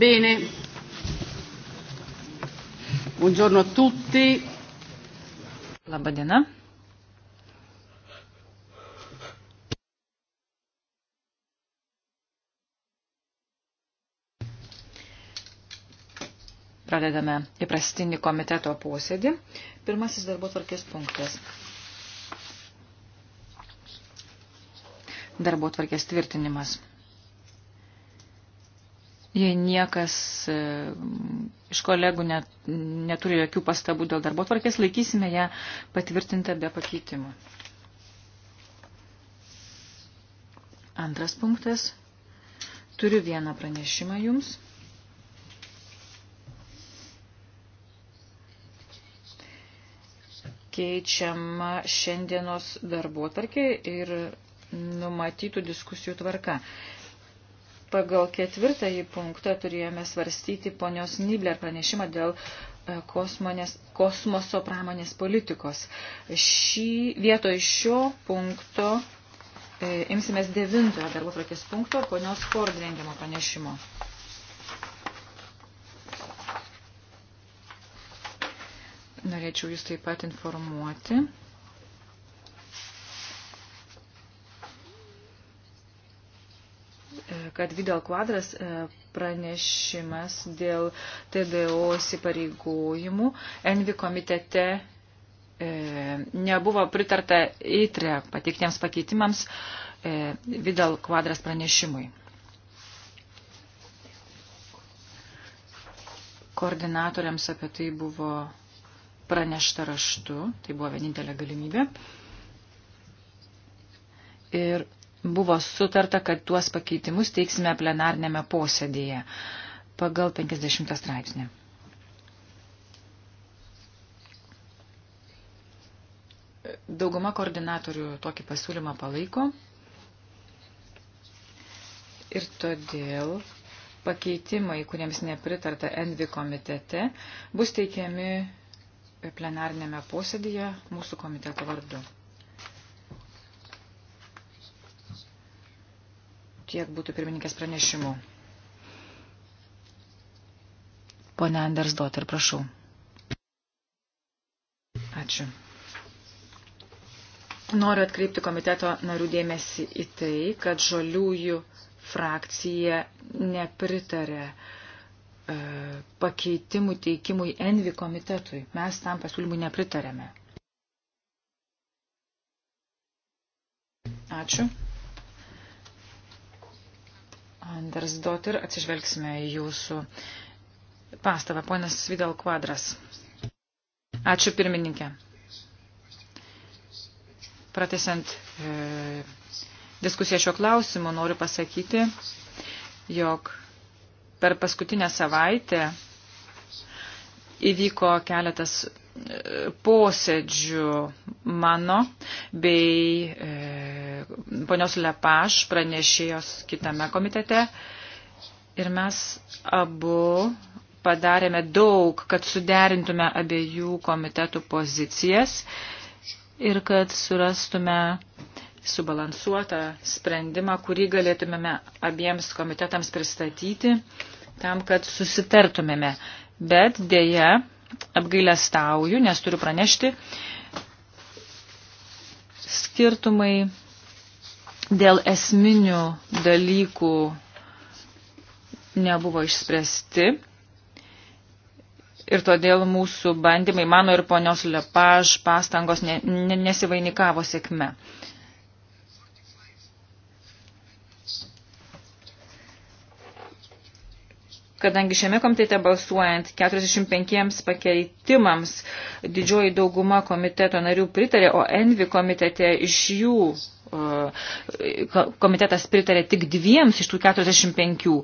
Bene, buongiorno a tutti. Labadiena. Pradedame įprastinį komiteto posėdį. Pirmasis darbo tvarkės punktas. Darbo tvarkės tvirtinimas. Jei niekas e, iš kolegų net, neturi jokių pastabų dėl darbo tvarkės, laikysime ją patvirtintą be pakeitimų. Antras punktas. Turiu vieną pranešimą jums. Keičiama šiandienos darbo tvarkė ir numatytų diskusijų tvarka. Pagal ketvirtąjį punktą turėjome svarstyti ponios Nibler pranešimą dėl e, kosmonės, kosmoso pramonės politikos. Šį vietoj šio punkto e, imsimės devintojo darbo trakės punkto ponios Ford rengiamo pranešimo. Norėčiau jūs taip pat informuoti, kad video kvadras e, pranešimas dėl TDO įsipareigojimų Envi komitete e, nebuvo pritarta įtre patiktiems pakeitimams e, Vidal kvadras pranešimui. koordinatoriams apie tai buvo pranešta raštu, tai buvo vienintelė galimybė. Ir buvo sutarta, kad tuos pakeitimus teiksime plenarnėme posėdėje pagal 50 straipsnį. Dauguma koordinatorių tokį pasiūlymą palaiko ir todėl pakeitimai, kuriems nepritarta Envi komitete, bus teikiami plenarnėme posėdėje mūsų komiteto vardu. Tiek būtų pirmininkės pranešimų. Pone Andersdotter, prašau. Ačiū. Noriu atkreipti komiteto narių dėmesį į tai, kad žaliųjų frakcija nepritarė e, pakeitimų teikimui Envi komitetui. Mes tam pasiūlymui nepritarėme. Ačiū. Andersdot ir atsižvelgsime į jūsų pastabą. Ponas Vidal Kvadras. Ačiū pirmininkė. Pratesiant e, diskusiją šio klausimu, noriu pasakyti, jog per paskutinę savaitę įvyko keletas posėdžių mano bei e, ponios Lepaš pranešėjos kitame komitete. Ir mes abu padarėme daug, kad suderintume abiejų komitetų pozicijas ir kad surastume subalansuotą sprendimą, kurį galėtumėme abiems komitetams pristatyti tam, kad susitartumėme. Bet dėja, apgailę stauju, nes turiu pranešti skirtumai dėl esminių dalykų nebuvo išspręsti. Ir todėl mūsų bandymai, mano ir ponios Lepaž pastangos ne, ne, nesivainikavo sėkme. Uh, kadangi šiame komitete balsuojant 45 pakeitimams didžioji dauguma komiteto narių pritarė, o Envi komitete iš jų e, komitetas pritarė tik dviems iš tų 45.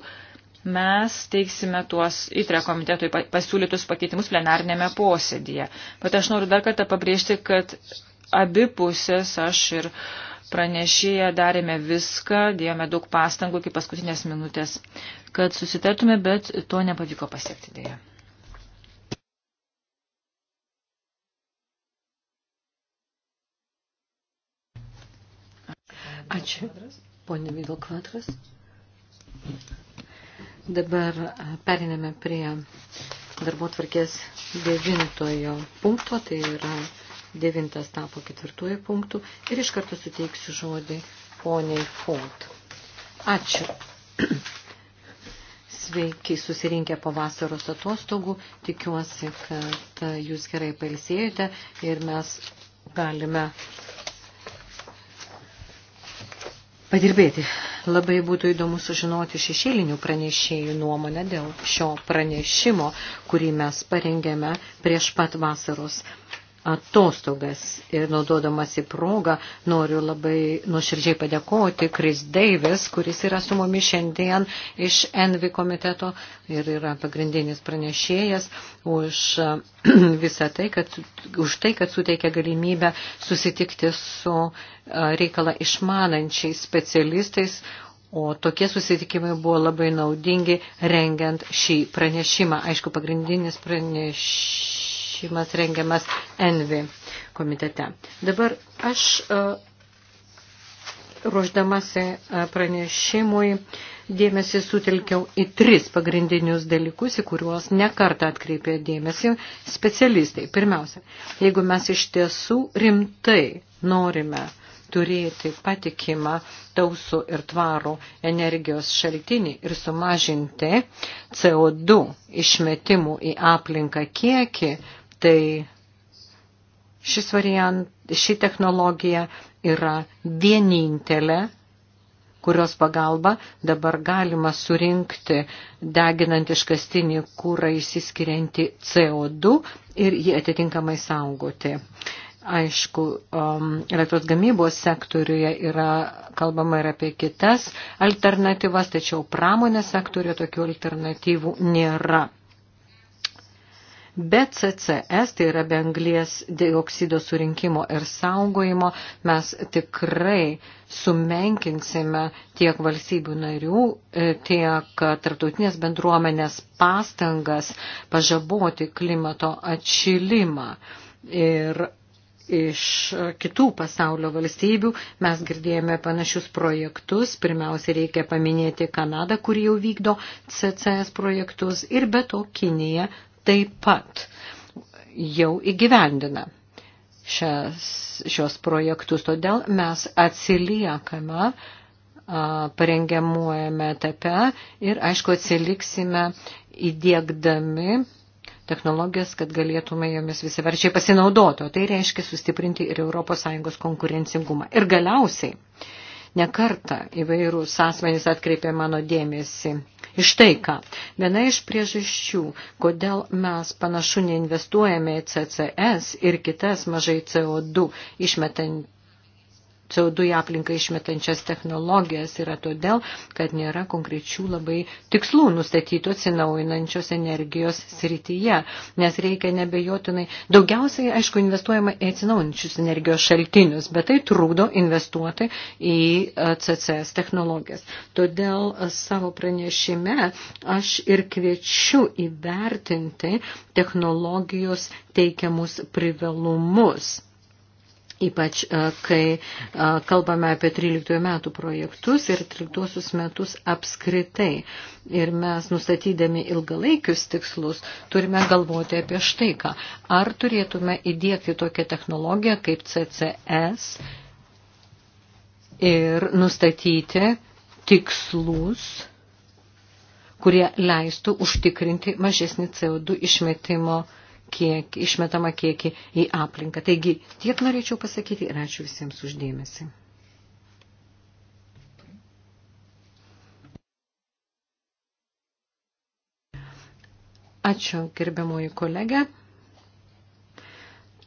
Mes teiksime tuos įtre komitetui pasiūlytus pakeitimus plenarnėme posėdėje. Bet aš noriu dar kartą pabrėžti, kad abi pusės, aš ir uh, pranešėja darėme viską, dėjome daug pastangų iki paskutinės minutės, kad susitartume, bet to nepavyko pasiekti dėja. Ačiū. Pone Vidal Kvatras. Dabar periname prie darbo tvarkės devintojo punkto, tai yra devintas tapo ketvirtuoju punktu ir iš karto suteiksiu žodį poniai Font. Ačiū. Sveiki susirinkę po vasaros atostogų. Tikiuosi, kad jūs gerai pailsėjote ir mes galime padirbėti. Labai būtų įdomu sužinoti šešėlinių pranešėjų nuomonę dėl šio pranešimo, kurį mes parengėme prieš pat vasaros atostogas ir naudodamas į progą noriu labai nuoširdžiai padėkoti Kris Deivis, kuris yra su mumis šiandien iš Envi komiteto ir yra pagrindinis pranešėjas už visą tai, kad, už tai, kad suteikia galimybę susitikti su reikalą išmanančiais specialistais, O tokie susitikimai buvo labai naudingi rengiant šį pranešimą. Aišku, pagrindinis pranešimą pranešimas rengiamas Envi komitete. Dabar aš e, ruoždamasi e, pranešimui dėmesį sutelkiau į tris pagrindinius dalykus, į kuriuos nekartą atkreipė dėmesį specialistai. Pirmiausia, jeigu mes iš tiesų rimtai norime turėti patikimą tausų ir tvarų energijos šaltinį ir sumažinti CO2 išmetimų į aplinką kiekį, tai šis variant, ši technologija yra vienintelė, kurios pagalba dabar galima surinkti deginant iškastinį kūrą įsiskirianti CO2 ir jį atitinkamai saugoti. Aišku, um, elektros gamybos sektoriuje yra kalbama ir apie kitas alternatyvas, tačiau pramonės sektoriuje tokių alternatyvų nėra. BCCS, tai yra benglies dioksido surinkimo ir saugojimo, mes tikrai sumenkinsime tiek valstybių narių, e, tiek tarptautinės bendruomenės pastangas pažaboti klimato atšilimą. Ir iš kitų pasaulio valstybių. Mes girdėjome panašius projektus. Pirmiausia, reikia paminėti Kanadą, kuri jau vykdo CCS projektus ir be to Kinija taip pat jau įgyvendina šias, šios projektus. Todėl mes atsiliekame parengiamuojame etape ir, aišku, atsiliksime įdėkdami technologijas, kad galėtume jomis visi verčiai pasinaudoti. O tai reiškia sustiprinti ir ES konkurencingumą. Ir galiausiai, nekarta įvairūs asmenys atkreipė mano dėmesį Iš tai ką. Viena iš priežasčių, kodėl mes panašu neinvestuojame į CCS ir kitas mažai CO2 išmetant CO2 aplinką išmetančias technologijas yra todėl, kad nėra konkrečių labai tikslų nustatytų atsinaujinančios energijos srityje, nes reikia nebejotinai. Daugiausiai, aišku, investuojama į atsinaujinančius energijos šaltinius, bet tai trūkdo investuoti į e, CCS technologijas. Todėl e, savo pranešime aš ir kviečiu įvertinti technologijos teikiamus privalumus Ypač, e, kai e, kalbame apie 13 metų projektus ir 13 metus apskritai. Ir mes nustatydami ilgalaikius tikslus turime galvoti apie štai ką. Ar turėtume įdėkti tokią technologiją kaip CCS ir nustatyti tikslus kurie leistų užtikrinti mažesnį CO2 išmetimo uh, kiek, išmetamą kiekį į aplinką. Taigi tiek norėčiau pasakyti ir ačiū visiems uždėmesi. Ačiū gerbiamoji kolegė.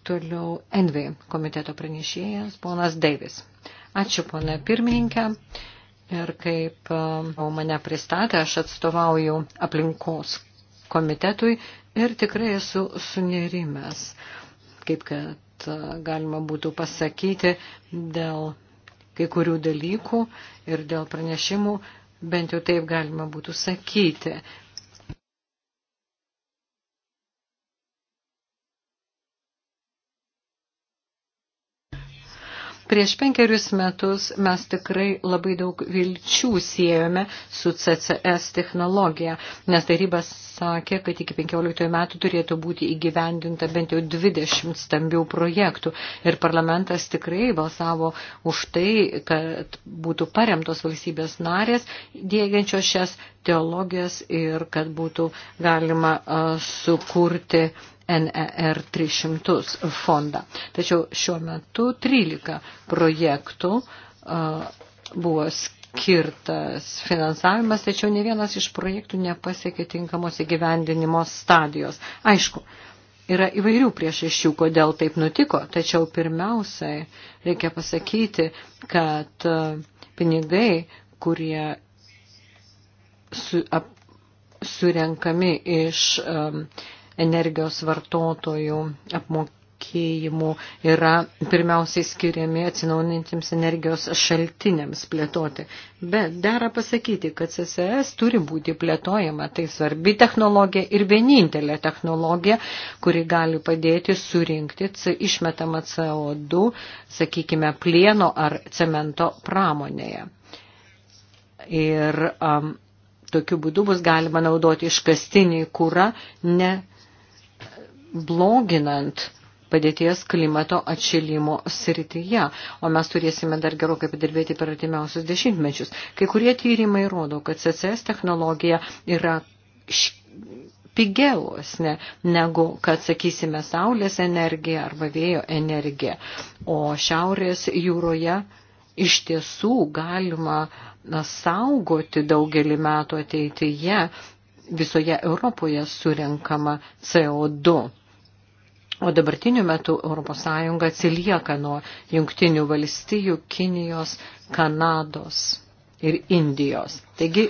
Toliau Envy komiteto pranešėjas, ponas Deivis. Ačiū, pone pirmininkė. Ir kaip mane pristatė, aš atstovauju aplinkos komitetui ir tikrai esu sunerimęs, kaip kad galima būtų pasakyti dėl kai kurių dalykų ir dėl pranešimų, bent jau taip galima būtų sakyti, Prieš penkerius metus mes tikrai labai daug vilčių siejome su CCS technologija, nes darybas sakė, kad iki 15 metų turėtų būti įgyvendinta bent jau 20 stambių projektų ir parlamentas tikrai balsavo už tai, kad būtų paremtos valstybės narės dėgiančios šias teologijas ir kad būtų galima sukurti NER 300 fondą. Tačiau šiuo metu 13 projektų buvo skirtas finansavimas, tačiau ne vienas iš projektų nepasiekė tinkamos įgyvendinimo stadijos. Aišku, Yra įvairių priešaiščių, kodėl taip nutiko, tačiau pirmiausiai reikia pasakyti, kad pinigai, kurie su, ap, surenkami iš um, energijos vartotojų apmokėjimų yra pirmiausiai skiriami atsinaujinantiems energijos šaltiniams plėtoti. Bet dera pasakyti, kad CCS turi būti plėtojama. Tai svarbi technologija ir vienintelė technologija, kuri gali padėti surinkti išmetamą CO2, sakykime, plieno ar cemento pramonėje. Ir um, Tokiu būdu bus galima naudoti iškastinį kūrą, ne bloginant padėties klimato atšilimo srityje, o mes turėsime dar gerokai padirbėti per artimiausius dešimtmečius. Kai kurie tyrimai rodo, kad CCS technologija yra pigiausnė negu, kad, sakysime, saulės energija arba vėjo energija. O šiaurės jūroje iš tiesų galima na, saugoti daugelį metų ateityje visoje Europoje surenkama CO2 O dabartiniu metu ES atsilieka nuo jungtinių valstijų, Kinijos, Kanados ir Indijos. Taigi,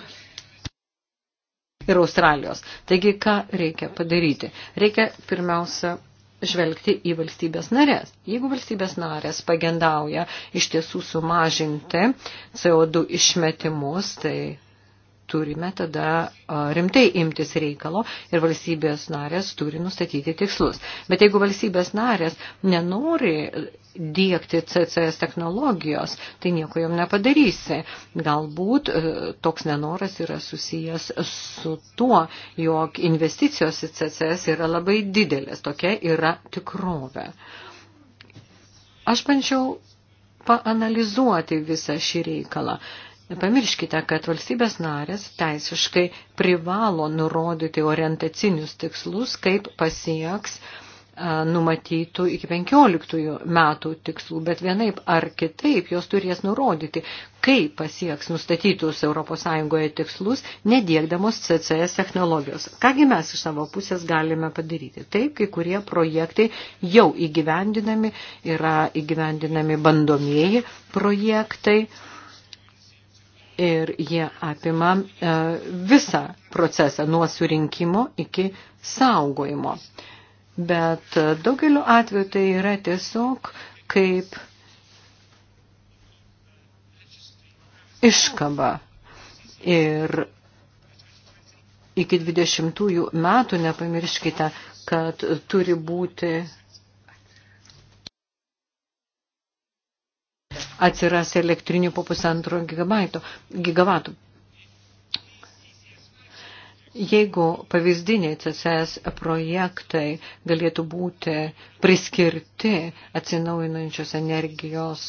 ir Australijos. Taigi, ką reikia padaryti? Reikia pirmiausia žvelgti į valstybės narės. Jeigu valstybės narės pagendauja iš tiesų sumažinti CO2 išmetimus, tai turime tada rimtai imtis reikalo ir valstybės narės turi nustatyti tikslus. Bet jeigu valstybės narės nenori dėkti CCS technologijos, tai nieko jom nepadarysi. Galbūt e, toks nenoras yra susijęs su tuo, jog investicijos į CCS yra labai didelės. Tokia yra tikrovė. Aš bandžiau paanalizuoti visą šį reikalą. Nepamirškite, kad valstybės narės teisiškai privalo nurodyti orientacinius tikslus, kaip pasieks numatytų iki 15 metų tikslų, bet vienaip ar kitaip jos turės nurodyti, kaip pasieks nustatytus ES tikslus, nediegdamos CCS technologijos. Kągi mes iš savo pusės galime padaryti? Taip, kai kurie projektai jau įgyvendinami, yra įgyvendinami bandomieji projektai. Uh, ir jie apima e, visą procesą nuo surinkimo iki saugojimo. Bet e, daugeliu atveju tai yra tiesiog kaip iškaba. Ir iki 20 metų nepamirškite, kad turi būti atsiras elektrinių po pusantro gigavatų. Jeigu pavyzdiniai CCS projektai galėtų būti priskirti atsinaujinančios energijos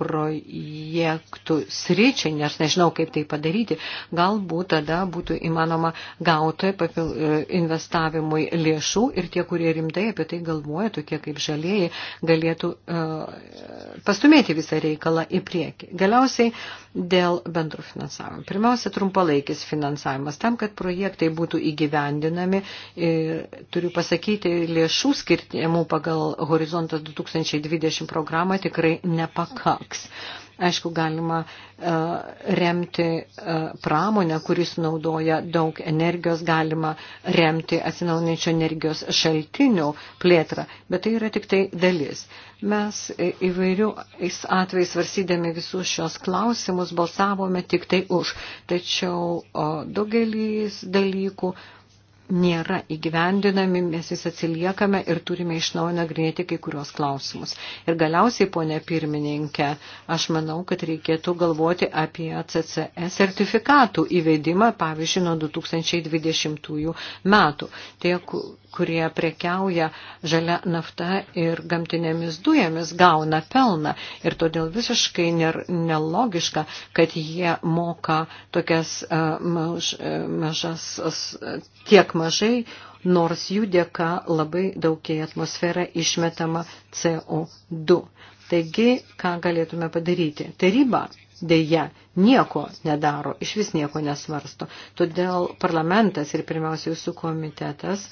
projektų sričiai, nes nežinau, kaip tai padaryti, galbūt tada būtų įmanoma gauti e, investavimui lėšų ir tie, kurie rimtai apie tai galvoja, tokie kaip žalieji, galėtų e, pastumėti visą reikalą į priekį. Galiausiai dėl bendrų finansavimo. Pirmiausia, trumpalaikis finansavimas. Tam, kad projektai būtų įgyvendinami, e, turiu pasakyti, lėšų skirtimų pagal horizontas 2020 programą tikrai nepakaks vyks. Aišku, galima e, remti e, pramonę, kuris naudoja daug energijos, galima remti atsinaunančio energijos šaltinių plėtrą, bet tai yra tik tai dalis. Mes įvairiais atvejais varsydami visus šios klausimus balsavome tik tai už, tačiau daugelis dalykų nėra įgyvendinami, mes vis atsiliekame ir turime iš naujo nagrinėti kai kurios klausimus. Ir galiausiai, ponė pirmininkė, aš manau, kad reikėtų galvoti apie CCS sertifikatų įvedimą, pavyzdžiui, nuo 2020 metų. Tai kurie prekiauja žalia nafta ir gamtinėmis dujomis, gauna pelną. Ir todėl visiškai nelogiška, kad jie moka tokias e, maž, e, mažas tiek mažai, nors jų dėka labai daug į atmosferą išmetama CO2. Taigi, ką galėtume padaryti? Taryba dėja nieko nedaro, iš vis nieko nesvarsto. Todėl parlamentas ir pirmiausia jūsų komitetas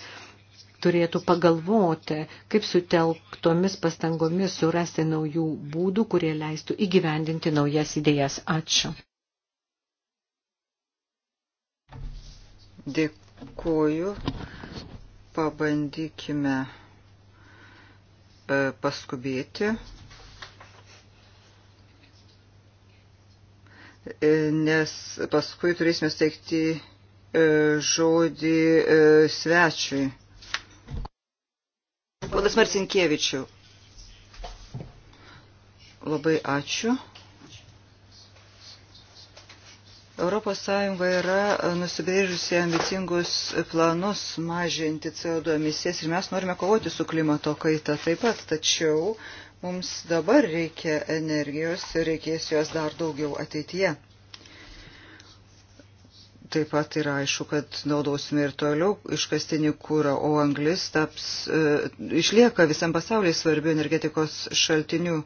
turėtų pagalvoti, kaip sutelktomis pastangomis surasti naujų būdų, kurie leistų įgyvendinti naujas idėjas. Ačiū. Dėkuoju. Pabandykime e, paskubėti. E, nes paskui turėsime steigti e, žodį svečiui. Ponas Marcinkievičių. Labai ačiū. Europos Sąjunga yra nusibrėžusi ambicingus planus mažinti CO2 emisijas ir mes norime kovoti su klimato kaita taip pat, tačiau mums dabar reikia energijos ir reikės jos dar daugiau ateityje. Taip pat yra aišku, kad naudosime ir toliau iškastinį kūrą, o anglis taps, e, išlieka visam pasaulyje svarbių energetikos šaltinių.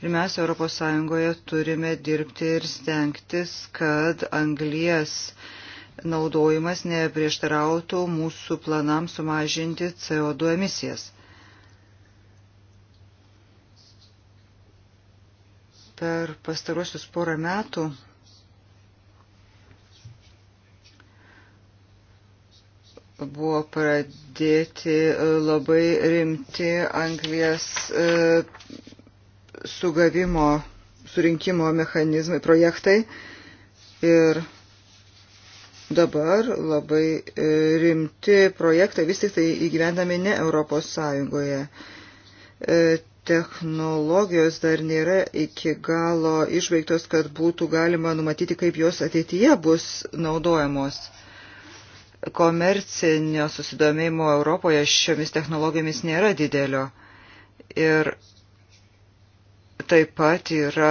Ir mes ES turime dirbti ir stengtis, kad anglies naudojimas neprieštarautų mūsų planams sumažinti CO2 emisijas. Per pastaruosius porą metų buvo pradėti e, labai rimti anglės e, sugavimo, surinkimo mechanizmai, projektai. Ir dabar labai e, rimti projektai vis tik tai įgyvendami ne Europos Sąjungoje. Technologijos dar nėra iki galo išveiktos, kad būtų galima numatyti, kaip jos ateityje bus naudojamos komercinio susidomėjimo Europoje šiomis technologijomis nėra didelio. Ir taip pat yra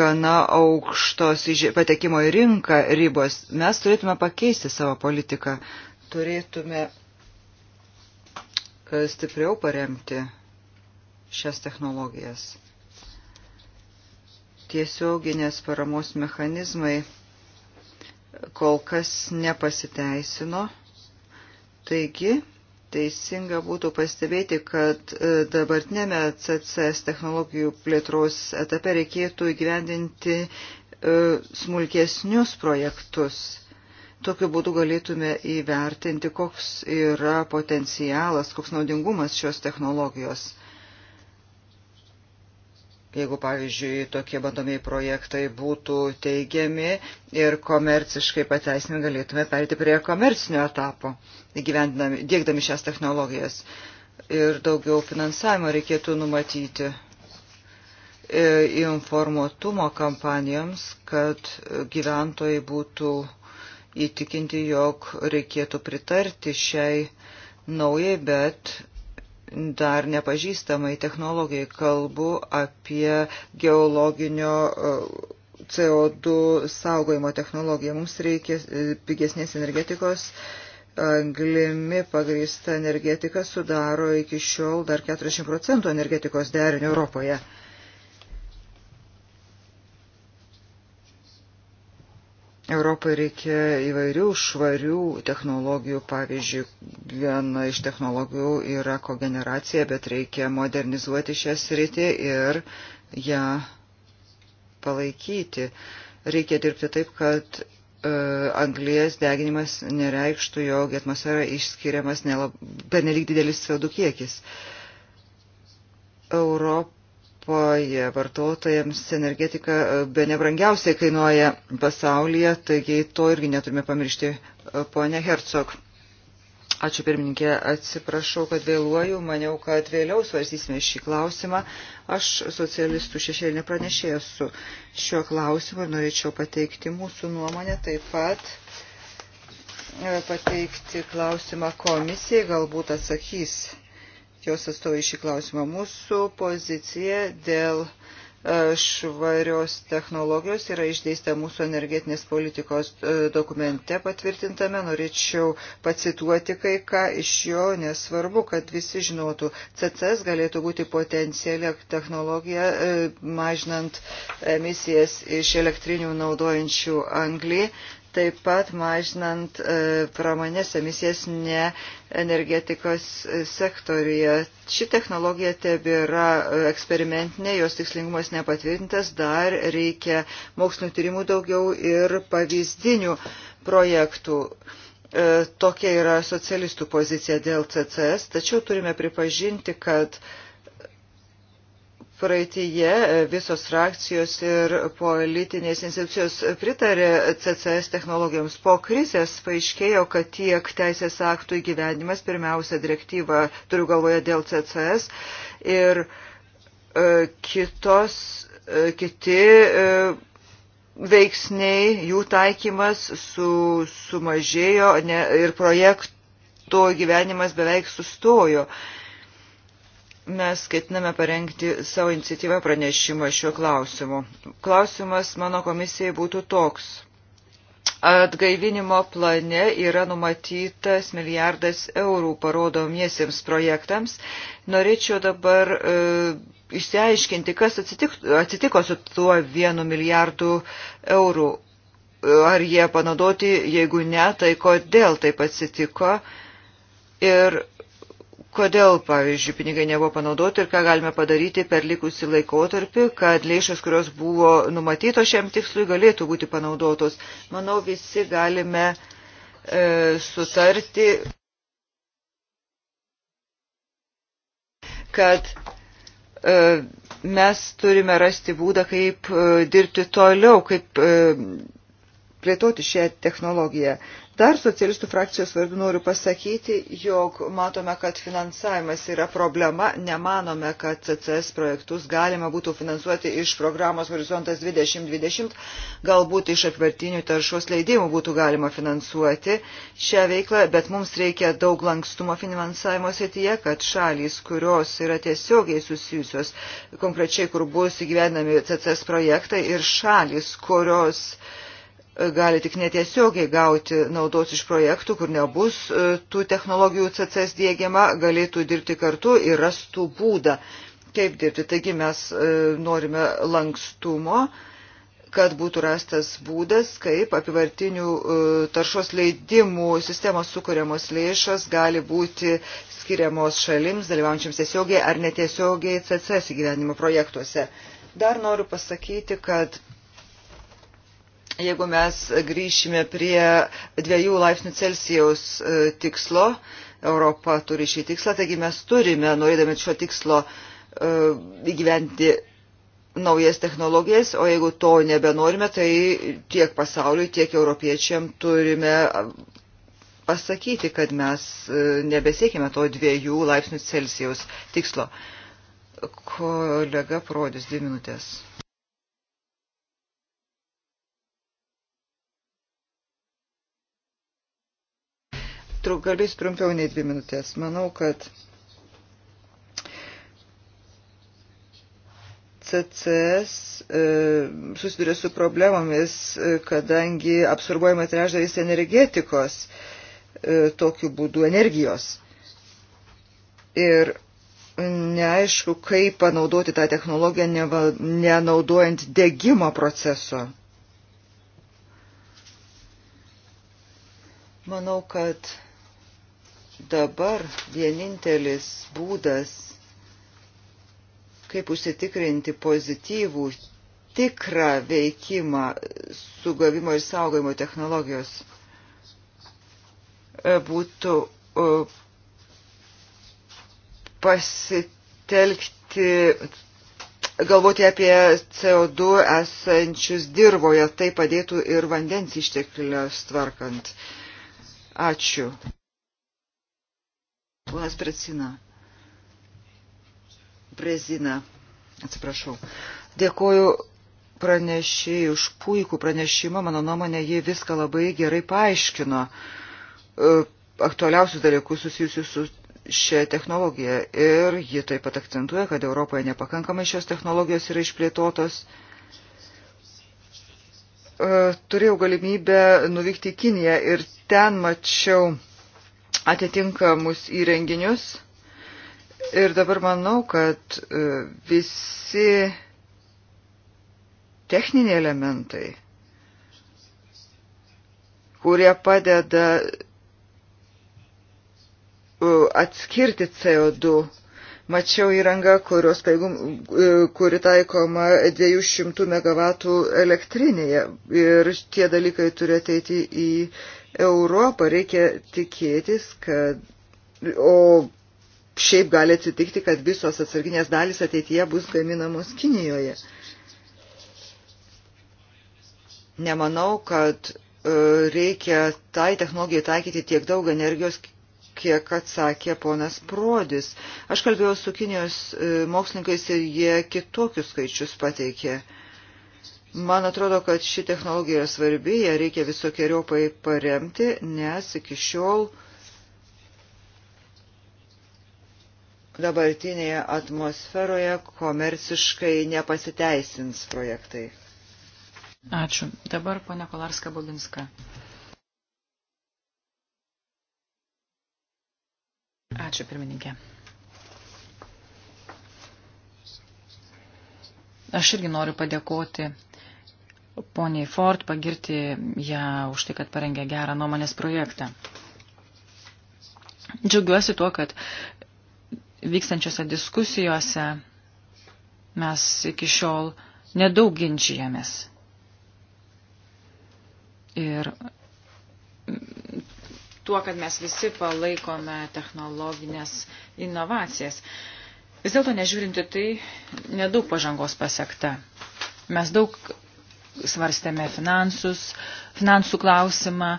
gana aukštos patekimo į rinką ribos. Mes turėtume pakeisti savo politiką, turėtume e, stipriau paremti šias technologijas. Tiesioginės paramos mechanizmai kol kas nepasiteisino. Taigi, teisinga būtų pastebėti, kad e, dabartinėme CCS technologijų plėtros etape reikėtų įgyvendinti e, smulkesnius projektus. Tokiu būdu galėtume įvertinti, koks yra potencialas, koks naudingumas šios technologijos jeigu, pavyzdžiui, tokie bandomieji projektai būtų teigiami ir komerciškai pateisinami, galėtume perėti prie komercinio etapo, dėkdami šias technologijas. Ir daugiau finansavimo reikėtų numatyti e, informuotumo kampanijoms, kad gyventojai būtų įtikinti, jog reikėtų pritarti šiai naujai, bet dar nepažįstamai technologijai. Kalbu apie geologinio e, CO2 saugojimo technologiją. Mums reikia e, pigesnės energetikos. Anglimi pagrįsta energetika sudaro iki šiol dar 40 procentų energetikos derinio Europoje. Europai reikia įvairių švarių technologijų. Pavyzdžiui, viena iš technologijų yra kogeneracija, bet reikia modernizuoti šią sritį ir ją palaikyti. Reikia dirbti taip, kad e, anglijas deginimas nereikštų, jog atmosfera išskiriamas nelab... per nelik didelis CO2 kiekis. Europą Europoje vartotojams energetika e, be nebrangiausiai kainuoja pasaulyje, taigi to irgi neturime pamiršti. E, Pone Hercog, ačiū pirmininkė, atsiprašau, kad vėluoju, maniau, kad vėliau svarstysime šį klausimą. Aš socialistų šešėlinė pranešėja su šiuo klausimu ir norėčiau pateikti mūsų nuomonę taip pat e, pateikti klausimą komisijai, galbūt atsakys jos atstovai šį klausimą. Mūsų pozicija dėl e, švarios technologijos yra išdėstę mūsų energetinės politikos e, dokumente patvirtintame. Norėčiau pacituoti kai ką iš jo, nesvarbu, kad visi žinotų. CCS galėtų būti potencialią technologiją, e, mažinant emisijas iš elektrinių naudojančių anglį taip pat mažinant e, pramonės emisijas ne energetikos e, sektoriuje. Ši technologija tebėra e, eksperimentinė, jos tikslingumas nepatvirtintas, dar reikia mokslinių tyrimų daugiau ir pavyzdinių projektų. Tokia yra socialistų pozicija dėl CCS, tačiau turime pripažinti, kad uh, praeitįje visos frakcijos ir politinės institucijos pritarė CCS technologijoms. Po krizės paaiškėjo, kad tiek teisės aktų įgyvendimas, pirmiausia direktyva, turiu galvoje dėl CCS, ir e, kitos, e, kiti. E, veiksniai, jų taikymas su, sumažėjo ne, ir projekto gyvenimas beveik sustojo. E, mes ketiname parengti savo iniciatyvą pranešimą šiuo klausimu. Klausimas mano komisijai būtų toks. Atgaivinimo plane yra numatytas milijardas eurų parodomiesiems projektams. Norėčiau dabar e, išsiaiškinti, kas atsitik, atsitiko su tuo vienu milijardu eurų. Ar jie panaudoti, jeigu ne, tai kodėl taip atsitiko. Ir kodėl, pavyzdžiui, pinigai nebuvo panaudoti ir ką galime padaryti per likusį laikotarpį, kad lėšas, kurios buvo numatytos šiam tikslui, galėtų būti panaudotos. Manau, visi galime e, sutarti, kad e, mes turime rasti būdą, kaip e, dirbti toliau, kaip. E, plėtoti šią technologiją. Dar socialistų frakcijos vardu noriu pasakyti, jog matome, kad finansavimas yra problema, nemanome, kad CCS projektus galima būtų finansuoti iš programos Horizontas 2020, galbūt iš apvertinių taršos leidimų būtų galima finansuoti šią veiklą, bet mums reikia daug lankstumo finansavimo srityje, kad šalys, kurios yra tiesiogiai susijusios, konkrečiai kur bus įgyvenami CCS projektai ir šalys, kurios uh, gali tik netiesiogiai gauti naudos iš projektų, kur nebus e, tų technologijų CCS dėgiama, galėtų dirbti kartu ir rastų būdą, kaip dirbti. Taigi mes e, norime lankstumo kad būtų rastas būdas, kaip apivartinių e, taršos leidimų sistemos sukūriamos lėšas gali būti skiriamos šalims, dalyvaujančiams tiesiogiai ar netiesiogiai CCS įgyvenimo projektuose. Dar noriu pasakyti, kad jeigu mes grįšime prie dviejų laipsnių Celsijaus e, tikslo, Europa turi šį tikslą, taigi mes turime, norėdami šio tikslo e, įgyventi naujas technologijas, o jeigu to nebenorime, tai tiek pasauliui, tiek europiečiam turime pasakyti, kad mes e, nebesiekime to dviejų laipsnių Celsijaus tikslo. Kolega Prodis, dvi minutės. kalbėsiu trumpiau nei dvi minutės. Manau, kad CCS e, susiduria su problemomis, e, kadangi absorbuojama trešdalis energetikos e, tokiu būdu energijos. Ir neaišku, kaip panaudoti tą technologiją, nenaudojant degimo proceso. Manau, kad Dabar vienintelis būdas, kaip užsitikrinti pozityvų, tikrą veikimą sugavimo ir saugojimo technologijos, e, būtų e, pasitelkti, galvoti apie CO2 esančius dirboje, tai padėtų ir vandens išteklius tvarkant. Ačiū. Ponas Presina. Brezina. Atsiprašau. Dėkuoju pranešėjai už puikų pranešimą. Mano nuomonė, jie viską labai gerai paaiškino. E, aktualiausius dalykus susijusius su šią technologiją. Ir ji taip pat akcentuoja, kad Europoje nepakankamai šios technologijos yra išplėtotos e, turėjau galimybę nuvykti į Kiniją ir ten mačiau atitinkamus įrenginius. Ir dabar manau, kad e, visi techniniai elementai, kurie padeda e, atskirti CO2 Mačiau įrangą, kurios paėgum, e, kuri taikoma 200 MW elektrinėje ir tie dalykai turi ateiti į Europą. Reikia tikėtis, kad. O šiaip gali atsitikti, kad visos atsarginės dalys ateityje bus gaminamos Kinijoje. Nemanau, kad e, reikia tai technologijai taikyti tiek daug energijos, kiek atsakė ponas Prodis. Aš kalbėjau su Kinijos e, mokslininkais ir jie kitokius skaičius pateikė. Man atrodo, kad ši technologija yra svarbi, ją reikia visokiojopai paremti, nes iki šiol dabartinėje atmosferoje komerciškai nepasiteisins projektai. Ačiū. Dabar ponia Kolarska Bulinska. Ačiū pirmininkė. Aš irgi noriu padėkoti poniai Ford, pagirti ją už tai, kad parengė gerą nuomonės projektą. Džiaugiuosi tuo, kad vykstančiose diskusijose mes iki šiol nedaug ginčijamės. Ir tuo, kad mes visi palaikome technologinės inovacijas. Vis dėlto nežiūrinti tai, nedaug pažangos pasiekta. Mes daug svarstėme finansus, finansų klausimą,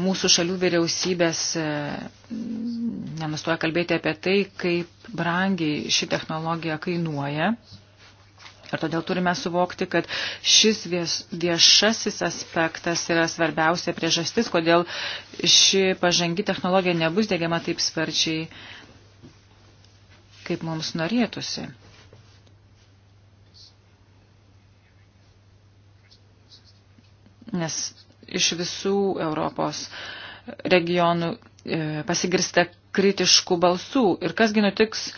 mūsų šalių vyriausybės e, nenustoja kalbėti apie tai, kaip brangiai ši technologija kainuoja Ir todėl turime suvokti, kad šis vieš, viešasis aspektas yra svarbiausia priežastis, kodėl ši pažangi technologija nebus dėgiama taip sparčiai, kaip mums norėtųsi. Nes iš visų Europos regionų e, pasigirsta kritiškų balsų. Ir kasgi nutiks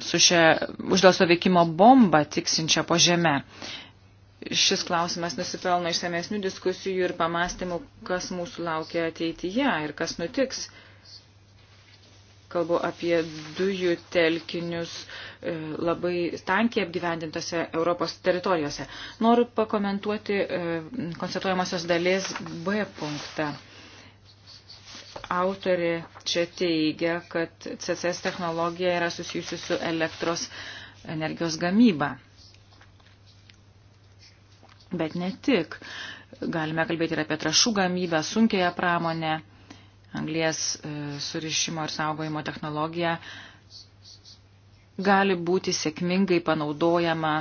su šia uždelso veikimo bomba tiksinčia po žemę. Šis klausimas nusipelno išsamesnių diskusijų ir pamastymų, kas mūsų laukia ateityje ir kas nutiks kalbu apie dujų telkinius e, labai tankiai apgyvendintose Europos teritorijose. Noriu pakomentuoti e, konstatuojamosios dalies B punktą. Autorė čia teigia, kad CCS technologija yra susijusi su elektros energijos gamyba. Bet ne tik. Galime kalbėti ir apie trašų gamybą, sunkėją pramonę, anglies e, surišimo ir saugojimo technologiją. Gali būti sėkmingai panaudojama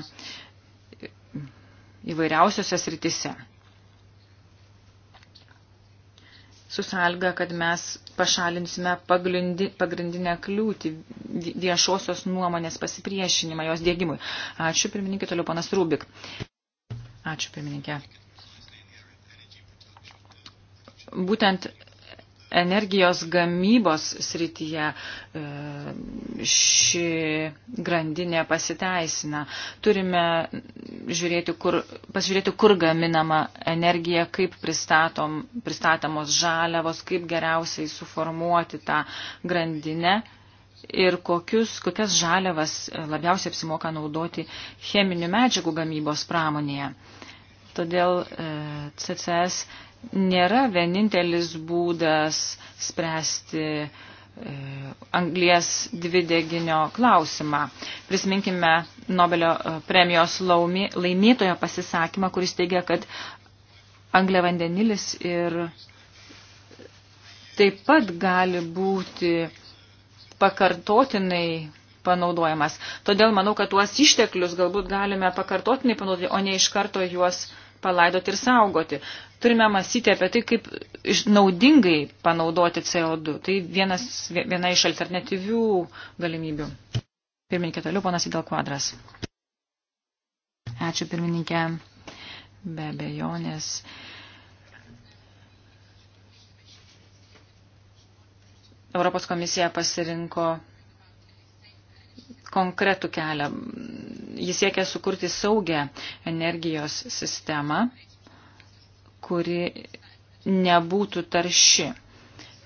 įvairiausiose sritise. su sąlyga, kad mes pašalinsime pagrindi, pagrindinę kliūtį viešosios nuomonės pasipriešinimą jos dėgymui. Ačiū, pirmininkė, toliau panas Rubik. Ačiū, pirmininkė. Būtent energijos gamybos srityje e, ši grandinė pasiteisina. Turime žiūrėti, kur, pasižiūrėti, kur gaminama energija, kaip pristatom, pristatomos žaliavos, kaip geriausiai suformuoti tą grandinę ir kokius, kokias žaliavas labiausiai apsimoka naudoti cheminių medžiagų gamybos pramonėje. Todėl e, CCS nėra vienintelis būdas spręsti e, anglies dvideginio klausimą. Prisiminkime Nobelio e, premijos laumi, laimėtojo pasisakymą, kuris teigia, kad anglė vandenilis ir taip pat gali būti pakartotinai panaudojamas. Todėl manau, kad tuos išteklius galbūt galime pakartotinai panaudoti, o ne iš karto juos uh, palaidoti ir saugoti. Turime mąstyti apie tai, kaip naudingai panaudoti CO2. Tai vienas, viena iš alternatyvių galimybių. Pirmininkė toliau, panas Idal Kvadras. Ačiū pirmininkė, be abejonės. Europos komisija pasirinko konkretų kelią. Jis siekia sukurti saugę energijos sistemą, kuri nebūtų tarši.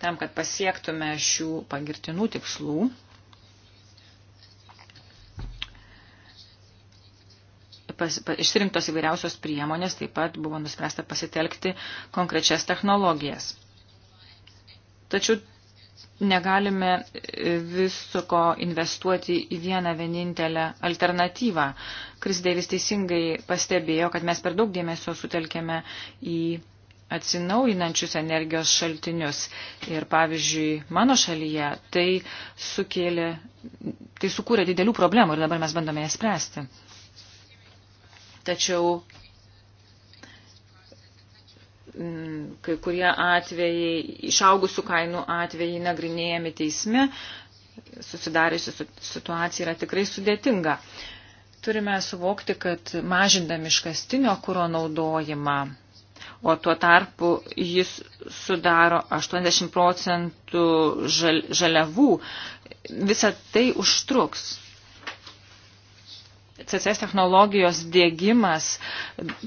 Tam, kad pasiektume šių pagirtinų tikslų, pas, pa, išrinktos įvairiausios priemonės, taip pat buvo nuspręsta pasitelkti konkrečias technologijas. Tačiau negalime e, visko investuoti į vieną vienintelę alternatyvą. Kris Deivis teisingai pastebėjo, kad mes per daug dėmesio sutelkėme į atsinaujinančius energijos šaltinius. Ir pavyzdžiui, mano šalyje tai sukėlė, tai sukūrė didelių problemų ir dabar mes bandome jas spręsti. Tačiau Mm, kai kurie atvejai, išaugusių kainų atvejai nagrinėjami teisme, susidariusi situacija yra tikrai sudėtinga. Turime suvokti, kad mažindami iškastinio kūro naudojimą, o tuo tarpu jis sudaro 80 procentų žal, žaliavų, visa tai užtruks. CCS technologijos dėgymas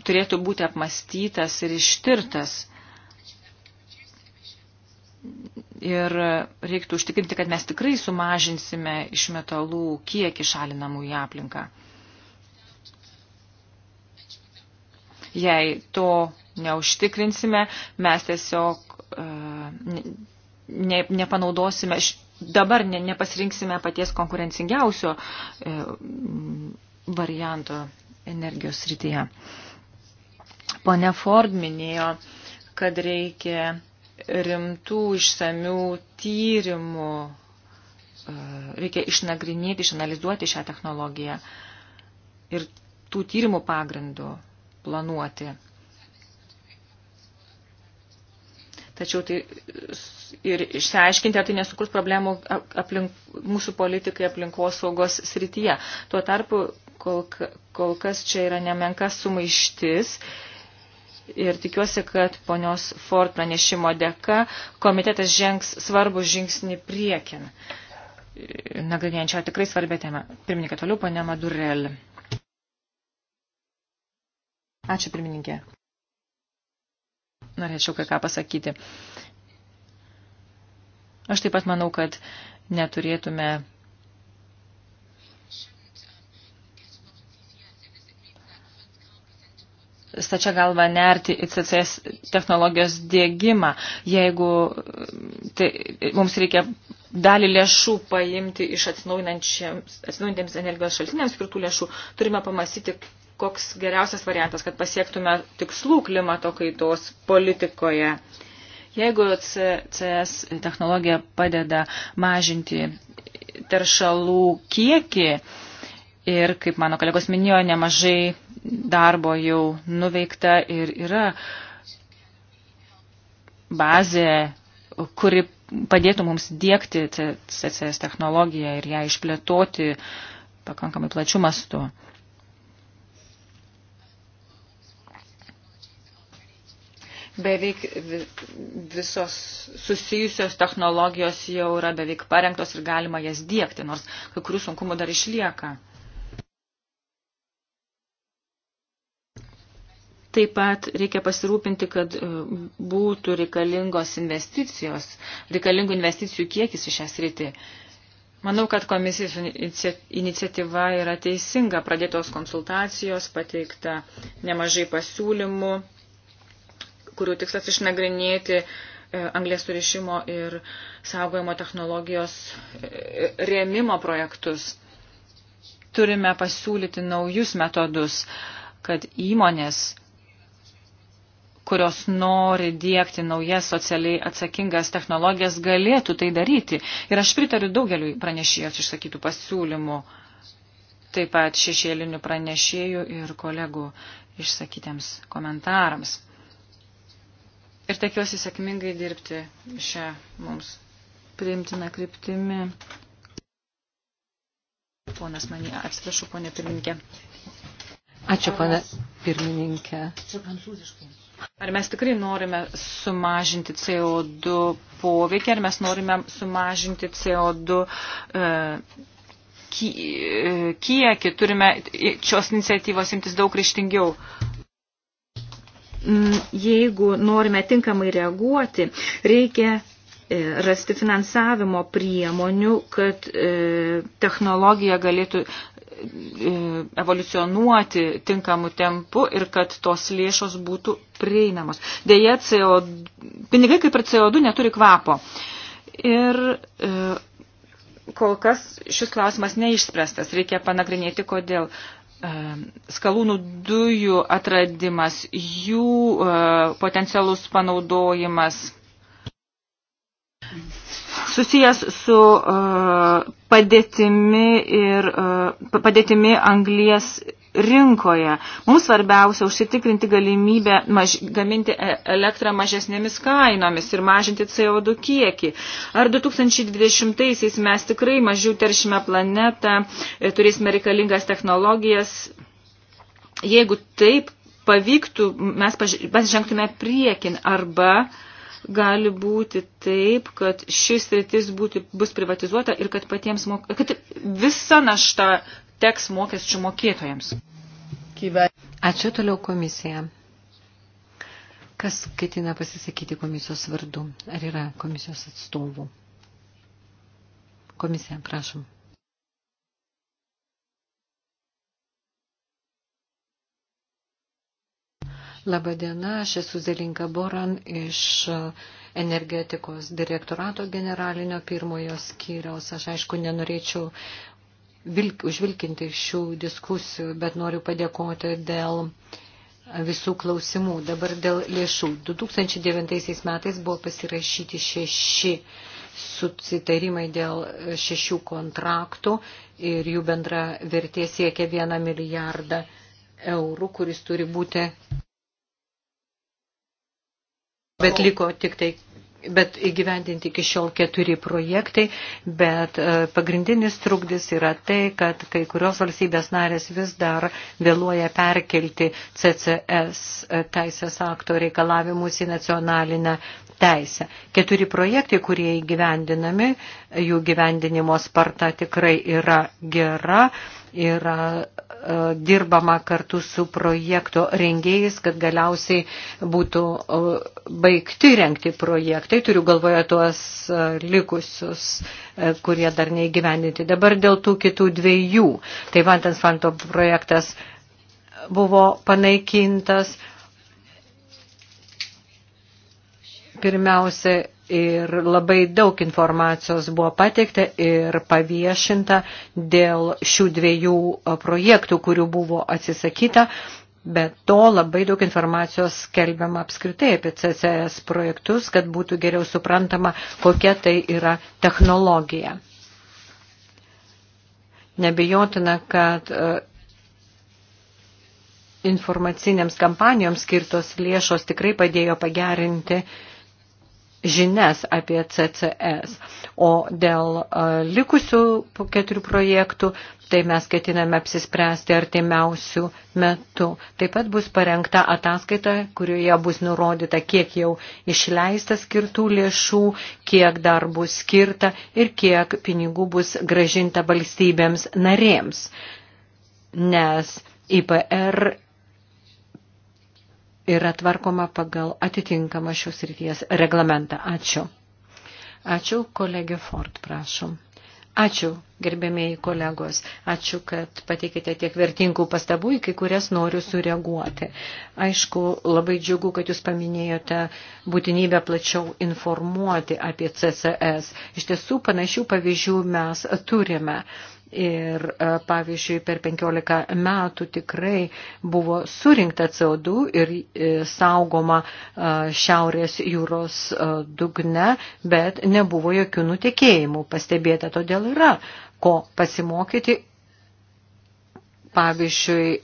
turėtų būti apmastytas ir ištirtas. Ir reiktų užtikrinti, kad mes tikrai sumažinsime iš metalų kiekį šalinamų į aplinką. Jei to neužtikrinsime, mes tiesiog uh, ne, nepanaudosime, dabar ne, nepasirinksime paties konkurencingiausio uh, varianto energijos srityje. Pone Ford minėjo, kad reikia rimtų išsamių tyrimų, e, reikia išnagrinėti, išanalizuoti šią technologiją ir tų tyrimų pagrindų planuoti. Tačiau tai ir išsiaiškinti, ar tai nesukurs problemų aplink, mūsų politikai aplinkos saugos srityje. Tuo tarpu Kol, kol kas čia yra nemenka sumaištis. Ir tikiuosi, kad ponios Ford pranešimo dėka komitetas žengs svarbų žingsnį priekin, nagrinėjančią tikrai svarbę temą. Pirmininkė toliau, ponia Madurel. Ačiū, pirmininkė. Norėčiau kai ką pasakyti. Aš taip pat manau, kad neturėtume stačia galva nerti į CCS technologijos dėgymą, jeigu tai, mums reikia dalį lėšų paimti iš atsinaujantiems energijos šaltiniams skirtų lėšų, turime pamastyti, koks geriausias variantas, kad pasiektume tikslų klimato kaitos politikoje. Jeigu CCS technologija padeda mažinti teršalų kiekį ir, kaip mano kolegos minėjo, nemažai darbo jau nuveikta ir yra bazė, kuri padėtų mums dėkti CCS technologiją ir ją išplėtoti pakankamai plačių mastų. beveik visos susijusios technologijos jau yra beveik parengtos ir galima jas dėkti, nors kai kurių sunkumų dar išlieka. Taip pat reikia pasirūpinti, kad e, būtų reikalingos investicijos, reikalingų investicijų kiekis į šią sritį. Manau, kad komisijos iniciatyva yra teisinga, pradėtos konsultacijos, pateikta nemažai pasiūlymų, kurių tikslas išnagrinėti e, anglės surišimo ir saugojimo technologijos e, rėmimo projektus. Turime pasiūlyti naujus metodus, kad įmonės kurios nori dėkti naujas socialiai atsakingas technologijas, galėtų tai daryti. Ir aš pritariu daugeliu pranešėjos išsakytų pasiūlymų, taip pat šešėlinių pranešėjų ir kolegų išsakytiems komentarams. Ir tikiuosi sėkmingai dirbti šią mums priimtiną kryptimį. Ponas Manė, atsiprašau, ponė pirmininkė. Ačiū, ponė pirmininkė. Čia prancūziškai. Ar mes tikrai norime sumažinti CO2 poveikį, ar mes norime sumažinti CO2 e, e, kiekį, turime šios iniciatyvos imtis daug ryštingiau. Mm, jeigu norime tinkamai reaguoti, reikia e, rasti finansavimo priemonių, kad e, technologija galėtų evoliucionuoti tinkamu tempu ir kad tos lėšos būtų prieinamos. Deja, CO, pinigai kaip ir CO2 neturi kvapo. Ir e, kol kas šis klausimas neišspręstas. Reikia panagrinėti, kodėl e, skalūnų dujų atradimas, jų e, potencialus panaudojimas susijęs su uh, padėtimi ir uh, padėtimi anglies rinkoje. Mums svarbiausia užsitikrinti galimybę maž, gaminti e, elektrą mažesnėmis kainomis ir mažinti CO2 kiekį. Ar 2020-aisiais mes tikrai mažiau teršime planetą, e, turėsime reikalingas technologijas? Jeigu taip pavyktų, mes paž... žengtume priekin arba uh, gali būti taip, kad šis rytis būti, bus privatizuota ir kad, patiems, mok... kad visa našta teks mokesčių mokėtojams. Ačiū toliau komisija. Kas ketina pasisakyti komisijos vardu? Ar yra komisijos atstovų? Komisija, prašom. Labadiena, aš esu Zelinka Boran iš energetikos direktorato generalinio pirmojo skyriaus. Aš aišku nenorėčiau vilk, užvilkinti šių diskusijų, bet noriu padėkoti dėl visų klausimų. Dabar dėl lėšų. 2009 metais buvo pasirašyti šeši susitarimai dėl šešių kontraktų ir jų bendra vertė siekia vieną milijardą eurų, kuris turi būti bet liko tik tai bet įgyvendinti iki šiol keturi projektai, bet e, pagrindinis trukdis yra tai, kad kai kurios valstybės narės vis dar vėluoja perkelti CCS e, teisės akto reikalavimus į nacionalinę teisę. Keturi projektai, kurie įgyvendinami, jų gyvendinimo sparta tikrai yra gera, yra e, dirbama kartu su projekto rengėjais, kad galiausiai būtų e, baigti renkti projektai. Turiu galvoje tuos e, likusius, kurie dar neįgyvendinti. Dabar dėl tų kitų dviejų. Tai Vantens Fanto projektas buvo panaikintas. Pirmiausia, ir labai daug informacijos buvo pateikta ir paviešinta dėl šių dviejų projektų, kurių buvo atsisakyta. Bet to labai daug informacijos skelbiama apskritai apie CCS projektus, kad būtų geriau suprantama, kokia tai yra technologija. Nebejotina, kad informacinėms kampanijoms skirtos lėšos tikrai padėjo pagerinti uh, žinias apie CCS. O dėl e, likusių keturių projektų, tai mes ketiname apsispręsti artimiausių metų. Taip pat bus parengta ataskaita, kurioje bus nurodyta, kiek jau išleista skirtų lėšų, kiek dar bus skirta ir kiek pinigų bus gražinta valstybėms narėms. Nes IPR yra tvarkoma pagal atitinkamą šios ryties reglamentą. Ačiū. Ačiū, kolegė Ford, prašom. Ačiū, gerbėmiai kolegos. Ačiū, kad pateikėte tiek vertingų pastabų, į kai kurias noriu sureaguoti. Aišku, labai džiugu, kad jūs paminėjote būtinybę plačiau informuoti apie CCS. Iš tiesų, panašių pavyzdžių mes turime. Uh, Ir e, pavyzdžiui, per 15 metų tikrai buvo surinkta CO2 ir e, saugoma e, Šiaurės jūros dugne, bet nebuvo jokių nutekėjimų pastebėta. Todėl yra ko pasimokyti, pavyzdžiui,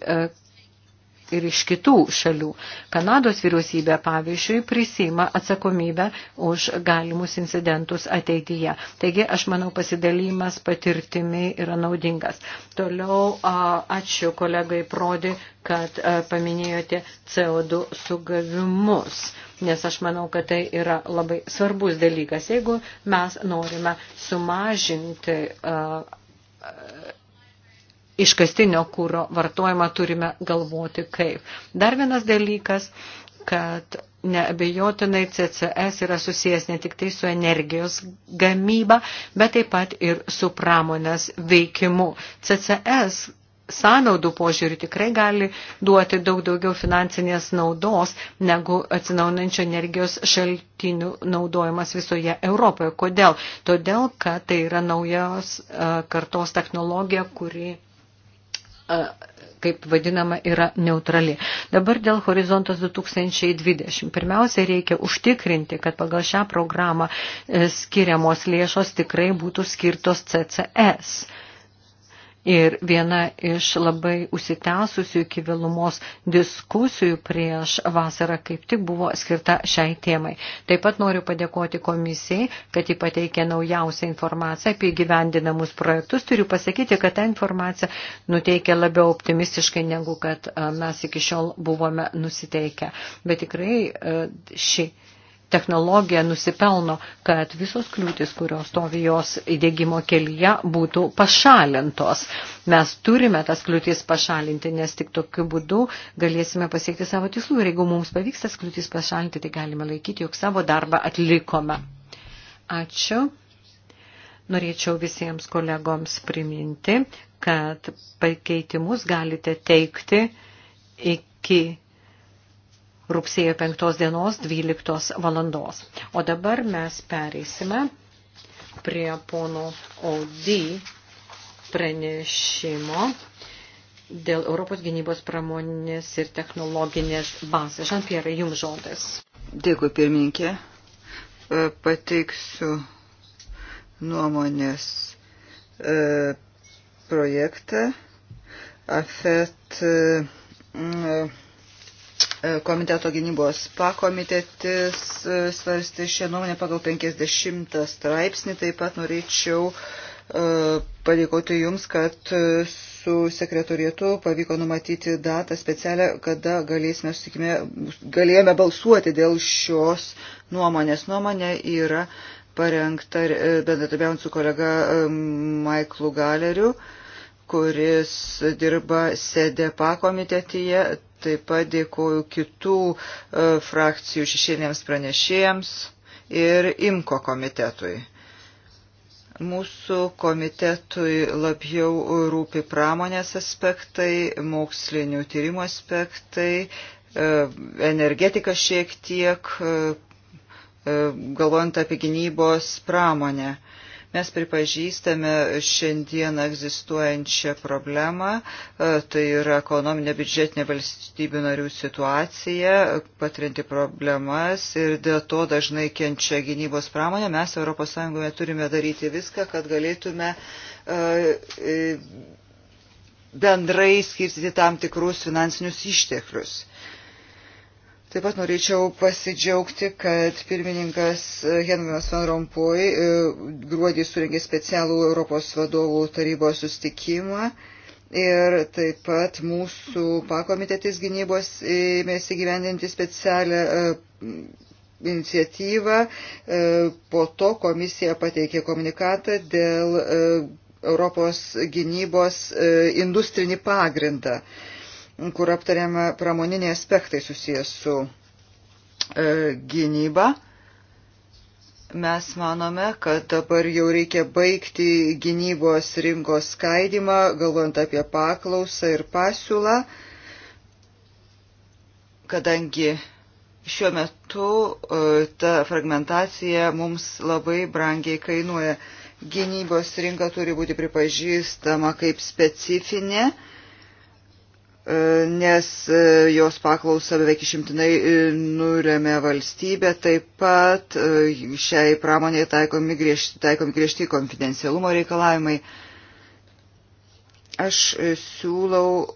ir iš kitų šalių. Kanados vyriausybė, pavyzdžiui, prisima atsakomybę už galimus incidentus ateityje. Taigi, aš manau, pasidalymas patirtimi yra naudingas. Toliau ačiū kolegai Prodi, kad paminėjote CO2 sugavimus, nes aš manau, kad tai yra labai svarbus dalykas, jeigu mes norime sumažinti iškastinio kūro vartojimą turime galvoti kaip. Dar vienas dalykas, kad neabejotinai CCS yra susijęs ne tik tai su energijos gamyba, bet taip pat ir su pramonės veikimu. CCS sąnaudų požiūrių tikrai gali duoti daug daugiau finansinės naudos negu atsinaunančio energijos šaltinių naudojimas visoje Europoje. Kodėl? Todėl, kad tai yra naujos e, kartos technologija, kuri kaip vadinama, yra neutrali. Dabar dėl horizontas 2020. Pirmiausia, reikia užtikrinti, kad pagal šią programą e, skiriamos lėšos tikrai būtų skirtos CCS Ir viena iš labai užsitęsusių iki vėlumos diskusijų prieš vasarą kaip tik buvo skirta šiai temai. Taip pat noriu padėkoti komisijai, kad ji pateikė naujausią informaciją apie gyvendinamus projektus. Turiu pasakyti, kad ta informacija nuteikia labiau optimistiškai, negu kad e, mes iki šiol buvome nusiteikę. Bet tikrai e, ši technologija nusipelno, kad visos kliūtis, kurios stovi jos įdėgymo kelyje, būtų pašalintos. Mes turime tas kliūtis pašalinti, nes tik tokiu būdu galėsime pasiekti savo tikslų. Ir jeigu mums pavyks tas kliūtis pašalinti, tai galime laikyti, jog savo darbą atlikome. Ačiū. Norėčiau visiems kolegoms priminti, kad pakeitimus galite teikti iki rugsėjo 5 dienos 12 valandos. O dabar mes pereisime prie pono Audi pranešimo dėl Europos gynybos pramonės ir technologinės bazės. Žanpierai, jums žodis. Dėkui, pirmininkė. E, pateiksiu nuomonės e, projektą. AFET e, E, komiteto gynybos pakomitetis e, svarstė šią nuomonę pagal 50 straipsnį. Taip pat norėčiau e, padėkoti Jums, kad su sekretorietu pavyko numatyti datą specialią, kada galėsime, susikime, galėjome balsuoti dėl šios nuomonės. Nuomonė yra parengta bendradarbiaujant su kolega Maiklu Galeriu kuris dirba SEDEPA komitetyje, Taip pat dėkoju kitų e, frakcijų šešėlėms pranešėjams ir IMKO komitetui. Mūsų komitetui labiau rūpi pramonės aspektai, mokslinių tyrimų aspektai, e, energetika šiek tiek, e, galvojant apie gynybos pramonę. Mes pripažįstame šiandieną egzistuojančią problemą, e, tai yra ekonominė biudžetinė valstybių narių situacija, patrinti problemas ir dėl to dažnai kenčia gynybos pramonė. Mes ES turime daryti viską, kad galėtume e, e, bendrai skirstyti tam tikrus finansinius išteklius. Taip pat norėčiau pasidžiaugti, kad pirmininkas e, Henvinas Van Rompuy e, gruodį surengė specialų Europos vadovų tarybos sustikimą. Ir taip pat mūsų pakomitetis gynybos ėmėsi gyvendinti specialią e, iniciatyvą. Po to komisija pateikė komunikatą dėl Europos gynybos industrinį pagrindą kur aptariama pramoniniai aspektai susijęs su e, gynyba. Mes manome, kad dabar jau reikia baigti gynybos rinkos skaidimą, galvojant apie paklausą ir pasiūlą, kadangi šiuo metu e, ta fragmentacija mums labai brangiai kainuoja. Gynybos rinka turi būti pripažįstama kaip specifinė E, nes e, jos paklausą beveik išimtinai e, nuremia valstybė, taip pat šiai pramoniai taikomi griežti, taikomi griežti konfidencialumo reikalavimai. Aš siūlau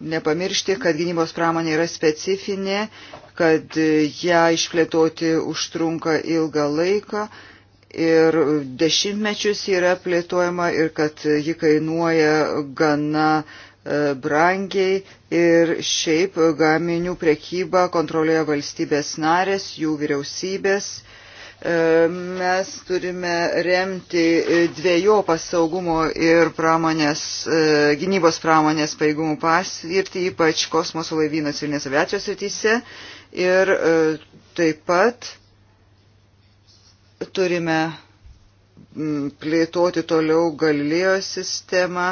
nepamiršti, kad gynybos pramonė yra specifinė, kad ją išplėtoti užtrunka ilgą laiką ir dešimtmečius yra plėtojama ir kad ji kainuoja gana uh, E, brangiai ir šiaip gaminių prekybą kontroliuoja valstybės narės, jų vyriausybės. E, mes turime remti dviejų pasaugumo ir pramonės, e, gynybos pramonės paėgumų pasvirti, ypač kosmoso laivyno civilinės aviacijos rytise. Ir taip pat turime plėtoti toliau Galilėjo sistemą,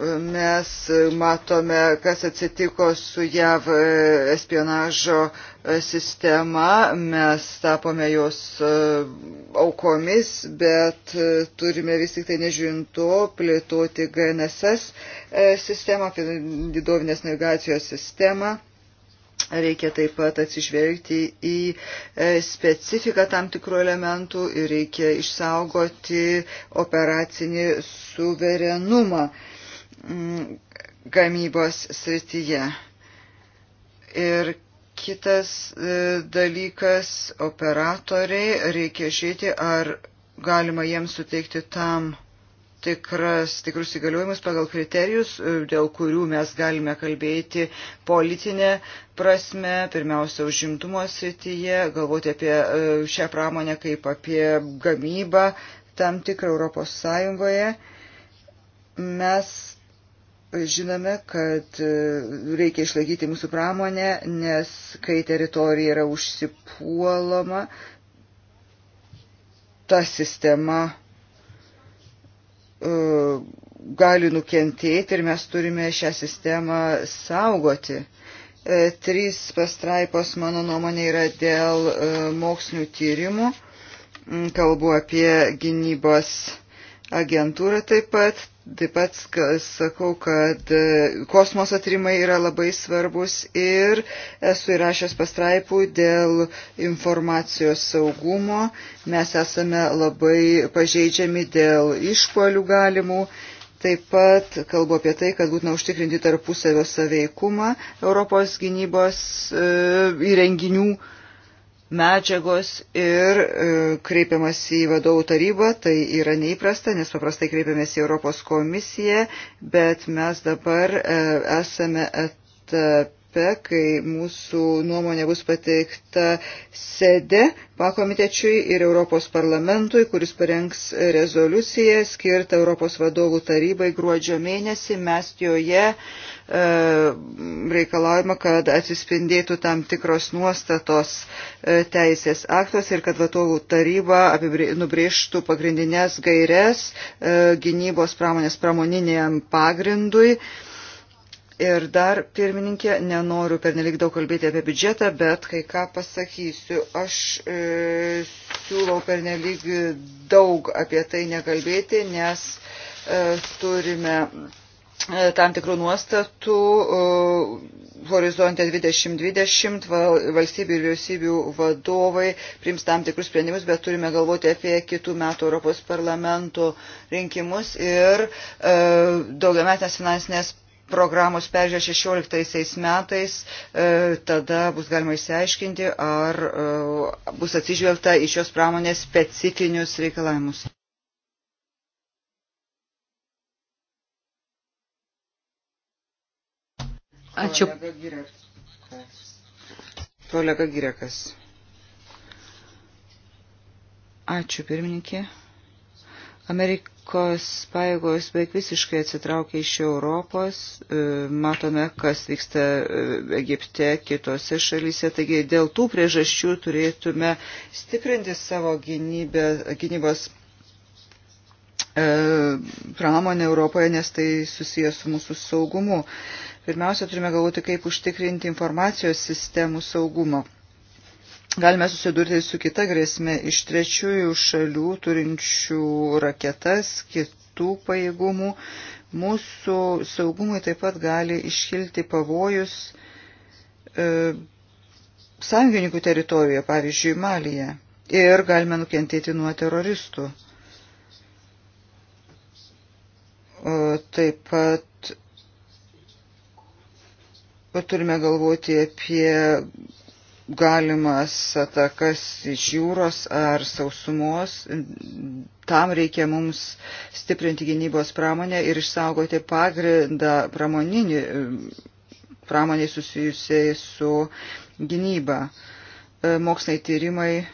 Mes matome, kas atsitiko su JAV e, espionažo e, sistema, mes tapome jos e, aukomis, bet turime vis tik tai nežinto plėtoti GNSS sistemą, didovinės navigacijos sistemą. Reikia taip pat atsižvelgti į specifiką tam tikrų elementų ir reikia išsaugoti operacinį suverenumą. Mm, gamybos srityje. Ir kitas e, dalykas - operatoriai. Reikia žiūrėti, ar galima jiems suteikti tam tikras, tikrus įgaliojimus pagal kriterijus, e, dėl kurių mes galime kalbėti politinė prasme, pirmiausia, užimtumo srityje, galvoti apie e, šią pramonę kaip apie gamybą tam tikrą Europos Sąjungoje. Mes Žinome, kad e, reikia išlaikyti mūsų pramonę, nes kai teritorija yra užsipuolama, ta sistema uh, gali nukentėti ir mes turime šią sistemą saugoti. E, trys pastraipos, mano nuomonė, yra dėl e, mokslinių tyrimų. Mm, kalbu apie gynybos agentūrą taip pat. Taip pat sakau, kad e, kosmoso tyrimai yra labai svarbus ir esu įrašęs pastraipų dėl informacijos saugumo. Mes esame labai pažeidžiami dėl išpolių galimų. Taip pat kalbu apie tai, kad būtina užtikrinti tarpusavio saveikumą Europos gynybos e, įrenginių e, medžiagos ir e, kreipiamas į vadovų tarybą. Tai yra neįprasta, nes paprastai kreipiamės į Europos komisiją, bet mes dabar e, esame etape etape, kai mūsų nuomonė bus pateikta sede pakomitečiui ir Europos parlamentui, kuris parengs rezoliuciją skirtą Europos vadovų tarybai gruodžio mėnesį. Mes joje e, reikalavimą, kad atsispindėtų tam tikros nuostatos e, teisės aktos ir kad vadovų taryba apibrė, nubrėžtų pagrindinės gairias e, gynybos pramonės pramoniniam pagrindui. E, Ir dar, pirmininkė, nenoriu pernelik daug kalbėti apie biudžetą, bet kai ką pasakysiu. Aš e, siūlau pernelik daug apie tai nekalbėti, nes e, turime e, tam tikrų nuostatų. E, Horizonte 2020 valstybių ir vyriausybių vadovai priims tam tikrus sprendimus, bet turime galvoti apie kitų metų Europos parlamento rinkimus ir e, daugiametės finansinės programos peržiūrė 16 metais, e, tada bus galima išsiaiškinti, ar e, bus atsižvelgta į šios pramonės specifinius reikalavimus. Ačiū. Kolega Girekas. Ačiū pirmininkė. Amerikos paėgos beveik visiškai atsitraukia iš Europos, e, matome, kas vyksta e, Egipte, kitose šalyse, taigi dėl tų priežasčių turėtume stiprinti savo gynybę, gynybos e, pramonę Europoje, nes tai susijęs su mūsų saugumu. Pirmiausia, turime galvoti, kaip užtikrinti informacijos sistemų saugumą galime susidurti su kita grėsme iš trečiųjų šalių turinčių raketas, kitų pajėgumų. Mūsų saugumui taip pat gali iškilti pavojus e, sąjungininkų teritorijoje, pavyzdžiui, Malyje. Ir galime nukentėti nuo teroristų. O, taip pat turime galvoti apie galimas atakas iš jūros ar sausumos. Tam reikia mums stiprinti gynybos pramonę ir išsaugoti pagrindą pramoninį, pramoniai susijusiai su gynyba. E, moksliniai tyrimai e,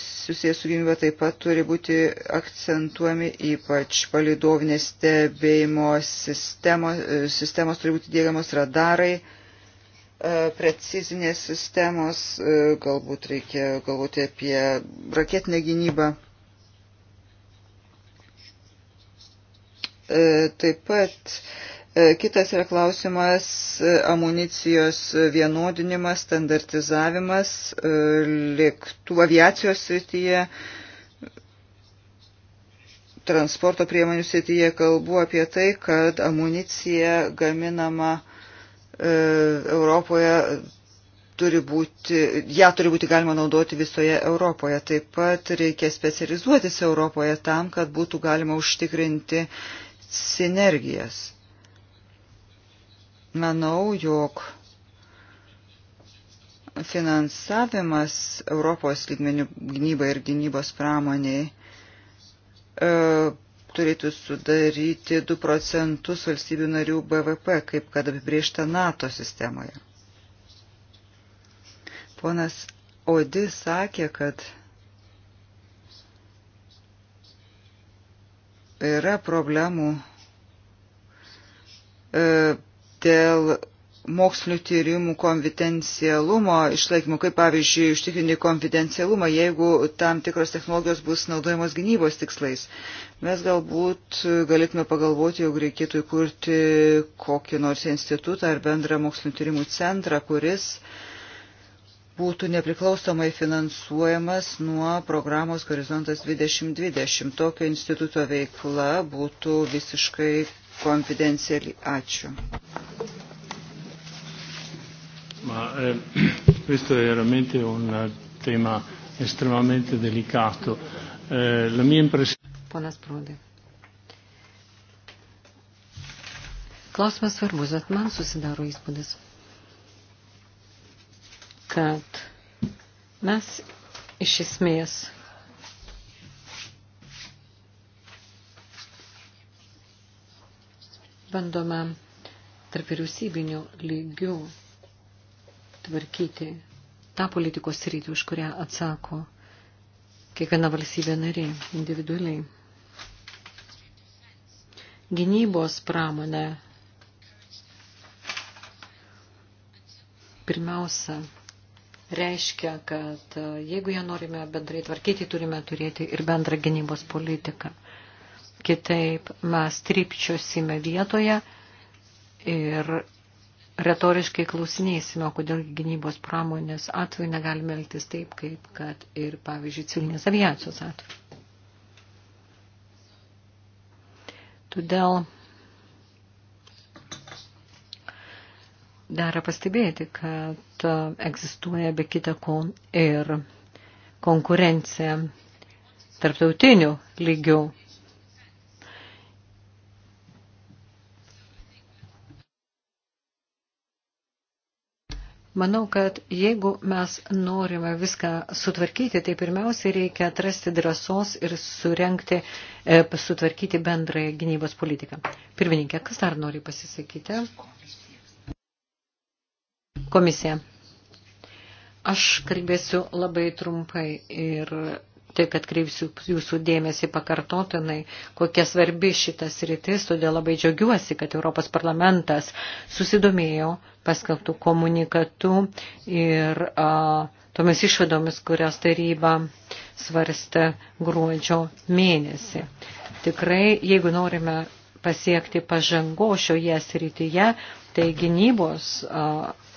susijęs su gynyba taip pat turi būti akcentuojami ypač palidovinės stebėjimo sistemos, e, sistemos turi būti dėgiamos radarai E, precizinės sistemos, e, galbūt reikia galvoti apie raketinę gynybą. E, taip pat kitas yra klausimas amunicijos vienodinimas, standartizavimas lėktuvų aviacijos srityje transporto priemonių srityje kalbu apie tai, kad amunicija gaminama E, Europoje turi būti, ją ja, turi būti galima naudoti visoje Europoje. Taip pat reikia specializuotis Europoje tam, kad būtų galima užtikrinti sinergijas. Manau, jog finansavimas Europos lygmenių gynybai ir gynybos pramoniai e, turėtų sudaryti 2 procentus valstybių narių BVP, kaip kad apibriešta NATO sistemoje. Ponas Odi sakė, kad yra problemų e, dėl mokslinių tyrimų konfidencialumo išlaikymu, kaip pavyzdžiui, užtikrinti konfidencialumą, jeigu tam tikros technologijos bus naudojamos gynybos tikslais. Mes galbūt galėtume pagalvoti, jog reikėtų įkurti kokį nors institutą ar bendrą mokslinių tyrimų centrą, kuris būtų nepriklausomai finansuojamas nuo programos Horizontas 2020. Tokio instituto veikla būtų visiškai konfidenciali. Ačiū ma eh, questo è veramente un eh, tema estremamente delicato. Eh, la mia impressione. Ponas Prūdė. Klausimas svarbus, bet man susidaro įspūdis, kad mes iš esmės bandome tarp vyriausybinių lygių tvarkyti tą politikos rytį, už kurią atsako kiekviena valstybė narė individualiai. Gynybos pramonė pirmiausia reiškia, kad e, jeigu ją norime bendrai tvarkyti, turime turėti ir bendrą gynybos politiką. Kitaip mes tripčiosime vietoje ir retoriškai klausinėsime, kodėl gynybos pramonės atveju negalime elgtis taip, kaip kad ir, pavyzdžiui, civilinės aviacijos atveju. Todėl dera pastebėti, kad egzistuoja be kita ko ir konkurencija tarptautinių lygių Manau, kad jeigu mes norime viską sutvarkyti, tai pirmiausia reikia atrasti drąsos ir surenkti, e, sutvarkyti bendrąją gynybos politiką. Pirmininkė, kas dar nori pasisakyti? Komisija. Aš kalbėsiu labai trumpai ir Tik atkreipsiu jūsų dėmesį pakartotinai, kokia svarbi šitas rytis, todėl labai džiaugiuosi, kad Europos parlamentas susidomėjo paskelbtų komunikatų ir a, tomis išvadomis, kurias taryba svarstė gruodžio mėnesį. Tikrai, jeigu norime pasiekti pažango šioje srityje, Tai gynybos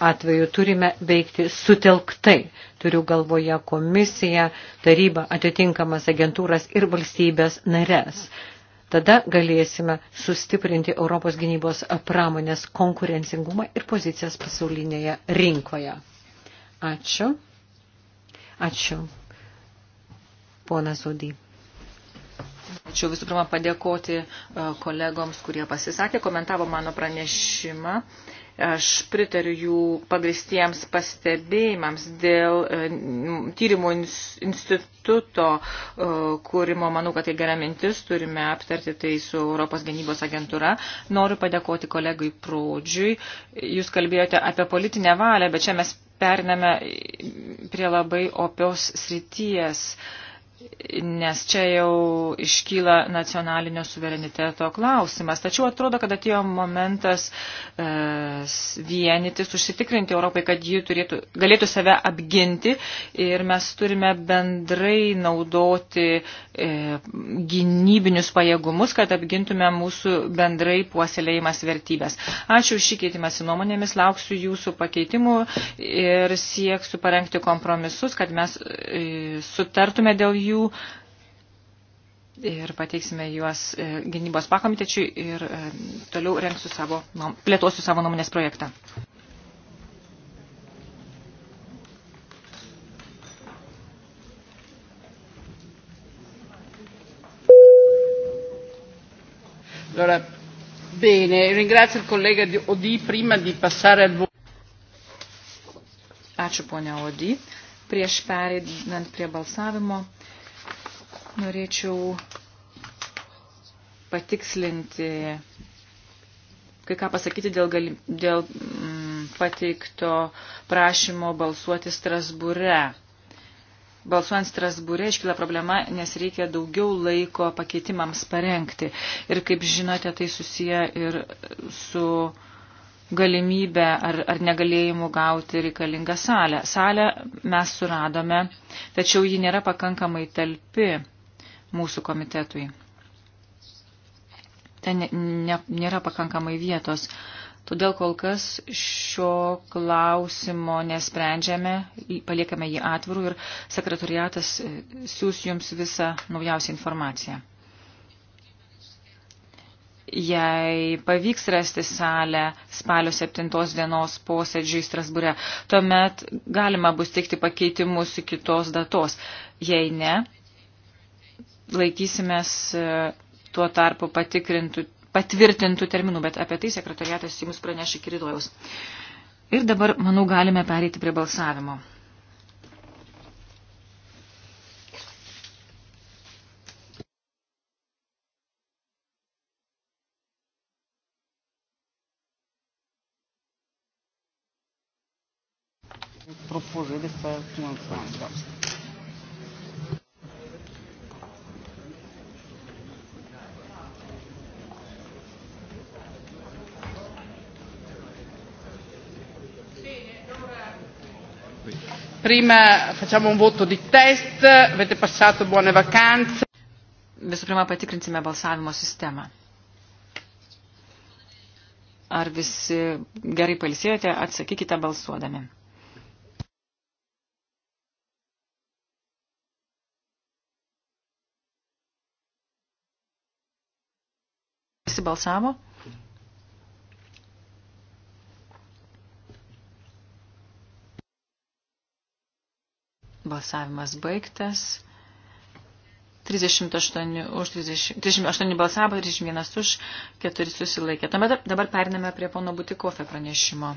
atveju turime veikti sutelktai. Turiu galvoje komisiją, tarybą, atitinkamas agentūras ir valstybės narės. Tada galėsime sustiprinti Europos gynybos pramonės konkurencingumą ir pozicijas pasaulinėje rinkoje. Ačiū. Ačiū. Ponas Odį. Tačiau visų pirma padėkoti e, kolegoms, kurie pasisakė, komentavo mano pranešimą. Aš pritariu jų pagristiems pastebėjimams dėl e, tyrimų instituto e, kūrimo. Manau, kad tai gera mintis, turime aptarti tai su Europos gynybos agentūra. Noriu padėkoti kolegai Prodžiui. Jūs kalbėjote apie politinę valią, bet čia mes periname prie labai opios srities. Uh, nes čia jau iškyla nacionalinio suvereniteto klausimas. Tačiau atrodo, kad atėjo momentas e, vienytis, užsitikrinti Europai, kad ji turėtų, galėtų save apginti ir mes turime bendrai naudoti e, gynybinius pajėgumus, kad apgintume mūsų bendrai puoselėjimas vertybės. Ačiū šį keitimąsi nuomonėmis, lauksiu jūsų pakeitimų ir sieksiu parengti kompromisus, kad mes e, sutartume dėl jų jų ir pateiksime juos e, gynybos pakomitečiui ir e, toliau rengsiu savo, plėtosiu savo nuomonės projektą. Allora, bene, ringrazio il collega Odi prima di passare al voto. Ačiū ponia Odi. Prieš perėdant prie balsavimo Norėčiau patikslinti, kai ką pasakyti dėl, galim, dėl m, mm, pateikto prašymo balsuoti Strasbūre. Balsuojant Strasbūre iškyla problema, nes reikia daugiau laiko pakeitimams parengti. Ir kaip žinote, tai susiję ir su galimybę ar, ar negalėjimu gauti reikalingą salę. Salę mes suradome, tačiau ji nėra pakankamai talpi mūsų komitetui. Ten ne, nėra pakankamai vietos. Todėl kol kas šio klausimo nesprendžiame, paliekame jį atvirų ir sekretariatas e, siūs jums visą naujausią informaciją. Jei pavyks rasti salę spalio 7 dienos posėdžiui Strasbūre, tuomet galima bus teikti pakeitimus iki tos datos. Jei ne, laikysimės e, tuo tarpu patikrintų, patvirtintų terminų, bet apie tai sekretariatas jums pranešė Kirilojaus. Ir dabar, manau, galime pereiti prie balsavimo. prima facciamo un voto di test, avete passato buone vacanze. Visų pirma, patikrinsime balsavimo sistemą. Ar visi gerai palsėjote, atsakykite balsuodami. Visi balsavo? Balsavimas baigtas. 38 už 30, 38 balsavo, 31 už, 4 susilaikė. Tuomet dabar periname prie pono Butikofė pranešimo.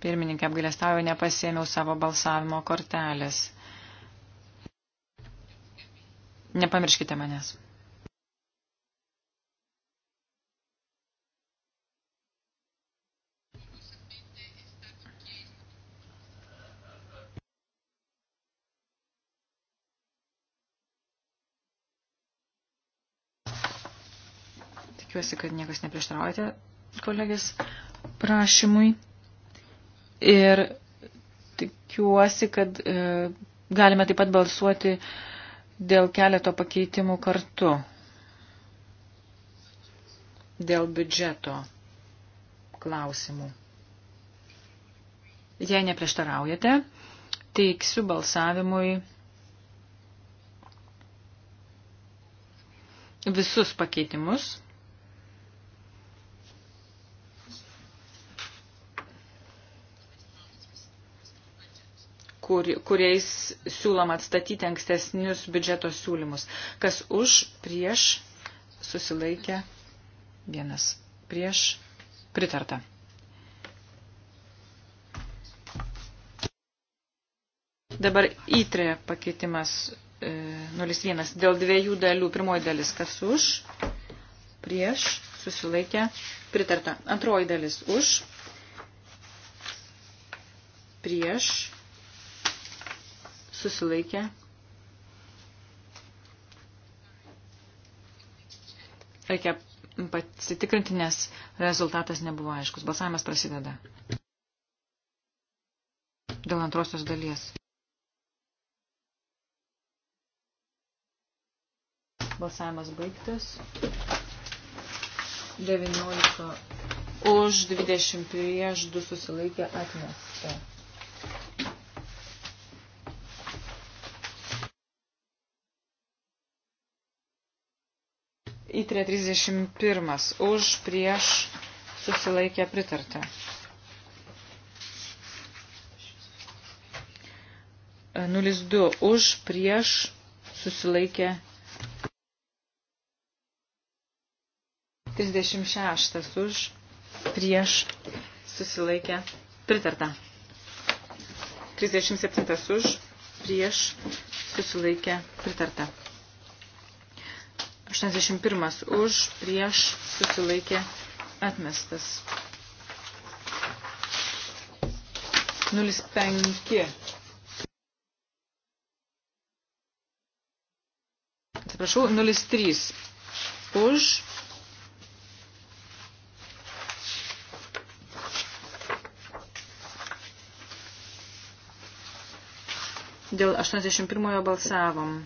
Pirmininkė apgailestavo, nepasėmiau savo balsavimo kortelės. Nepamirškite manęs. Tikiuosi, kad niekas neprieštaraujate kolegės prašymui. Ir tikiuosi, kad e, galime taip pat balsuoti dėl keleto pakeitimų kartu. Dėl biudžeto klausimų. Jei neprieštaraujate, teiksiu balsavimui visus pakeitimus. kur, kuriais siūloma atstatyti ankstesnius biudžeto siūlymus. Kas už, prieš, susilaikė, vienas, prieš, pritarta. Dabar įtrė pakeitimas e, 01 dėl dviejų dalių. Pirmoji dalis, kas už, prieš, susilaikė, pritarta. Antroji dalis, už, prieš, susilaikė. Reikia pasitikrinti, nes rezultatas nebuvo aiškus. Balsavimas prasideda. Dėl antrosios dalies. Balsavimas baigtas. 19 už 20 prieš 2 susilaikė atmesta. Įtrė 31. Už prieš susilaikė pritarta. Nulis 2. Už prieš susilaikė 36. Už prieš susilaikė pritarta. 37. Už prieš susilaikė pritarta. 81 už, prieš, susilaikė, atmestas. 05. Atsiprašau, 03. Už. Dėl 81 balsavom.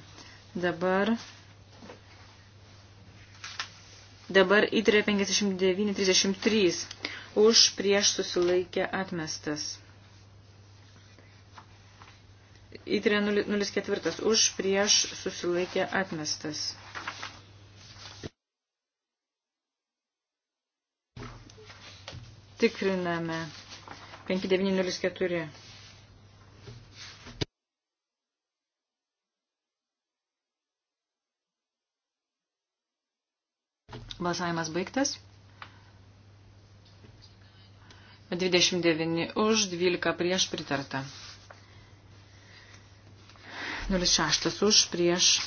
Dabar Dabar įtrė 59.33. Už prieš susilaikė atmestas. Įtrė 04. Už prieš susilaikė atmestas. Tikriname. 5904. Balsavimas baigtas. 29 už, 12 prieš pritarta. 06 už, prieš.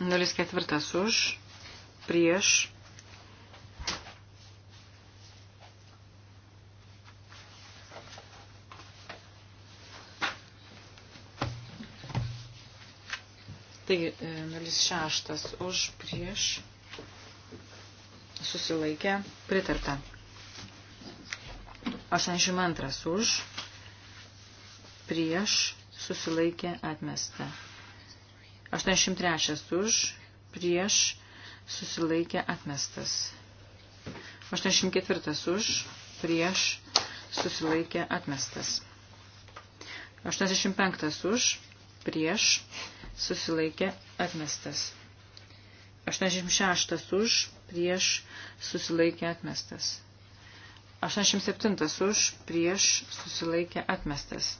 Nulis ketvirtas už, prieš. Taigi, 06 e, už prieš susilaikę pritarta. 82 už prieš susilaikė atmesta. 83 už prieš susilaikė atmestas. 84 už prieš susilaikė atmestas. 85 už prieš susilaikė atmestas. 86 už, prieš, susilaikė atmestas. 87 už, prieš, susilaikė atmestas.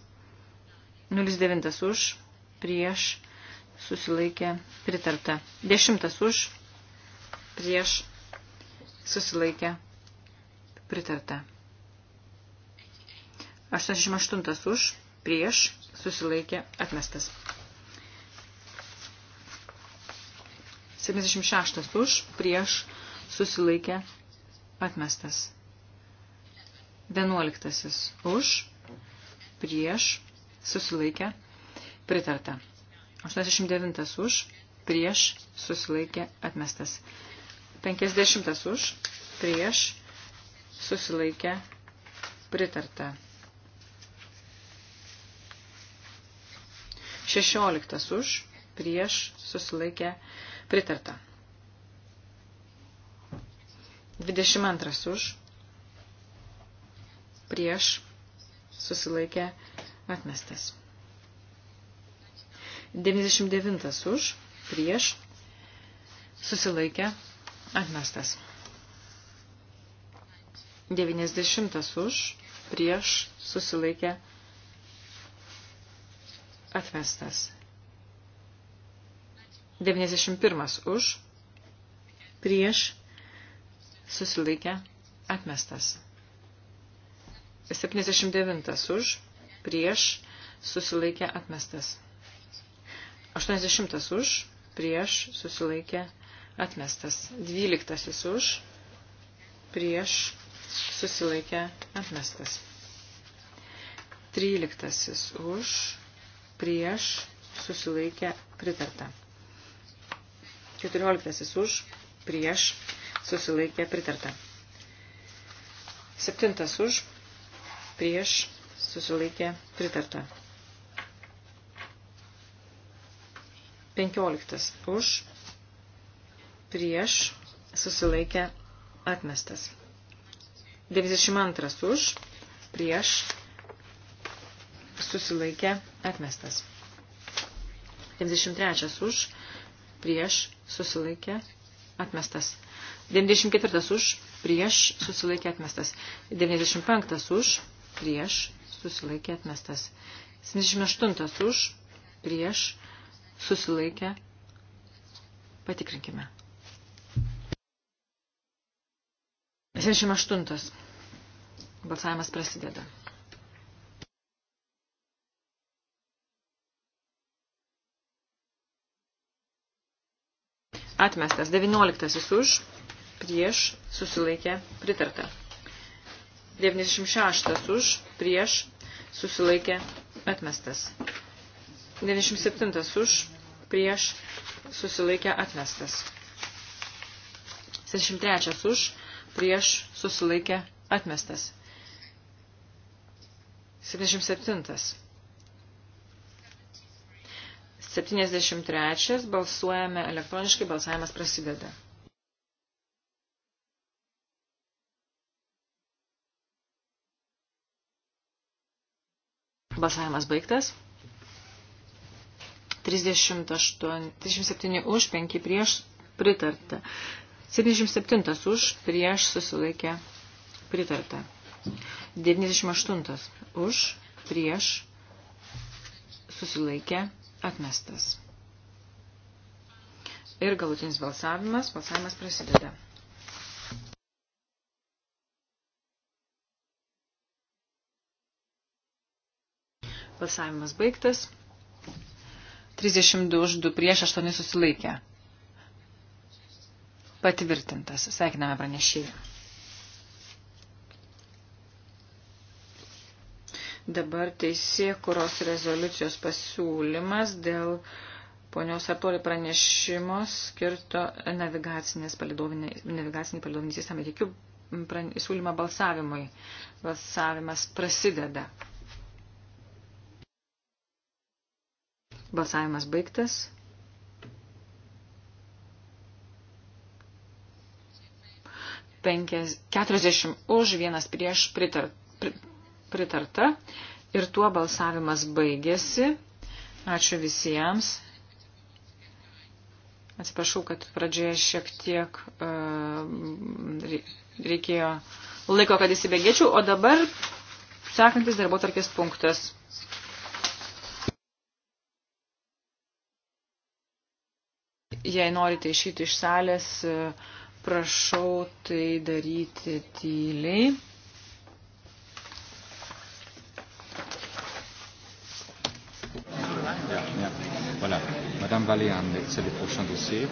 09 už, prieš, susilaikė pritarta. 10 už, prieš, susilaikė pritarta. 88 už, prieš, susilaikė atmestas. 76 už, prieš, susilaikė, atmestas. 11 už, prieš, susilaikė, pritarta. 89 už, prieš, susilaikė, atmestas. 50 už, prieš, susilaikė, pritarta. 16 už, prieš, susilaikė, pritarta. Pritarta. 22 už. Prieš. Susilaikė. Atmestas. 99 už. Prieš. Susilaikė. Atmestas. 90 už, prieš, susilaikė, atmestas. 91 už, prieš, susilaikę, atmestas. 79 už, prieš, susilaikę, atmestas. 80 už, prieš, susilaikę, atmestas. 12 už, prieš, susilaikę, atmestas. 13 už, prieš, susilaikę, pritarta. 14 už, prieš, susilaikė pritarta. 7 už, prieš, susilaikė pritarta. 15 už, prieš, susilaikė atmestas. 92 už, prieš, susilaikė atmestas. 93 už, prieš susilaikė atmestas. 94 už, prieš susilaikė atmestas. 95 už, prieš susilaikė atmestas. 78 už, prieš susilaikė. Patikrinkime. 78. Balsavimas prasideda. Atmestas 19 už, prieš, susilaikė, pritarta. 96 už, prieš, susilaikė, atmestas. 97 už, prieš, susilaikė, atmestas. 73 už, prieš, susilaikė, atmestas. 77 73. Balsuojame elektroniškai, balsavimas prasideda. Balsavimas baigtas. 38, 37 už, 5 prieš, pritarta. 77 už, prieš susilaikė, pritarta. 98 už, prieš susilaikė, pritarta Atmestas. Ir galutinis balsavimas. Balsavimas prasideda. Balsavimas baigtas. 32 už 2 prieš 8 susilaikė. Patvirtintas. Sveikiname pranešėjai. Dabar teisėkuros rezoliucijos pasiūlymas dėl ponios Artori pranešimo skirto navigacinės palidovinės, navigacinį palidovinį sistemą. Tikiu siūlymą balsavimui. Balsavimas prasideda. Balsavimas baigtas. Penkias, 40 už, vienas prieš pritartą pritarta. Ir tuo balsavimas baigėsi. Ačiū visiems. Atsiprašau, kad pradžioje šiek tiek uh, reikėjo laiko, kad įsibėgėčiau, o dabar sekantis darbo tarkės punktas. Jei norite išėti iš salės, e, prašau tai daryti tyliai. Madame Valéane, c'est le prochain dossier.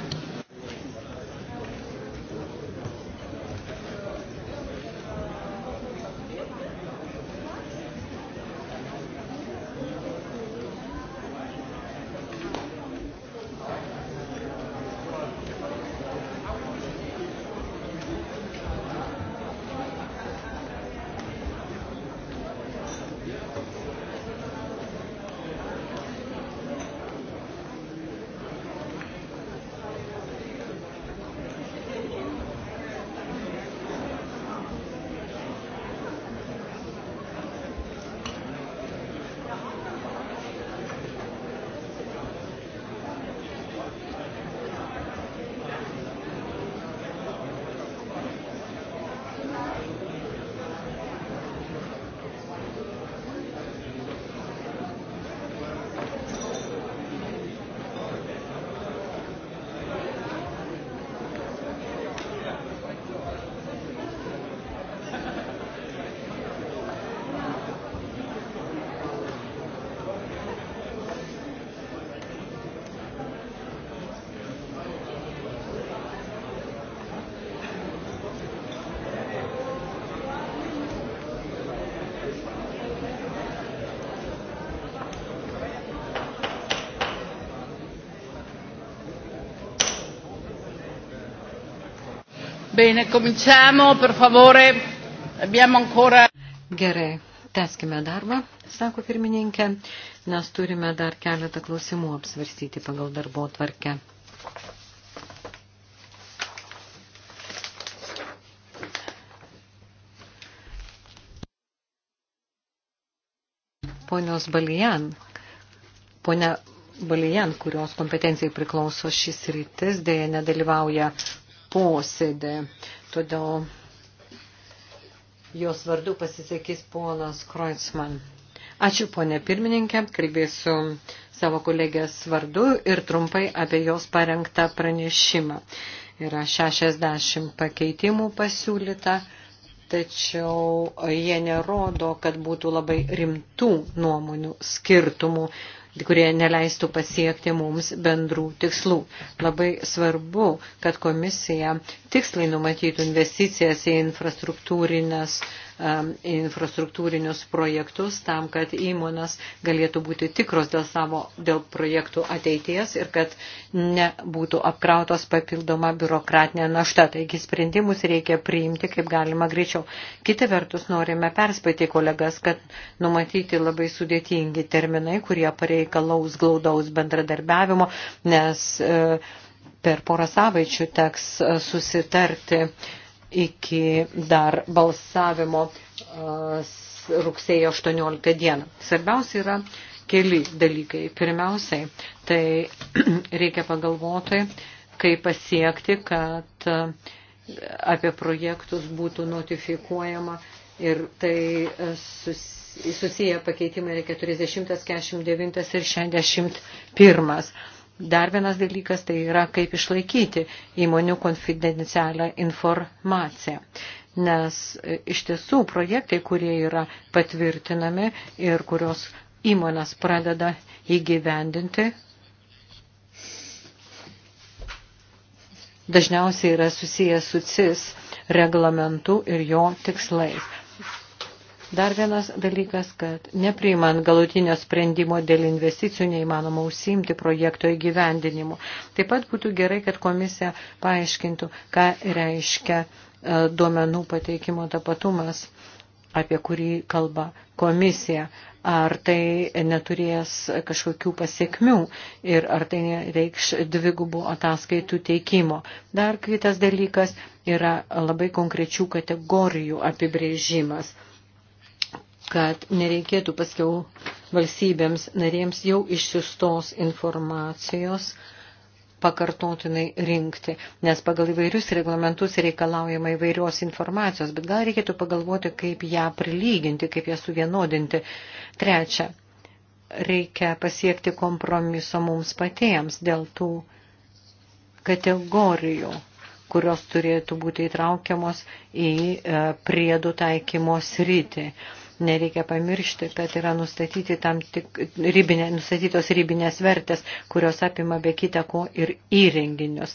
Bene, cominciamo, per favore. Abbiamo ancora. Gerai, teskime darbą, sako pirmininkė, nes turime dar keletą klausimų apsvarstyti pagal darbo tvarkę. Ponios Balijan, ponia Balijan, kurios kompetencijai priklauso šis rytis, dėja nedalyvauja posėdį. Todėl jos vardu pasisakys ponas Kreutzmann. Ačiū, ponė pirmininkė, kalbėsiu savo kolegės vardu ir trumpai apie jos parengtą pranešimą. Yra 60 pakeitimų pasiūlyta, tačiau jie nerodo, kad būtų labai rimtų nuomonių skirtumų kurie neleistų pasiekti mums bendrų tikslų. Labai svarbu, kad komisija tiksliai numatytų investicijas į infrastruktūrinės uh, Um, infrastruktūrinius projektus tam, kad įmonas galėtų būti tikros dėl savo dėl projektų ateities ir kad nebūtų apkrautos papildoma biurokratinė našta. Taigi sprendimus reikia priimti kaip galima greičiau. Kita vertus, norime perspėti kolegas, kad numatyti labai sudėtingi terminai, kurie pareikalaus glaudaus bendradarbiavimo, nes e, per porą savaičių teks e, susitarti iki dar balsavimo rugsėjo 18 dieną. Svarbiausia yra keli dalykai. Pirmiausiai, tai reikia pagalvoti, kaip pasiekti, kad apie projektus būtų notifikuojama ir tai susiję pakeitimai yra 40, 49 ir 61. Dar vienas dalykas tai yra, kaip išlaikyti įmonių konfidencialią informaciją. Nes e, iš tiesų projektai, kurie yra patvirtinami ir kurios įmonės pradeda įgyvendinti, dažniausiai yra susijęs su CIS reglamentu ir jo tikslais. Dar vienas dalykas, kad nepriimant galutinio sprendimo dėl investicijų neįmanoma užsiimti projekto įgyvendinimu. Taip pat būtų gerai, kad komisija paaiškintų, ką reiškia e, duomenų pateikimo tapatumas, apie kurį kalba komisija. Ar tai neturės kažkokių pasiekmių ir ar tai reikš dvigubų ataskaitų teikimo. Dar kitas dalykas yra labai konkrečių kategorijų apibrėžimas kad nereikėtų paskiau valstybėms narėms jau išsiustos informacijos pakartotinai rinkti, nes pagal įvairius reglamentus reikalaujama įvairios informacijos, bet gal reikėtų pagalvoti, kaip ją prilyginti, kaip ją suvienodinti. Trečia, reikia pasiekti kompromiso mums patiems dėl tų kategorijų kurios turėtų būti įtraukiamos į e, priedų taikymo sritį. Nereikia pamiršti, kad yra nustatyti tam tik ribinė, nustatytos ribinės vertės, kurios apima be kita ko ir įrenginius.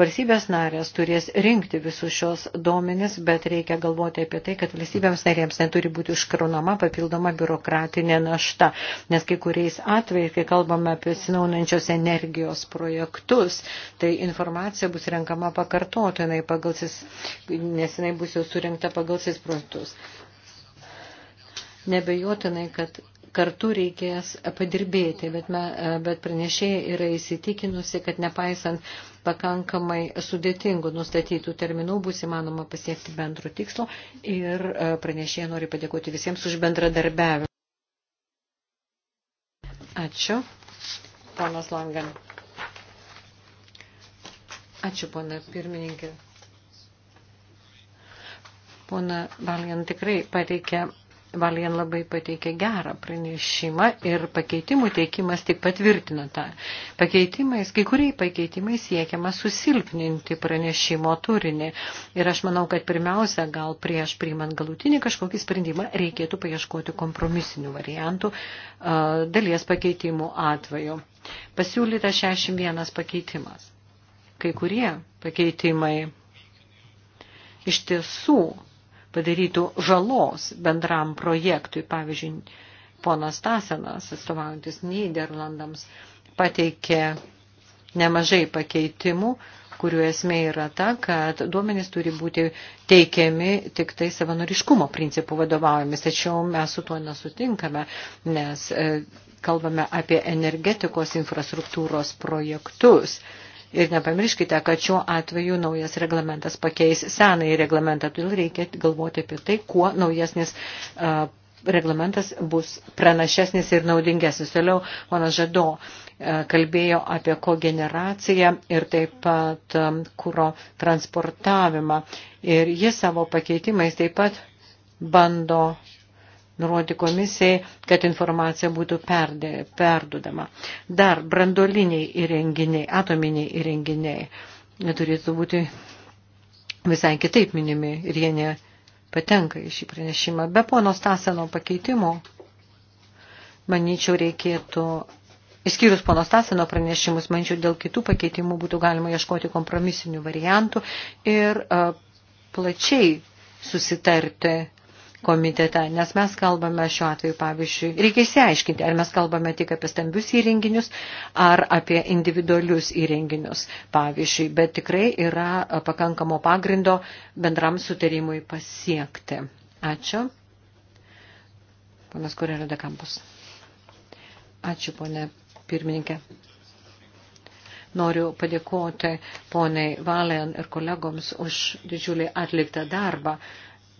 Valstybės narės turės rinkti visus šios duomenis, bet reikia galvoti apie tai, kad valstybėms narėms neturi būti užkraunama papildoma biurokratinė našta, nes kai kuriais atvejais, kai kalbame apie sinaunančios energijos projektus, tai informacija bus renkama pakartotinai, pagal, nes jinai bus jau surinkta pagal sis projektus nebejotinai, kad kartu reikės padirbėti, bet, me, bet pranešėja yra įsitikinusi, kad nepaisant pakankamai sudėtingų nustatytų terminų bus įmanoma pasiekti bendro tikslo ir e, pranešėja nori padėkoti visiems už bendradarbiavimą. Ačiū. Ponas Langan. Ačiū, pona pirmininkė. Pona Valgan tikrai pareikia Valien labai pateikė gerą pranešimą ir pakeitimų teikimas tik patvirtino tą. Pakeitimais, kai kuriai pakeitimai siekiama susilpninti pranešimo turinį. Ir aš manau, kad pirmiausia, gal prieš priimant galutinį kažkokį sprendimą, reikėtų paieškoti kompromisinių variantų dalies pakeitimų atveju. Pasiūlyta 61 pakeitimas. Kai kurie pakeitimai iš tiesų padarytų žalos bendram projektui. Pavyzdžiui, ponas Tasenas, atstovaujantis Niderlandams, pateikė nemažai pakeitimų, kurių esmė yra ta, kad duomenys turi būti teikiami tik tai savanoriškumo principų vadovaujomis. Tačiau mes su tuo nesutinkame, nes e, kalbame apie energetikos infrastruktūros projektus. Ir nepamirškite, kad šiuo atveju naujas reglamentas pakeis senąjį reglamentą, todėl reikia galvoti apie tai, kuo naujesnis uh, reglamentas bus pranašesnis ir naudingesnis. Toliau, ponas Žado kalbėjo apie kogeneraciją ir taip pat kūro transportavimą. Ir jis savo pakeitimais taip pat bando nurodyti komisijai, kad informacija būtų perdė, perdudama. Dar brandoliniai įrenginiai, atominiai įrenginiai neturėtų būti visai kitaip minimi ir jie nepatenka į šį pranešimą. Be pono Staseno pakeitimo, manyčiau, reikėtų, išskyrus pono Staseno pranešimus, manyčiau, dėl kitų pakeitimų būtų galima ieškoti kompromisinių variantų ir uh, plačiai susitarti komitete, nes mes kalbame šiuo atveju, pavyzdžiui, reikia įsiaiškinti, ar mes kalbame tik apie stambius įrenginius, ar apie individualius įrenginius, pavyzdžiui, bet tikrai yra pakankamo pagrindo bendram sutarimui pasiekti. Ačiū. Panas Kurėlio de Campus. Ačiū, ponė pirmininkė. Noriu padėkoti poniai Valen ir kolegoms už didžiulį atliktą darbą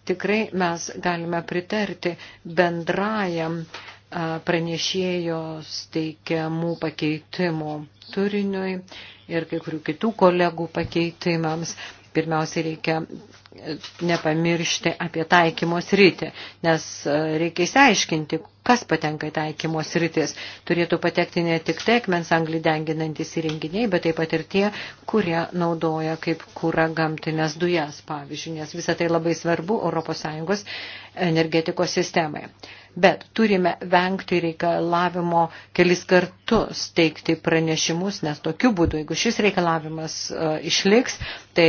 tikrai mes galime pritarti bendrajam pranešėjos teikiamų pakeitimų turiniui ir kai kurių kitų kolegų pakeitimams pirmiausia reikia nepamiršti apie taikymo sritį, nes e, reikia įsiaiškinti, kas patenka į taikymo sritis. Turėtų patekti ne tik tai akmens anglį denginantis įrenginiai, bet taip pat ir tie, kurie naudoja kaip kūra gamtinės dujas, pavyzdžiui, nes visą tai labai svarbu ES energetikos sistemai. Bet turime vengti reikalavimo kelis kartus teikti pranešimus, nes tokiu būdu, jeigu šis reikalavimas uh, išliks, tai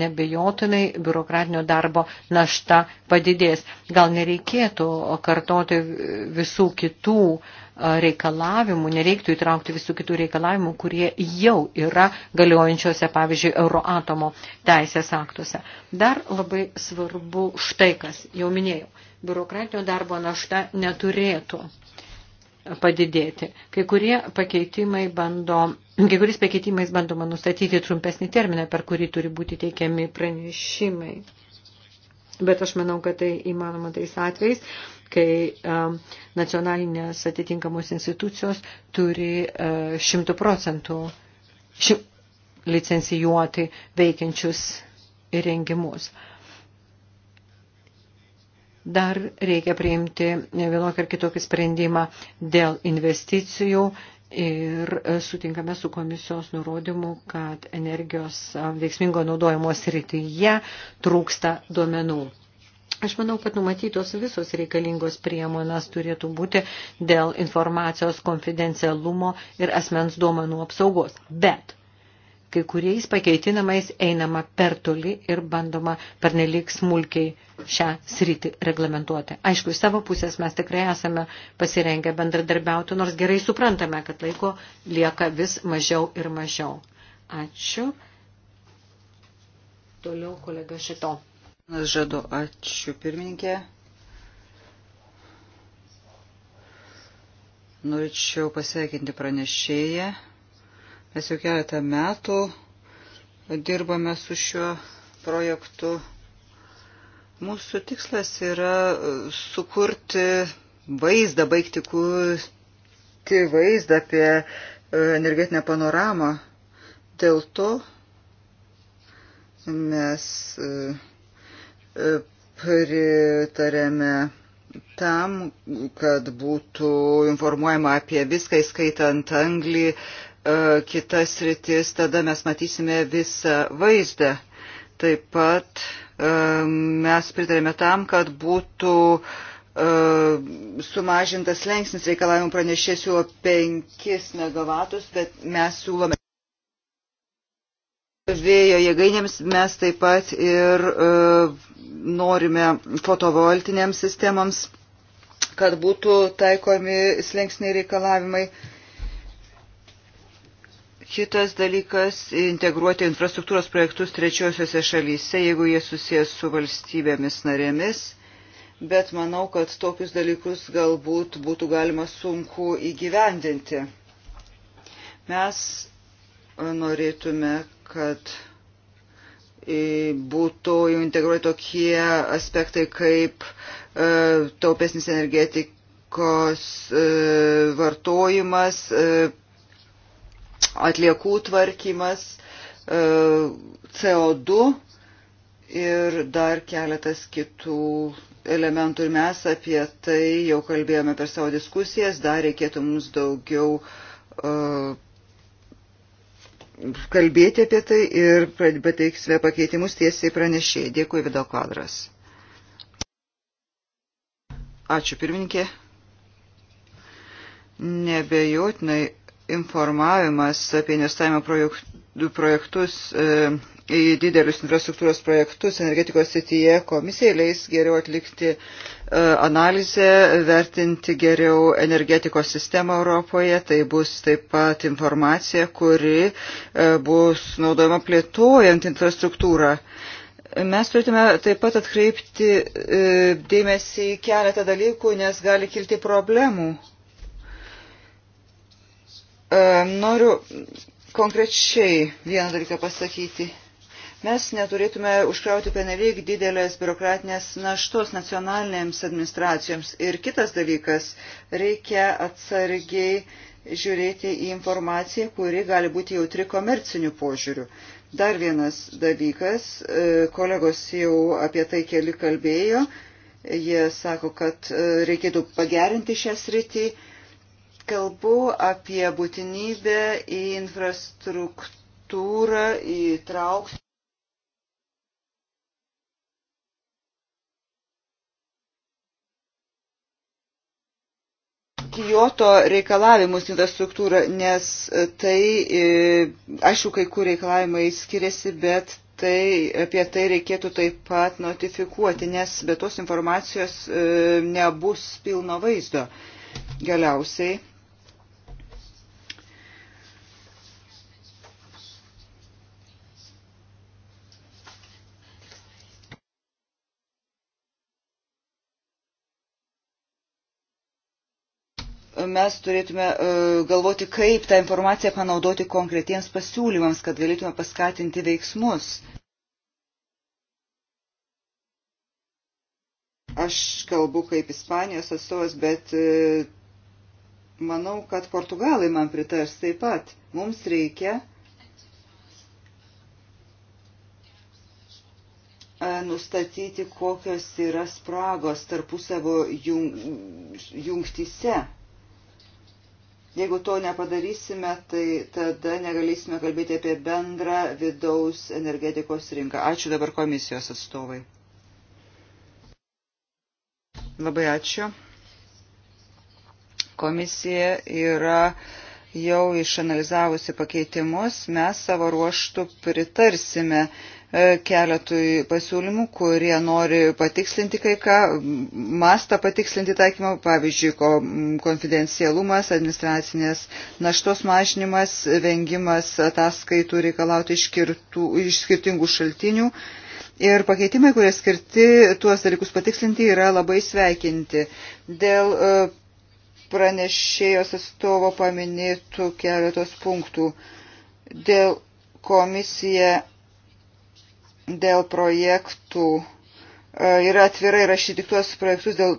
nebejotinai biurokratinio darbo našta padidės. Gal nereikėtų kartoti visų kitų uh, reikalavimų, nereiktų įtraukti visų kitų reikalavimų, kurie jau yra galiojančiose, pavyzdžiui, Euroatomo teisės aktuose. Dar labai svarbu štai kas, jau minėjau, biurokratinio darbo našta neturėtų padidėti. Kai, kurie pakeitimai bando, kai kuris pakeitimais bandoma nustatyti trumpesnį terminą, per kurį turi būti teikiami pranešimai. Bet aš manau, kad tai įmanoma tais atvejais, kai nacionalinės atitinkamos institucijos turi šimtų procentų licencijuoti veikiančius įrengimus dar reikia priimti vienokį ar kitokį sprendimą dėl investicijų ir sutinkame su komisijos nurodymu, kad energijos veiksmingo naudojimo srityje trūksta duomenų. Aš manau, kad numatytos visos reikalingos priemonės turėtų būti dėl informacijos konfidencialumo ir asmens duomenų apsaugos. Bet kai kuriais pakeitinamais einama per toli ir bandoma pernelyg smulkiai šią sritį reglamentuoti. Aišku, iš savo pusės mes tikrai esame pasirengę bendradarbiauti, nors gerai suprantame, kad laiko lieka vis mažiau ir mažiau. Ačiū. Toliau kolega Šito. Žadu, ačiū pirmininkė. Norėčiau pasveikinti pranešėją Mes jau keletą metų dirbame su šiuo projektu. Mūsų tikslas yra sukurti vaizdą, baigti kurti vaizdą apie e, energetinę panoramą. Dėl to mes e, e, pritarėme tam, kad būtų informuojama apie viską, įskaitant anglį, E, kitas rytis, tada mes matysime visą vaizdą. Taip pat e, mes pritarėme tam, kad būtų e, sumažintas lenksnis reikalavimų pranešė siūlo 5 MW, bet mes siūlome vėjo jėgainėms, mes taip pat ir norime fotovoltinėms sistemams, kad būtų taikomi slengsniai reikalavimai. E, Kitas dalykas - integruoti infrastruktūros projektus trečiosiuose šalyse, jeigu jie susijęs su valstybėmis narėmis, bet manau, kad tokius dalykus galbūt būtų galima sunku įgyvendinti. Mes e, norėtume, kad e, būtų jau integruoti tokie aspektai kaip e, taupesnis energetikos vartojimas, atliekų tvarkymas, e, CO2 ir dar keletas kitų elementų. Ir mes apie tai jau kalbėjome per savo diskusijas, dar reikėtų mums daugiau e, kalbėti apie tai ir pateiksime pakeitimus tiesiai pranešėjai. Dėkui, Vido kvadras. Ačiū, pirmininkė. Nebejotinai informavimas apie investavimo projektus e, į didelius infrastruktūros projektus energetikos srityje komisijai leis geriau atlikti e, analizę, vertinti geriau energetikos sistemą Europoje. Tai bus taip pat informacija, kuri e, bus naudojama plėtojant infrastruktūrą. Mes turėtume taip pat atkreipti dėmesį į keletą dalykų, nes gali kilti problemų E, noriu konkrečiai vieną dalyką pasakyti. Mes neturėtume užkrauti penelyg didelės biurokratinės naštos nacionalinėms administracijoms. Ir kitas dalykas, reikia atsargiai žiūrėti į informaciją, kuri gali būti jautri komercinių požiūrių. Dar vienas dalykas, e, kolegos jau apie tai keli kalbėjo, jie sako, kad e, reikėtų pagerinti šią sritį kalbu apie būtinybę į infrastruktūrą įtraukti. Kyoto reikalavimus infrastruktūrą, nes tai, e, aišku, kai kur reikalavimai skiriasi, bet tai, apie tai reikėtų taip pat notifikuoti, nes be tos informacijos e, nebus pilno vaizdo. Galiausiai mes turėtume e, galvoti, kaip tą informaciją panaudoti konkretiems pasiūlymams, kad galėtume paskatinti veiksmus. Aš kalbu kaip Ispanijos atstovas, bet e, manau, kad portugalai man pritars taip pat. Mums reikia e, nustatyti, kokios yra spragos tarpusavo jung, jungtise. Jeigu to nepadarysime, tai tada negalėsime kalbėti apie bendrą vidaus energetikos rinką. Ačiū dabar komisijos atstovai. Labai ačiū. Komisija yra jau išanalizavusi pakeitimus, mes savo ruoštų pritarsime E, keletui pasiūlymų, kurie nori patikslinti kai ką, mastą patikslinti taikymą, pavyzdžiui, konfidencialumas, administracinės naštos mažinimas, vengimas ataskaitų reikalauti iš, kirtų, iš skirtingų šaltinių. Ir pakeitimai, kurie skirti tuos dalykus patikslinti, yra labai sveikinti. Dėl e, pranešėjos atstovo paminėtų keletos punktų. Dėl komisija dėl projektų ir e, atvirai rašyti tuos projektus, dėl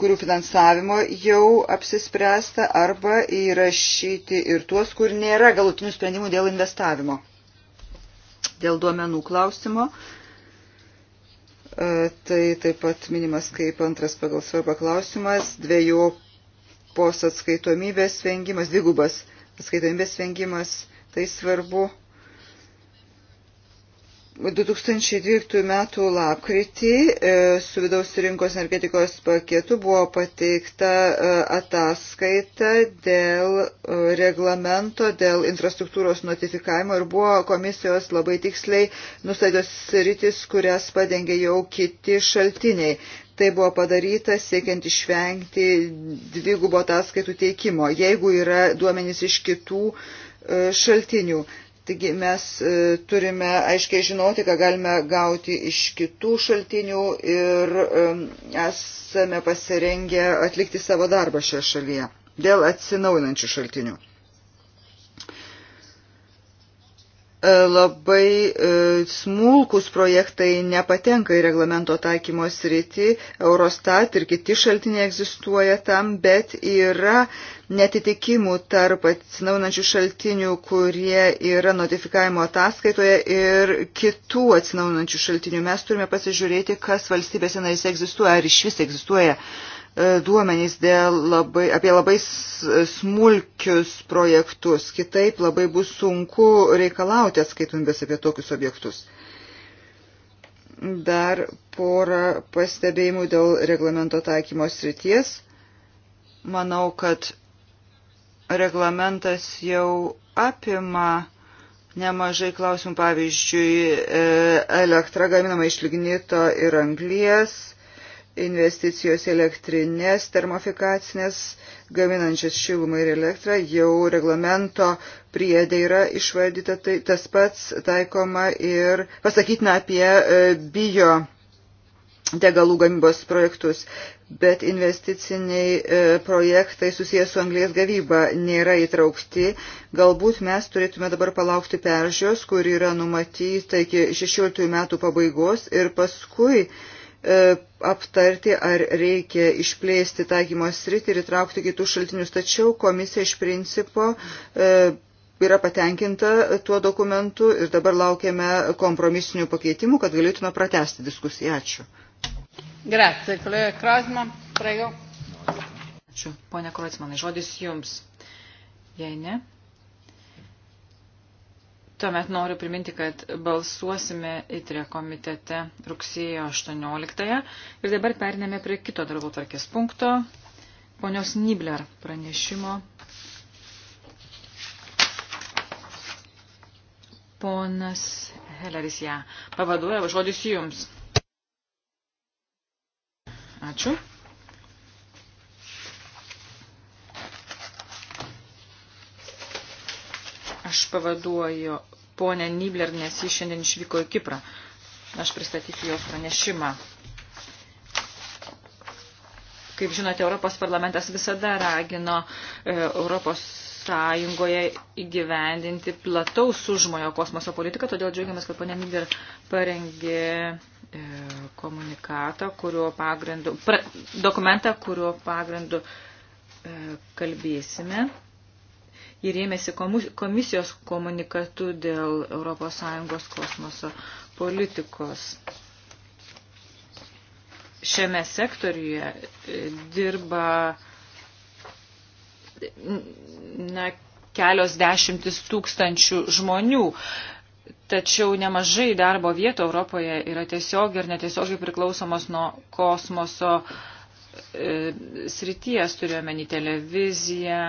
kurių finansavimo jau apsispręsta, arba įrašyti ir tuos, kur nėra galutinių sprendimų dėl investavimo. Dėl duomenų klausimo. E, tai taip pat minimas kaip antras pagal svarbą klausimas, dviejopos atskaitomybės vengimas, dvigubas atskaitomybės vengimas, tai svarbu 2012 m. lapkritį e, su vidaus rinkos energetikos paketu buvo pateikta e, ataskaita dėl e, reglamento, dėl infrastruktūros notifikavimo ir buvo komisijos labai tiksliai nustatytos sritis, kurias padengė jau kiti šaltiniai. Tai buvo padaryta siekiant išvengti dvigubo ataskaitų teikimo, jeigu yra duomenys iš kitų šaltinių. Taigi mes e, turime aiškiai žinoti, ką galime gauti iš kitų šaltinių ir e, esame pasirengę atlikti savo darbą šioje šalyje dėl atsinaujinančių šaltinių. E, labai smulkus projektai nepatenka į reglamento taikymo sritį, Eurostat ir kiti šaltiniai egzistuoja tam, bet yra netitikimų tarp atsinaunančių šaltinių, kurie yra notifikavimo ataskaitoje ir kitų atsinaunančių šaltinių. Mes turime pasižiūrėti, kas valstybėse narys egzistuoja, ar iš vis egzistuoja e, duomenys labai, apie labai smulkius projektus. Kitaip labai bus sunku reikalauti atskaitomybės apie tokius objektus dar porą pastebėjimų dėl reglamento taikymo srities. Manau, kad reglamentas jau apima nemažai klausimų, pavyzdžiui, e, elektra gaminama iš lignito ir anglies, investicijos elektrinės, termofikacinės, gaminančias šilumą ir elektrą, jau reglamento priedė yra išvardyta, tai tas pats taikoma ir pasakytina apie e, bio degalų gamybos projektus bet investiciniai e, projektai susijęs su anglės gavyba nėra įtraukti. Galbūt mes turėtume dabar palaukti peržios, kur yra numatyta iki 16 metų pabaigos ir paskui e, aptarti, ar reikia išplėsti taikymo sritį ir įtraukti kitus šaltinius. Tačiau komisija iš principo e, yra patenkinta tuo dokumentu ir dabar laukiame kompromisinių pakeitimų, kad galėtume pratesti diskusiją. Ačiū. Grazie, kolega Krasman, prego. Ačiū, ponia Krasmanai, žodis jums. Jei ne, tuomet noriu priminti, kad balsuosime įtrė komitete rugsėjo 18-ąją ir dabar perinėme prie kito darbo tvarkės punkto, ponios Nibler pranešimo. Ponas Heleris ją ja. pavaduoja, žodis jums. Ačiū. Aš pavaduoju ponę Nibler, nes jis šiandien išvyko į Kiprą. Aš pristatysiu jos pranešimą. Kaip žinote, Europos parlamentas visada ragino e, Europos sąjungoje įgyvendinti plataus užmojo kosmoso politiką, todėl džiaugiamės, kad ponė Nibler parengė E, komunikatą, kurio pagrindu, pra, dokumentą, kurio pagrindu e, kalbėsime. Jį rėmėsi komisijos komunikatu dėl ES kosmoso politikos. Šiame sektoriuje e, dirba na, kelios dešimtis tūkstančių žmonių. E, Tačiau nemažai darbo vietų Europoje yra tiesiog ir netiesiogiai priklausomos nuo kosmoso e, srities, turiuomenį televiziją,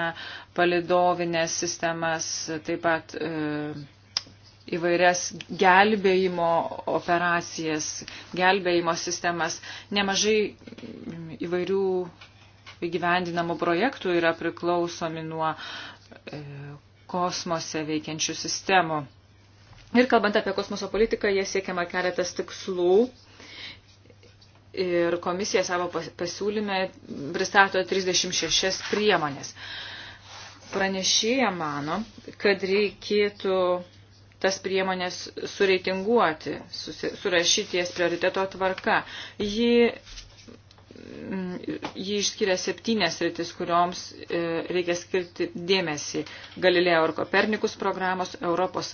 palidovinės sistemas, taip pat e, įvairias gelbėjimo operacijas, gelbėjimo sistemas. Nemažai įvairių įgyvendinamų projektų yra priklausomi nuo e, kosmose veikiančių sistemų. Ir kalbant apie kosmoso politiką, jie siekiama keletas tikslų. Ir komisija savo pasiūlyme pristato 36 priemonės. Pranešėja mano, kad reikėtų tas priemonės sureitinguoti, surašyti jas prioriteto tvarka. Ji, mm, ji išskiria septynės rytis, kurioms e, reikia skirti dėmesį. Galilėjo ir Kopernikus programos, Europos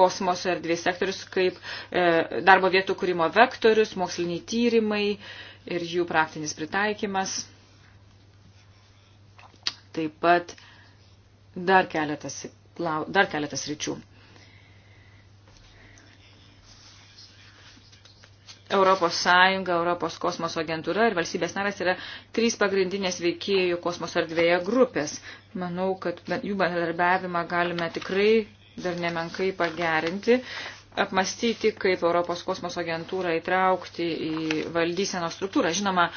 kosmoso erdvės sektorius kaip e, darbo vietų kūrimo vektorius, moksliniai tyrimai ir jų praktinis pritaikymas. Taip pat dar keletas, dar keletas ryčių. Europos Sąjunga, Europos kosmoso agentūra ir valstybės narės yra trys pagrindinės veikėjų kosmoso erdvėje grupės. Manau, kad jų bendradarbiavimą galime tikrai dar nemenkai pagerinti, apmastyti, kaip Europos kosmoso agentūrą įtraukti į valdysenos struktūrą. Žinoma,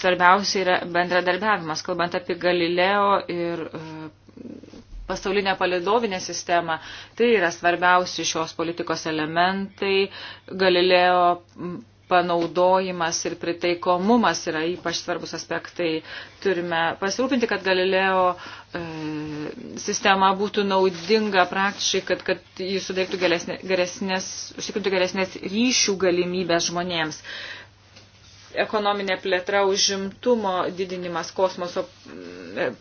svarbiausia yra bendradarbiavimas, kalbant apie Galileo ir e, pasaulinę palidovinę sistemą. Tai yra svarbiausi šios politikos elementai. Galileo panaudojimas ir pritaikomumas yra ypač svarbus aspektai. Turime pasirūpinti, kad Galileo e, sistema būtų naudinga praktiškai, kad, kad jis sudarytų geresnės, užtikrintų geresnės ryšių galimybės žmonėms. E, ekonominė plėtra, užimtumo didinimas kosmoso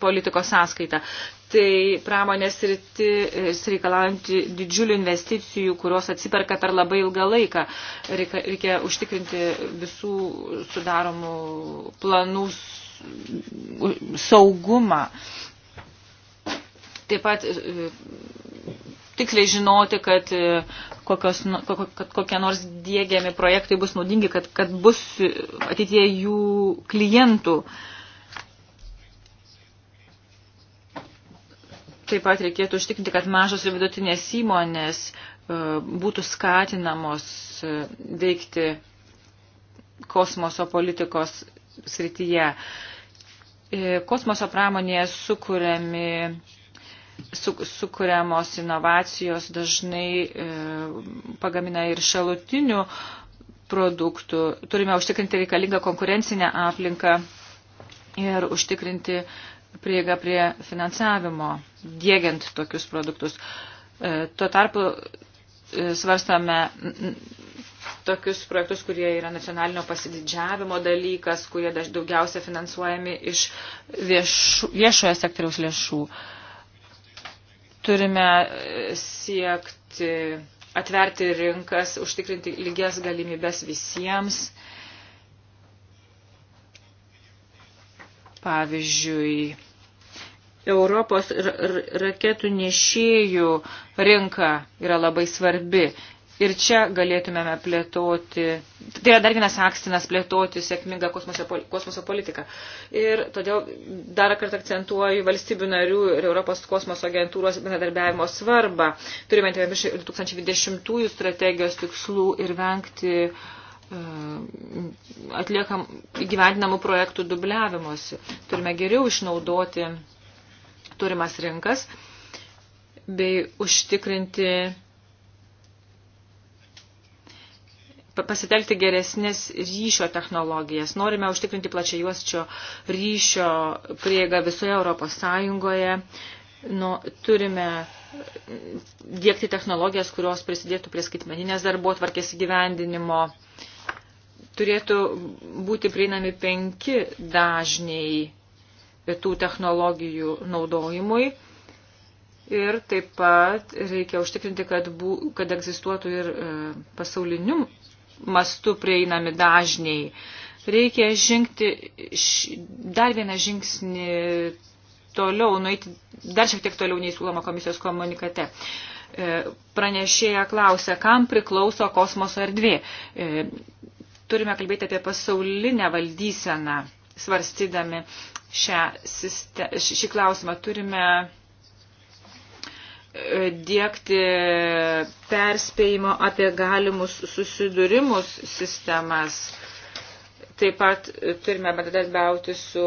politikos sąskaita. Tai pramonės rytis reikalaujanti didžiulių investicijų, kurios atsiperka per labai ilgą laiką. Reikia, reikia užtikrinti visų sudaromų planų saugumą. Taip pat e, tiksliai žinoti, kad, e, kokios, nu, kad kokie nors dėgiami projektai bus naudingi, kad, kad bus e, ateitie jų klientų. Taip pat reikėtų užtikrinti, kad mažos ir vidutinės įmonės e, būtų skatinamos veikti kosmoso politikos srityje. Kosmoso pramonėje sukūrėmi sukuriamos inovacijos dažnai e, pagamina ir šalutinių produktų. Turime užtikrinti reikalingą konkurencinę aplinką ir užtikrinti prieigą prie finansavimo, dėgiant tokius produktus. E, tuo tarpu e, svarstame tokius projektus, kurie yra nacionalinio pasididžiavimo dalykas, kurie daugiausia finansuojami iš vieš, viešojo sektoriaus lėšų. E, Turime e, siekti atverti rinkas, užtikrinti lygias galimybės visiems. Pavyzdžiui, Europos raketų nešėjų rinka yra labai svarbi. Ir čia galėtumėme plėtoti, tai yra dar vienas akstinas plėtoti sėkmingą kosmoso, kosmoso politiką. Ir todėl dar kartą akcentuoju valstybių narių ir Europos kosmoso agentūros bendradarbiavimo svarbą. Turime 2020 strategijos tikslų ir vengti e, atliekam gyventinamų projektų dubliavimuose. Turime geriau išnaudoti turimas rinkas bei užtikrinti pasitelkti geresnės ryšio technologijas. Norime užtikrinti plačiai juosčio ryšio prieigą visoje Europos Sąjungoje. Nu, turime mm, dėkti technologijas, kurios prisidėtų prie skaitmeninės darbo tvarkės gyvendinimo. Turėtų būti prieinami penki dažniai tų technologijų naudojimui. Ir taip pat reikia užtikrinti, kad, bū, kad egzistuotų ir e, pasauliniu mastu prieinami dažniai. Reikia žingti dar vieną žingsnį toliau, nueiti dar šiek tiek toliau nei siūloma komisijos komunikate. E, pranešėja klausia, kam priklauso kosmoso erdvė. E, turime kalbėti apie pasaulinę valdyseną, svarstydami šią, šį klausimą. Turime dėkti perspėjimo apie galimus susidūrimus sistemas. Taip pat turime bendradarbiauti su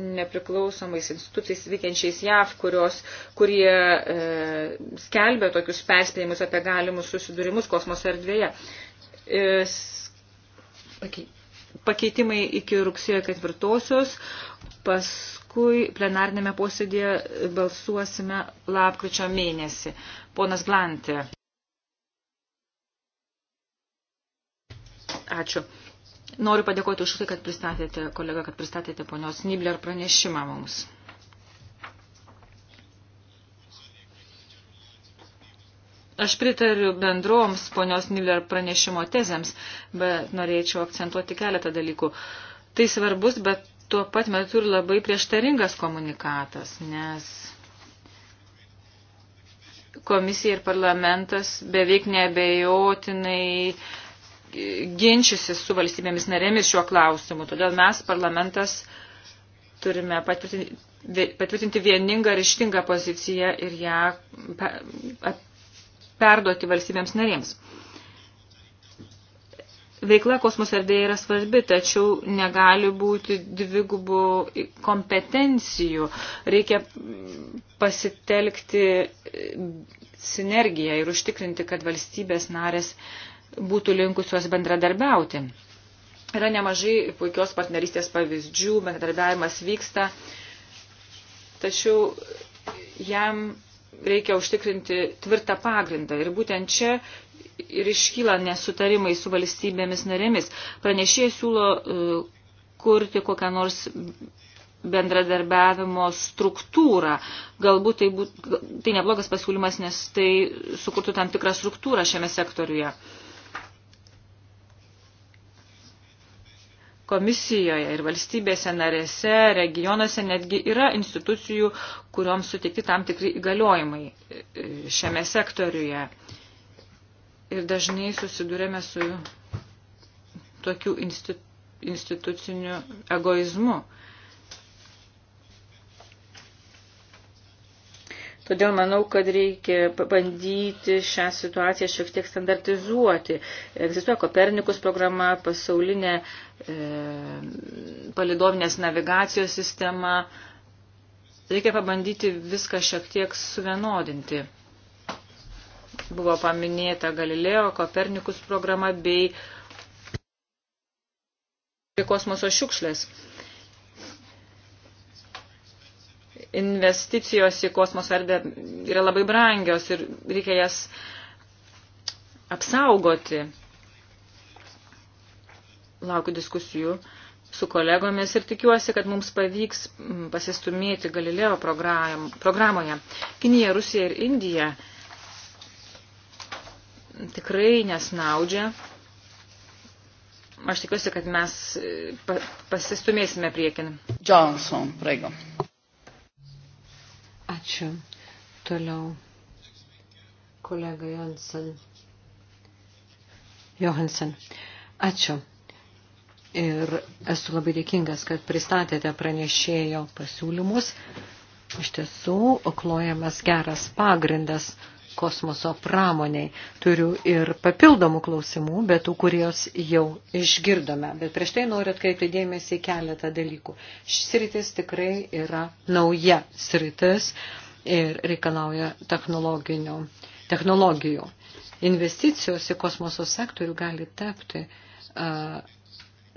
nepriklausomais institucijais vykiančiais JAV, kurios, kurie e, skelbia tokius perspėjimus apie galimus susidūrimus kosmoso erdvėje. E, pakeitimai iki rugsėjo ketvirtosios, pas paskui plenarnėme posėdėje balsuosime lapkričio mėnesį. Ponas Blantė. Ačiū. Noriu padėkoti už tai, kad pristatėte, kolega, kad pristatėte ponios Nibler pranešimą mums. Aš pritariu bendroms ponios Nibler pranešimo tezėms, bet norėčiau akcentuoti keletą dalykų. Tai svarbus, bet tuo pat metu ir labai prieštaringas komunikatas, nes komisija ir parlamentas beveik nebejotinai ginčiasi su valstybėmis narėmis šiuo klausimu. Todėl mes, parlamentas, turime patvirtinti, patvirtinti vieningą ryštingą poziciją ir ją perduoti valstybėms narėms. Veikla kosmos erdvėje yra svarbi, tačiau negali būti dvigubų kompetencijų. Reikia pasitelkti sinergiją ir užtikrinti, kad valstybės narės būtų linkusios bendradarbiauti. Yra nemažai puikios partnerystės pavyzdžių, bendradarbiavimas vyksta, tačiau jam reikia užtikrinti tvirtą pagrindą. Ir būtent čia ir iškyla nesutarimai su valstybėmis narėmis. Pranešėjai siūlo e, kurti kokią nors bendradarbiavimo struktūrą. Galbūt tai, būt, tai neblogas pasiūlymas, nes tai sukurtų tam tikrą struktūrą šiame sektoriuje. Uh, komisijoje ir valstybėse narėse, regionuose netgi yra institucijų, kuriuoms suteikti tam tikri įgaliojimai e, šiame sektoriuje. Ir dažnai susidurėme su tokiu instituciniu egoizmu. Todėl manau, kad reikia bandyti šią situaciją šiek tiek standartizuoti. Egzistuoja Kopernikus programa, pasaulinė e, palidovinės navigacijos sistema. Reikia pabandyti viską šiek tiek suvienodinti. Buvo paminėta Galileo, Kopernikus programa bei kosmoso šiukšlės. investicijos į kosmoso erdvę yra labai brangios ir reikia jas apsaugoti. Laukiu diskusijų su kolegomis ir tikiuosi, kad mums pavyks mm, pasistumėti Galileo program, programoje. Kinija, Rusija ir Indija tikrai nesnaudžia. Aš tikiuosi, kad mes e, pasistumėsime priekin. Johnson, prego. Ačiū. Toliau kolega Jonsen. Johansen. Ačiū. Ir esu labai dėkingas, kad pristatėte pranešėjo pasiūlymus. Iš tiesų, oklojamas geras pagrindas kosmoso pramoniai. Turiu ir papildomų klausimų, bet tų, kurios jau išgirdome. Bet prieš tai noriu atkreipti dėmesį į keletą dalykų. Šis sritis tikrai yra nauja sritis ir reikalauja technologijų. Investicijos į kosmoso sektorių gali tapti uh,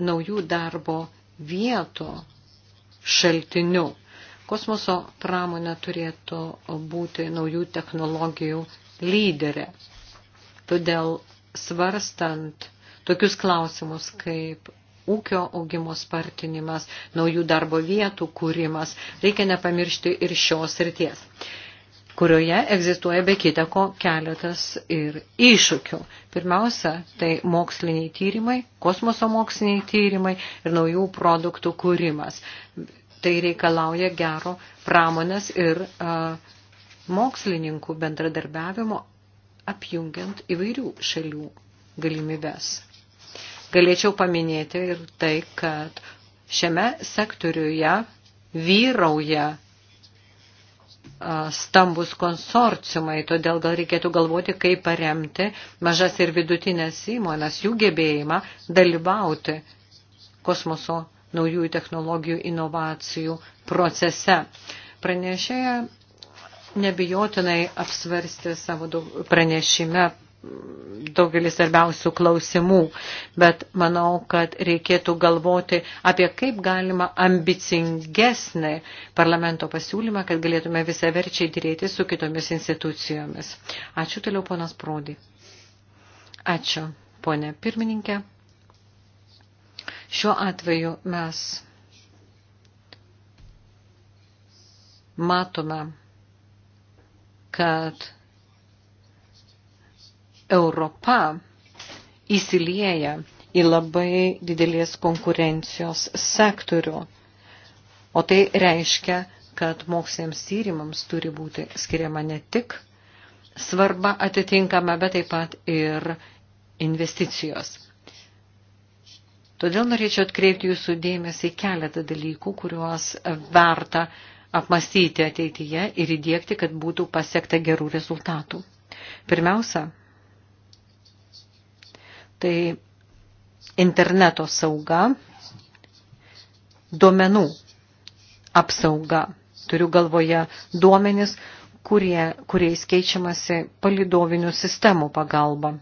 naujų darbo vietų šaltiniu Kosmoso pramonė turėtų būti naujų technologijų lyderė. Todėl svarstant tokius klausimus kaip ūkio augimo spartinimas, naujų darbo vietų kūrimas, reikia nepamiršti ir šios ryties kurioje egzistuoja be kitako keletas ir iššūkių. Pirmiausia, tai moksliniai tyrimai, kosmoso moksliniai tyrimai ir naujų produktų kūrimas tai reikalauja gero pramonės ir a, mokslininkų bendradarbiavimo, apjungiant įvairių šalių galimybės. Galėčiau paminėti ir tai, kad šiame sektoriuje vyrauja stambus konsorciumai, todėl gal reikėtų galvoti, kaip paremti mažas ir vidutinės įmonas, jų gebėjimą dalyvauti kosmoso naujųjų technologijų inovacijų procese. Pranešėja nebijotinai apsvarstė savo pranešime daugelį svarbiausių klausimų, bet manau, kad reikėtų galvoti apie kaip galima ambicingesnį parlamento pasiūlymą, kad galėtume visą verčiai dėrėti su kitomis institucijomis. Ačiū toliau, ponas Prodi. Ačiū, ponė pirmininkė. Šiuo atveju mes matome, kad Europa įsilieja į labai didelės konkurencijos sektorių. O tai reiškia, kad moksliniams tyrimams turi būti skiriama ne tik svarba atitinkama, bet taip pat ir investicijos. Todėl norėčiau atkreipti jūsų dėmesį į keletą dalykų, kuriuos verta apmastyti ateityje ir įdėkti, kad būtų pasiekta gerų rezultatų. Pirmiausia, tai interneto sauga, duomenų apsauga. Turiu galvoje duomenis, kurie, kuriais keičiamasi palidovinių sistemų pagalba.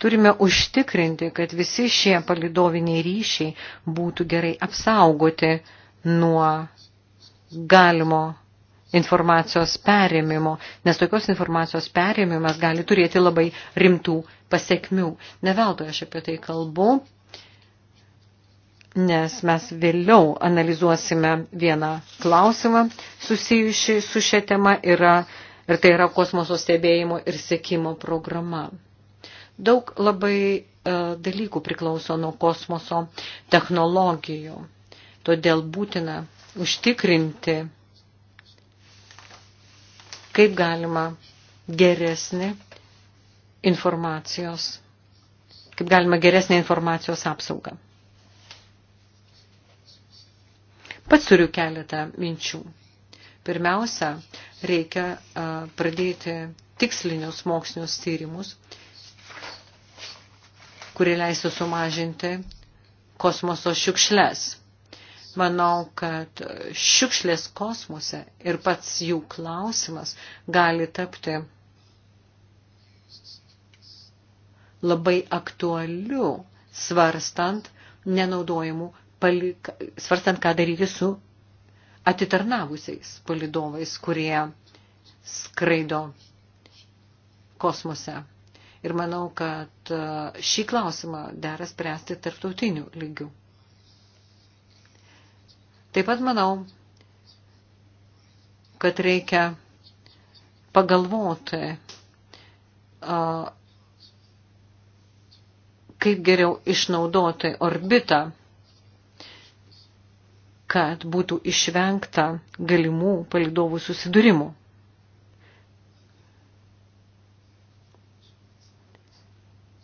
Turime užtikrinti, kad visi šie palidoviniai ryšiai būtų gerai apsaugoti nuo galimo informacijos perėmimo, nes tokios informacijos perėmimas gali turėti labai rimtų pasiekmių. Neveltoj aš apie tai kalbu, nes mes vėliau analizuosime vieną klausimą susijusi su šia tema yra, ir tai yra kosmoso stebėjimo ir sekimo programa. Daug labai e, dalykų priklauso nuo kosmoso technologijų. Todėl būtina užtikrinti, kaip galima geresnį informacijos, kaip galima geresnį informacijos apsaugą. Pats turiu keletą minčių. Pirmiausia, reikia e, pradėti tikslinius mokslinius tyrimus, kuri leistų sumažinti kosmoso šiukšles. Manau, kad šiukšlės kosmose ir pats jų klausimas gali tapti labai aktualiu, svarstant nenaudojimų, palika, svarstant, ką daryti su atitarnavusiais palidovais, kurie skraido kosmose. Ir manau, kad e, šį klausimą dera spręsti tarptautinių lygių. Taip pat manau, kad reikia pagalvoti, kaip geriau išnaudoti orbitą, kad būtų išvengta galimų palidovų susidūrimų.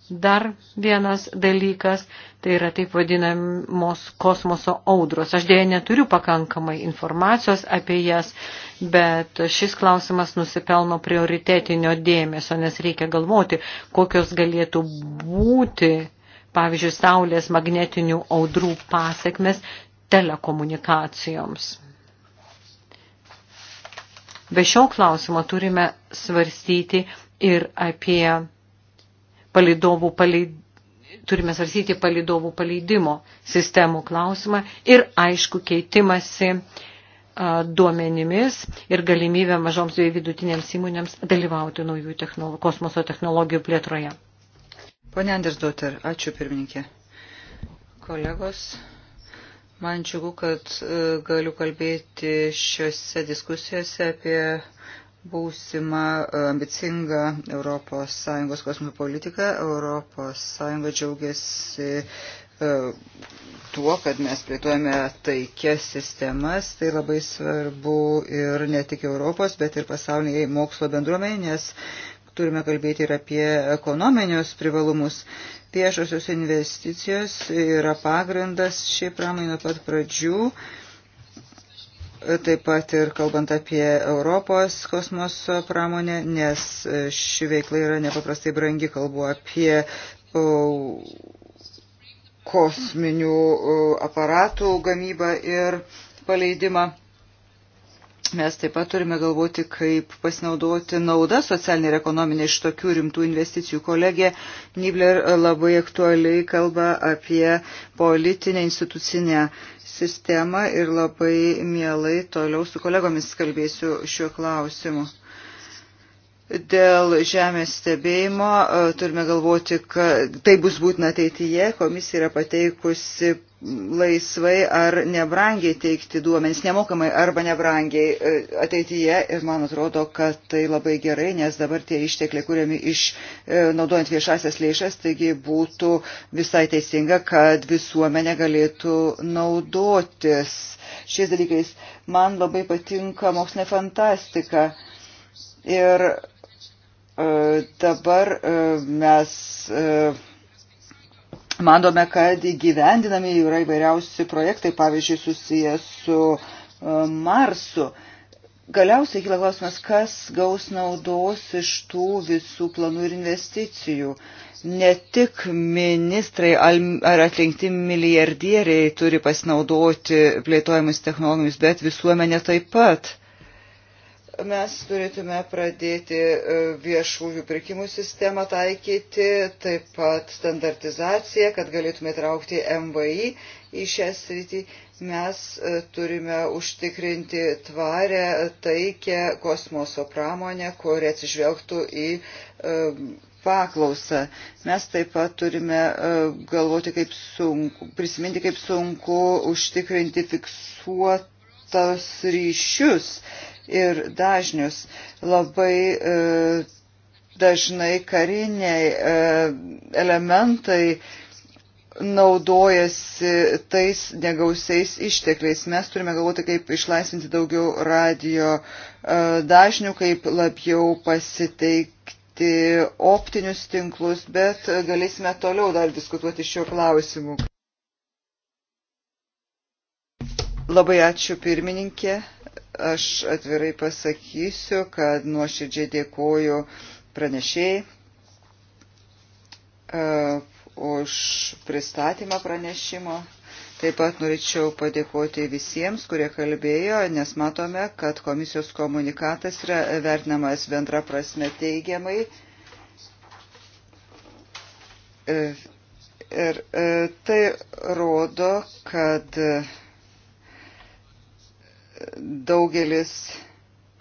Dar vienas dalykas, tai yra taip vadinamos kosmoso audros. Aš dėja neturiu pakankamai informacijos apie jas, bet šis klausimas nusipelno prioritetinio dėmesio, nes reikia galvoti, kokios galėtų būti, pavyzdžiui, Saulės magnetinių audrų pasiekmes telekomunikacijoms. Be šio klausimo turime svarstyti ir apie palidovų paleidimą turime svarsyti palidovų paleidimo sistemų klausimą ir aišku keitimasi duomenimis ir galimybę mažoms bei vidutinėms įmonėms dalyvauti naujų technolo kosmoso technologijų plėtroje. Pone Andersdoter, ačiū pirmininkė. Kolegos, man džiugu, kad e, galiu kalbėti šiuose diskusijose apie būsimą e, ambicingą ES kosminę politiką. ES džiaugiasi e, tuo, kad mes plėtojame taikės sistemas, tai labai svarbu ir ne tik Europos, bet ir pasauliniai mokslo bendruomeniai, nes turime kalbėti ir apie ekonominius privalumus. Viešosios investicijos yra pagrindas šiai pramai nuo pat pradžių. Uh, taip pat ir kalbant apie Europos kosmoso pramonę, nes ši veikla yra nepaprastai brangi, kalbu apie kosminių aparatų gamybą ir paleidimą. Mes taip pat turime galvoti, kaip pasinaudoti naudą socialinė ir ekonominė iš tokių rimtų investicijų. Kolegė Nibler labai aktualiai kalba apie politinę institucinę sistemą ir labai mielai toliau su kolegomis kalbėsiu šiuo klausimu. Dėl žemės stebėjimo e, turime galvoti, kad tai bus būtina ateityje. Komisija yra pateikusi laisvai ar nebrangiai teikti duomenys, nemokamai arba nebrangiai e, ateityje. Ir man atrodo, kad tai labai gerai, nes dabar tie ištekliai kuriami iš e, naudojant viešasias lėšas, taigi būtų visai teisinga, kad visuomenė galėtų naudotis šiais dalykais. Man labai patinka mokslinė fantastika. Ir E, dabar e, mes e, manome, kad įgyvendinami yra įvairiausi projektai, pavyzdžiui, susijęs su Marsu. Galiausiai kyla klausimas, kas gaus naudos iš tų visų planų ir investicijų. Ne tik ministrai ar atlinkti milijardieriai turi pasinaudoti plėtojimus technologijomis, bet visuomenė taip pat mes turėtume pradėti e, viešųjų pirkimų sistemą taikyti, taip pat standartizaciją, kad galėtume traukti MVI į šią sritį. Mes e, turime užtikrinti tvarę, taikę kosmoso pramonę, kuri atsižvelgtų į e, paklausą. Mes taip pat turime galvoti, kaip sunku, prisiminti, kaip sunku užtikrinti fiksuotus ryšius ir dažnius. Labai e, dažnai kariniai e, elementai naudojasi tais negausiais ištekliais. Mes turime galvoti, kaip išlaisvinti daugiau radio e, dažnių, kaip labiau pasiteikti optinius tinklus, bet galėsime toliau dar diskutuoti šiuo klausimu. Labai ačiū pirmininkė. Aš atvirai pasakysiu, kad nuoširdžiai dėkoju pranešėjai uh, už pristatymą pranešimo. Taip pat norėčiau padėkoti visiems, kurie kalbėjo, nes matome, kad komisijos komunikatas yra vertinamas bendra prasme teigiamai. E, ir, ir e, tai rodo, kad daugelis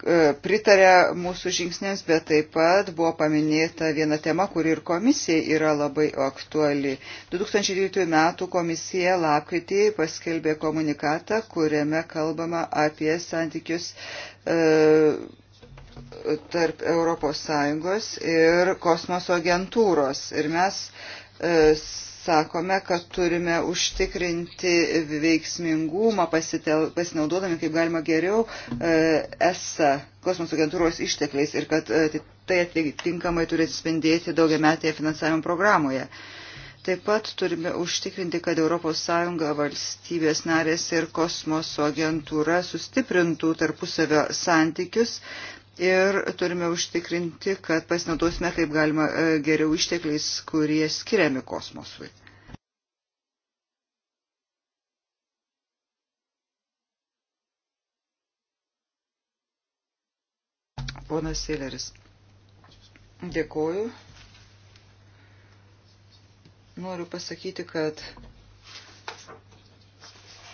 e, pritarė mūsų žingsnėms, bet taip pat buvo paminėta viena tema, kuri ir komisijai yra labai aktuali. 2012 m. komisija lapkritį paskelbė komunikatą, kuriame kalbama apie santykius e, tarp ES ir kosmoso agentūros. Ir mes e, sakome, kad turime užtikrinti veiksmingumą, pasitel, pasinaudodami kaip galima geriau e, ESA kosmoso agentūros ištekliais ir kad e, tai atitinkamai turi atsispindėti daugiametėje finansavimo programoje. Taip pat turime užtikrinti, kad ES valstybės narės ir kosmoso agentūra sustiprintų tarpusavio santykius ir turime užtikrinti, kad pasinaudosime kaip galima e, geriau ištekliais, kurie skiriami kosmosui. Ponas Sileris. Dėkuoju. Noriu pasakyti, kad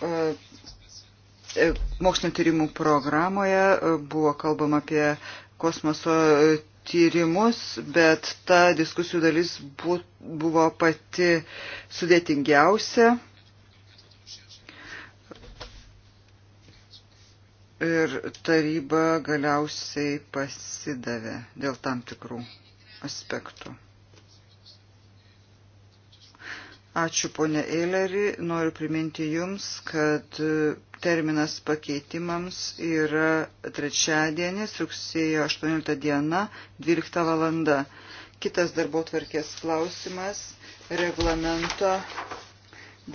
e, E, mokslinio tyrimų programoje e, buvo kalbama apie kosmoso tyrimus, bet ta diskusijų dalis buvo pati sudėtingiausia. Ir taryba galiausiai pasidavė dėl tam tikrų aspektų. Ačiū, ponė Eileri. Noriu priminti Jums, kad e, terminas pakeitimams yra trečiadienis, rugsėjo 18 diena, 12 valanda. Kitas darbo tvarkės klausimas - reglamento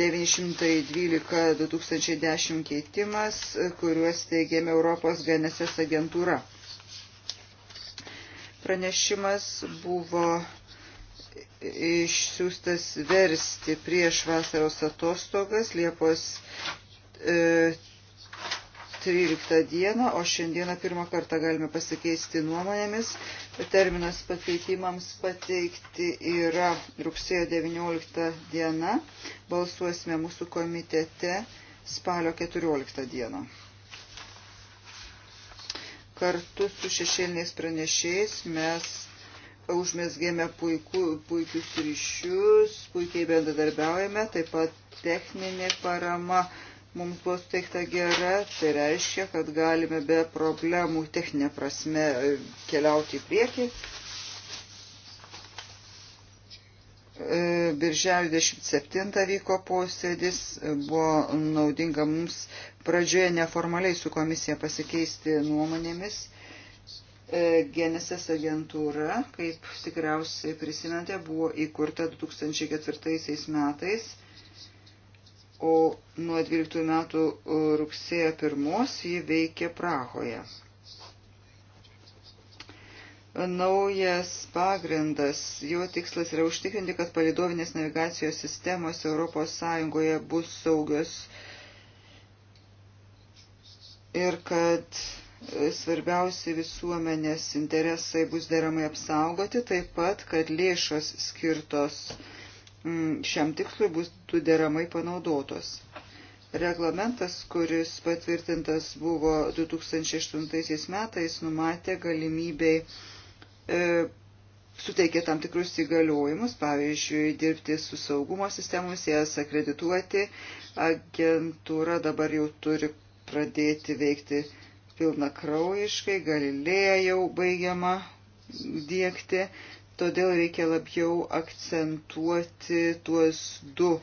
912-2010 keitimas, kuriuos teigėme Europos GNSS agentūra. Pranešimas buvo išsiųstas versti prieš vasaros atostogas Liepos e, 13 dieną, o šiandieną pirmą kartą galime pasikeisti nuomonėmis. Terminas pakeitimams pateikti yra rugsėjo 19 diena. Balsuosime mūsų komitete spalio 14 dieną. Kartu su šešėliniais pranešėjais mes užmėsgėme puikų, puikius ryšius, puikiai bendradarbiaujame, taip pat techninė parama mums buvo suteikta gera, tai reiškia, kad galime be problemų techninė prasme e, keliauti į priekį. E, birželio 27 vyko posėdis, e, buvo naudinga mums pradžioje neformaliai su komisija pasikeisti nuomonėmis E, Genesis agentūra, kaip tikriausiai prisimenate, buvo įkurta 2004 metais, o nuo 12 metų rugsėjo 1 ji veikė Prahoje. Naujas pagrindas, jo tikslas yra užtikrinti, kad palidovinės navigacijos sistemos ES bus saugios ir kad svarbiausi visuomenės interesai bus deramai apsaugoti, taip pat, kad lėšos skirtos mm, šiam tikslui bus tu deramai panaudotos. Reglamentas, kuris patvirtintas buvo 2008 metais, numatė galimybei e, suteikė tam tikrus įgaliojimus, pavyzdžiui, dirbti su saugumo sistemus, jas akredituoti. Agentūra dabar jau turi pradėti veikti pilnakraujiškai, Galilėja jau baigiama dėkti, todėl reikia labiau akcentuoti tuos du e,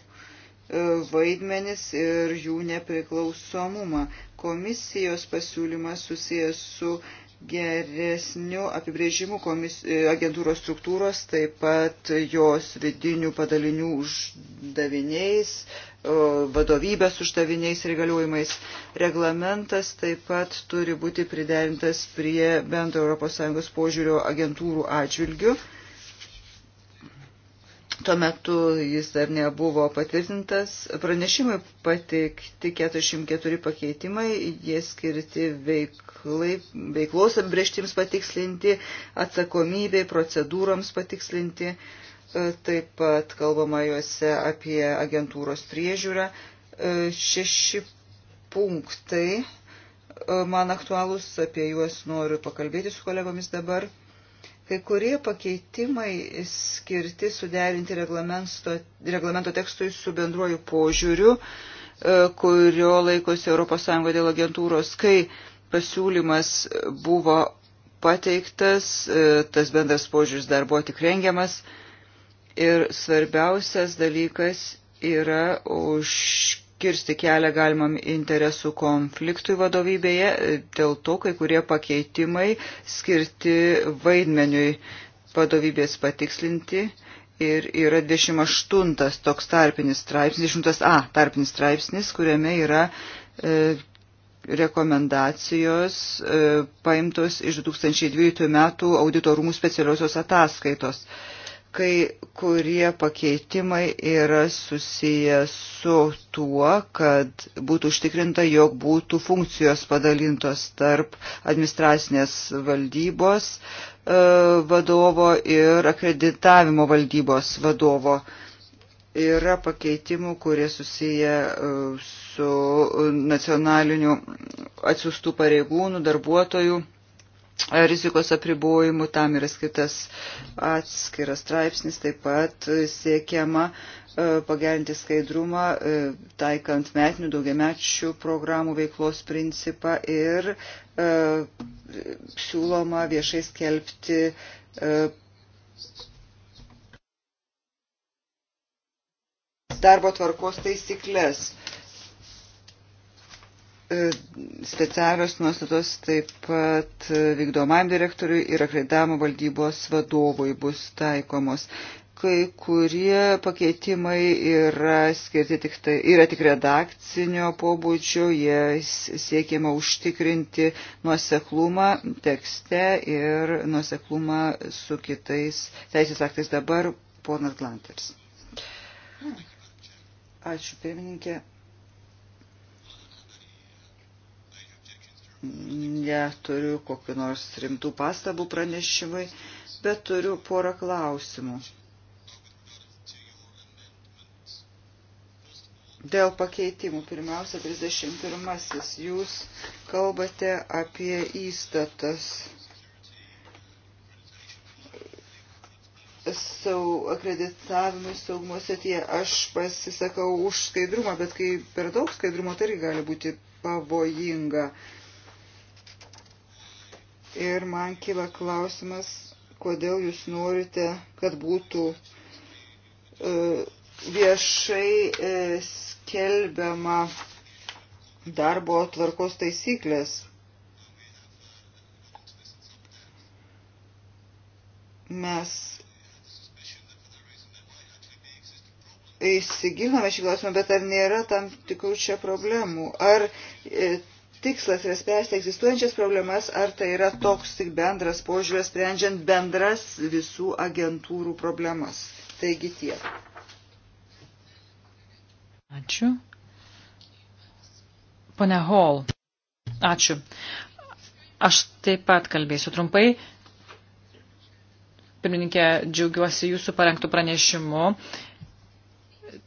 vaidmenis ir jų nepriklausomumą. Komisijos pasiūlymas susijęs su geresnių apibrėžimų komis, e, agentūros struktūros, taip pat jos vidinių padalinių uždaviniais, vadovybės uždaviniais ir galiojimais. Reglamentas taip pat turi būti priderintas prie bendro ES požiūrio agentūrų atžvilgių Tuo metu jis dar nebuvo patvirtintas. Pranešimai pateikti 44 pakeitimai, jie skirti veiklai, veiklos apibrieštims patikslinti, atsakomybei, procedūroms patikslinti. E, taip pat kalbama juose apie agentūros priežiūrą. E, šeši punktai e, man aktualūs, apie juos noriu pakalbėti su kolegomis dabar. Kai kurie pakeitimai skirti suderinti reglamento tekstui su bendruoju požiūriu, e, kurio laikosi ES dėl agentūros, kai pasiūlymas buvo pateiktas, e, tas bendras požiūris dar buvo tik rengiamas ir svarbiausias dalykas yra už užkirsti kelią galimam interesų konfliktui vadovybėje, e, dėl to kai kurie pakeitimai skirti vaidmeniui vadovybės patikslinti. Ir yra 28 toks tarpinis straipsnis, 10a tarpinis straipsnis, kuriame yra e, rekomendacijos e, paimtos iš 2012 metų audito rūmų specialiosios ataskaitos. E, kai kurie pakeitimai yra susiję su tuo, kad būtų užtikrinta, jog būtų funkcijos padalintos tarp administracinės valdybos e, vadovo ir akreditavimo valdybos vadovo. Yra pakeitimų, kurie susiję e, su nacionaliniu atsiųstų pareigūnų, darbuotojų rizikos apribojimų, tam yra skirtas atskiras straipsnis, taip pat e, siekiama e, pagerinti skaidrumą, e, taikant metinių daugiamečių programų veiklos principą ir siūloma viešai skelbti darbo tvarkos taisyklės. E, specialios nuostatos taip pat vykdomajam direktoriui ir akreditavimo valdybos vadovui bus taikomos. Kai kurie pakeitimai yra skirti tik tai, yra tik redakcinio pobūdžio, jie siekiama užtikrinti nuoseklumą tekste ir nuoseklumą su kitais teisės aktais dabar ponas Glanters. Ačiū pirmininkė. neturiu kokiu nors rimtų pastabų pranešimui, bet turiu porą klausimų. Dėl pakeitimų, pirmiausia, 31. Jūs kalbate apie įstatas. Sau akreditavimui saugumo setyje aš pasisakau už skaidrumą, bet kai per daug skaidrumo, tai irgi gali būti pavojinga ir man kyla klausimas, kodėl jūs norite, kad būtų e, viešai e, skelbiama darbo tvarkos taisyklės. Mes įsigiliname šį klausimą, bet ar nėra tam tikrų čia problemų? Ar e, tikslas yra spręsti egzistuojančias problemas, ar tai yra toks tik bendras požiūrės, sprendžiant bendras visų agentūrų problemas. Taigi tiek. Ačiū. Pane Hall, ačiū. Aš taip pat kalbėsiu trumpai. Pirmininkė, džiaugiuosi jūsų parengtų pranešimu.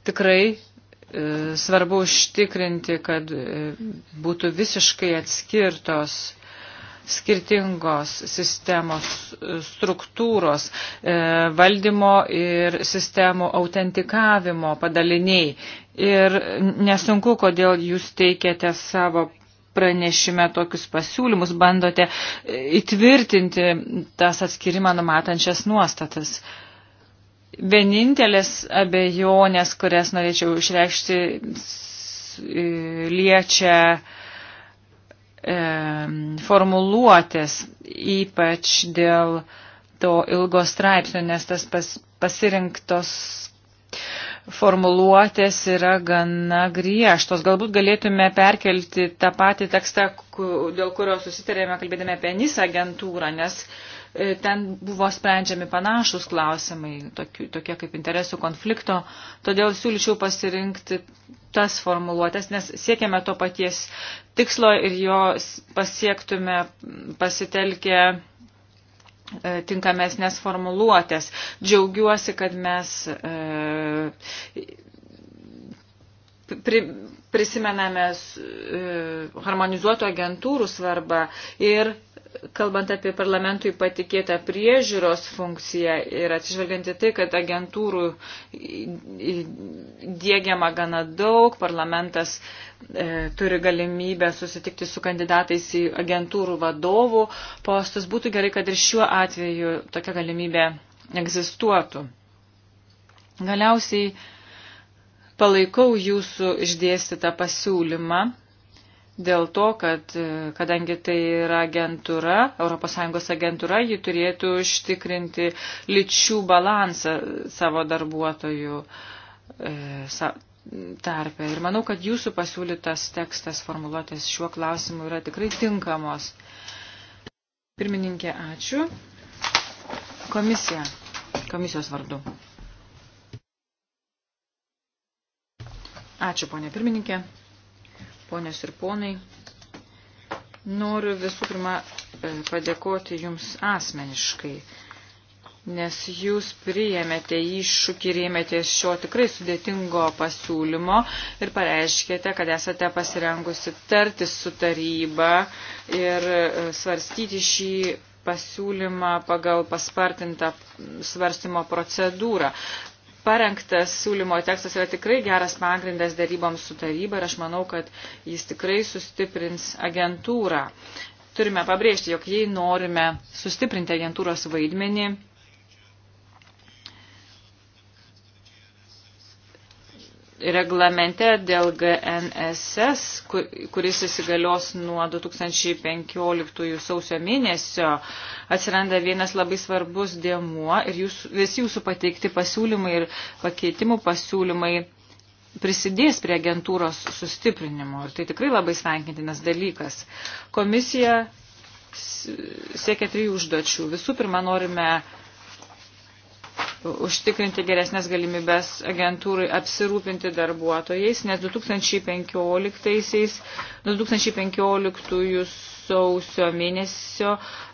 Tikrai E, svarbu užtikrinti, kad e, būtų visiškai atskirtos skirtingos sistemos e, struktūros, valdymo ir sistemų autentikavimo padaliniai. Ir nesunku, kodėl jūs teikiate savo pranešime tokius pasiūlymus, bandote įtvirtinti tas atskirimą numatančias nuostatas. Uh, Vienintelės abejonės, kurias norėčiau išreikšti, e, liečia e, formuluotės, ypač dėl to ilgo straipsnio, nes tas pas, pasirinktos formuluotės yra gana griežtos. Galbūt galėtume perkelti tą patį tekstą, dėl kurio susitarėme kalbėdami apie NIS agentūrą, nes uh, E, ten buvo sprendžiami panašus klausimai, tokie, tokie kaip interesų konflikto. Todėl siūlyčiau pasirinkti tas formuluotės, nes siekiame to paties tikslo ir jo pasiektume pasitelkę e, tinkamesnės formuluotės. Džiaugiuosi, kad mes e, pri, prisimename harmonizuotų agentūrų svarbą ir kalbant apie parlamentui patikėtą priežiūros funkciją ir atsižvelgiant į tai, kad agentūrų dėgiama gana daug, parlamentas e, turi galimybę susitikti su kandidatais į agentūrų vadovų postus, būtų gerai, kad ir šiuo atveju tokia galimybė egzistuotų. Galiausiai palaikau jūsų išdėstytą pasiūlymą dėl to, kad e, kadangi tai yra agentūra, ES agentūra, ji turėtų užtikrinti lyčių balansą savo darbuotojų e, tarpę. Ir manau, kad jūsų pasiūlytas tekstas formuluotės šiuo klausimu yra tikrai tinkamos. Pirmininkė, ačiū. Komisija. Komisijos vardu. Ačiū, ponė pirmininkė ponios ir ponai. Noriu visų pirma e, padėkoti Jums asmeniškai, nes Jūs priėmėte iššūkį ir ėmėtės šio tikrai sudėtingo pasiūlymo ir pareiškėte, kad esate pasirengusi tartis su taryba ir e, svarstyti šį pasiūlymą pagal paspartintą svarstymo procedūrą parengtas siūlymo tekstas yra tikrai geras pagrindas daryboms su taryba ir aš manau, kad jis tikrai sustiprins agentūrą. Turime pabrėžti, jog jei norime sustiprinti agentūros vaidmenį, reglamente dėl GNSS, kur, kuris įsigalios nuo 2015 sausio mėnesio, atsiranda vienas labai svarbus dėmuo ir jūs, visi jūsų pateikti pasiūlymai ir pakeitimų pasiūlymai prisidės prie agentūros sustiprinimo. Ir tai tikrai labai sveikintinas dalykas. Komisija siekia trijų užduočių. Visų pirma, norime užtikrinti geresnės galimybės agentūrai apsirūpinti darbuotojais, nes 2015, 2015 sausio mėnesio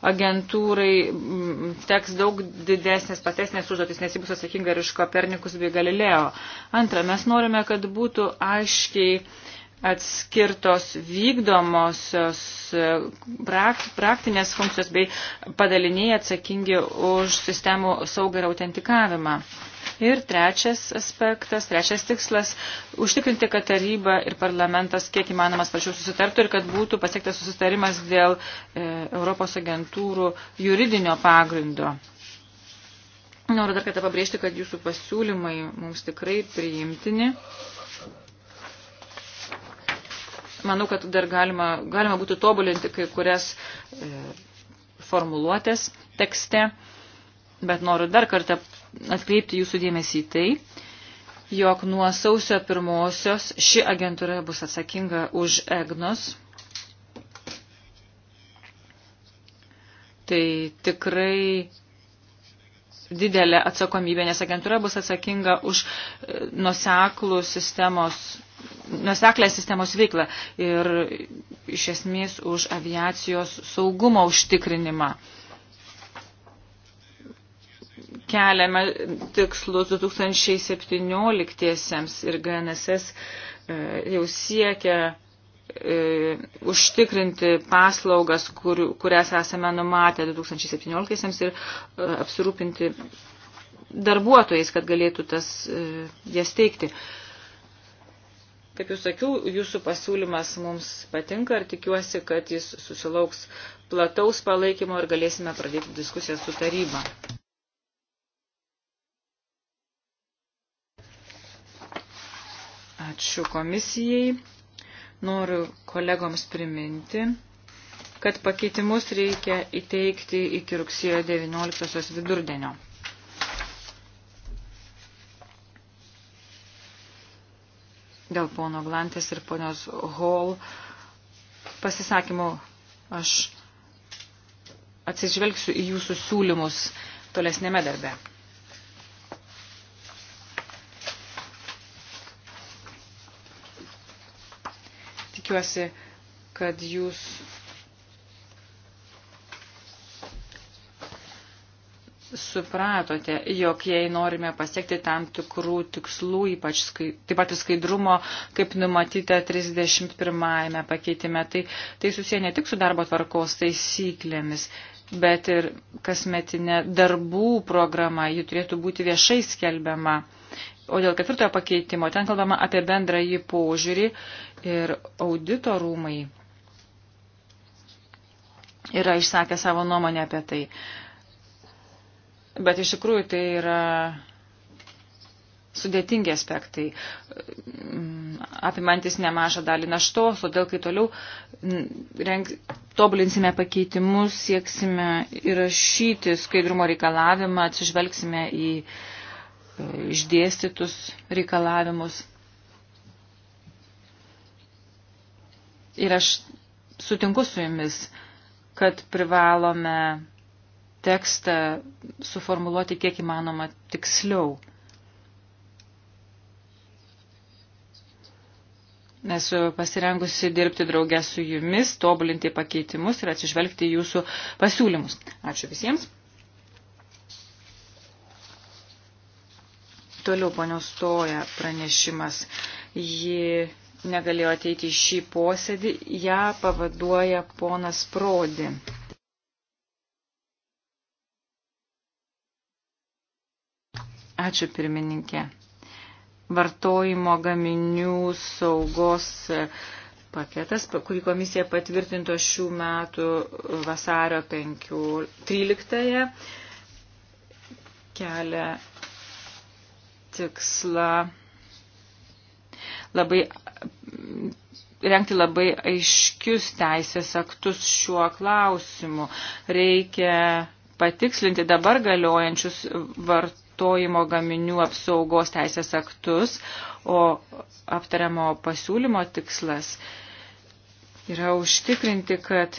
agentūrai mm, teks daug didesnės, patesnės užduotis, nes jis bus atsakinga ir iš Kopernikus bei Galileo. Antra, mes norime, kad būtų aiškiai atskirtos vykdomosios e, praktinės funkcijos bei padaliniai atsakingi už sistemų saugą ir autentikavimą. Ir trečias aspektas, trečias tikslas – užtikrinti, kad taryba ir parlamentas kiek įmanomas pačiau susitartų ir kad būtų pasiektas susitarimas dėl e, Europos agentūrų juridinio pagrindo. Noriu dar kartą pabrėžti, kad jūsų pasiūlymai mums tikrai priimtini. E, manau, kad dar galima, galima būtų tobulinti kai kurias e, formuluotės tekste, bet noriu dar kartą atkreipti jūsų dėmesį į tai, jog nuo sausio pirmosios ši agentūra bus atsakinga už EGNOS. Tai tikrai didelė atsakomybė, nes agentūra bus atsakinga už e, nuseklų sistemos nuseklę sistemos veiklą ir iš esmės už aviacijos saugumo užtikrinimą. Keliame tikslus 2017 ir GNSS e, jau siekia e, užtikrinti paslaugas, kur, kurias esame numatę 2017 ir e, apsirūpinti darbuotojais, kad galėtų tas, e, jas teikti. Kaip jūs sakiau, jūsų pasiūlymas mums patinka ir tikiuosi, kad jis susilauks plataus palaikymo ir galėsime pradėti diskusiją su taryba. Ačiū komisijai. Noriu kolegoms priminti, kad pakeitimus reikia įteikti iki rugsėjo 19 vidurdienio. Dėl pono Glantės ir ponios Hall pasisakymų aš atsižvelgsiu į jūsų siūlymus tolesnėme darbe. tikiuosi, kad jūs supratote, jog jei norime pasiekti tam tikrų tikslų, ypač skai, taip pat ir skaidrumo, kaip numatyta 31 pakeitime, tai, tai susiję ne tik su darbo tvarkos taisyklėmis, bet ir kasmetinė darbų programa, ji turėtų būti viešai skelbiama. O dėl ketvirtojo pakeitimo, ten kalbama apie bendrąjį požiūrį ir audito rūmai yra išsakę savo nuomonę apie tai. Bet iš tikrųjų tai yra sudėtingi aspektai, mm, apimantis nemažą dalį naštos, todėl kai toliau mm, renk, tobulinsime pakeitimus, sieksime įrašyti skaidrumo reikalavimą, atsižvelgsime į e, išdėstytus reikalavimus. Ir aš sutinku su jumis, kad privalome tekstą suformuluoti kiek įmanoma tiksliau. Esu pasirengusi dirbti draugę su jumis, tobulinti pakeitimus ir atsižvelgti jūsų pasiūlymus. Ačiū visiems. Toliau ponios Toja pranešimas. Ji negalėjo ateiti į šį posėdį, ją pavaduoja ponas Prodi. Ačiū pirmininkė vartojimo gaminių saugos e, paketas, kurį komisija patvirtinto šių metų vasario 13-ąją, kelia tikslą labai rengti labai aiškius teisės aktus šiuo klausimu. Reikia patikslinti dabar galiojančius vart, vartojimo gaminių apsaugos teisės aktus, o aptariamo pasiūlymo tikslas yra užtikrinti, kad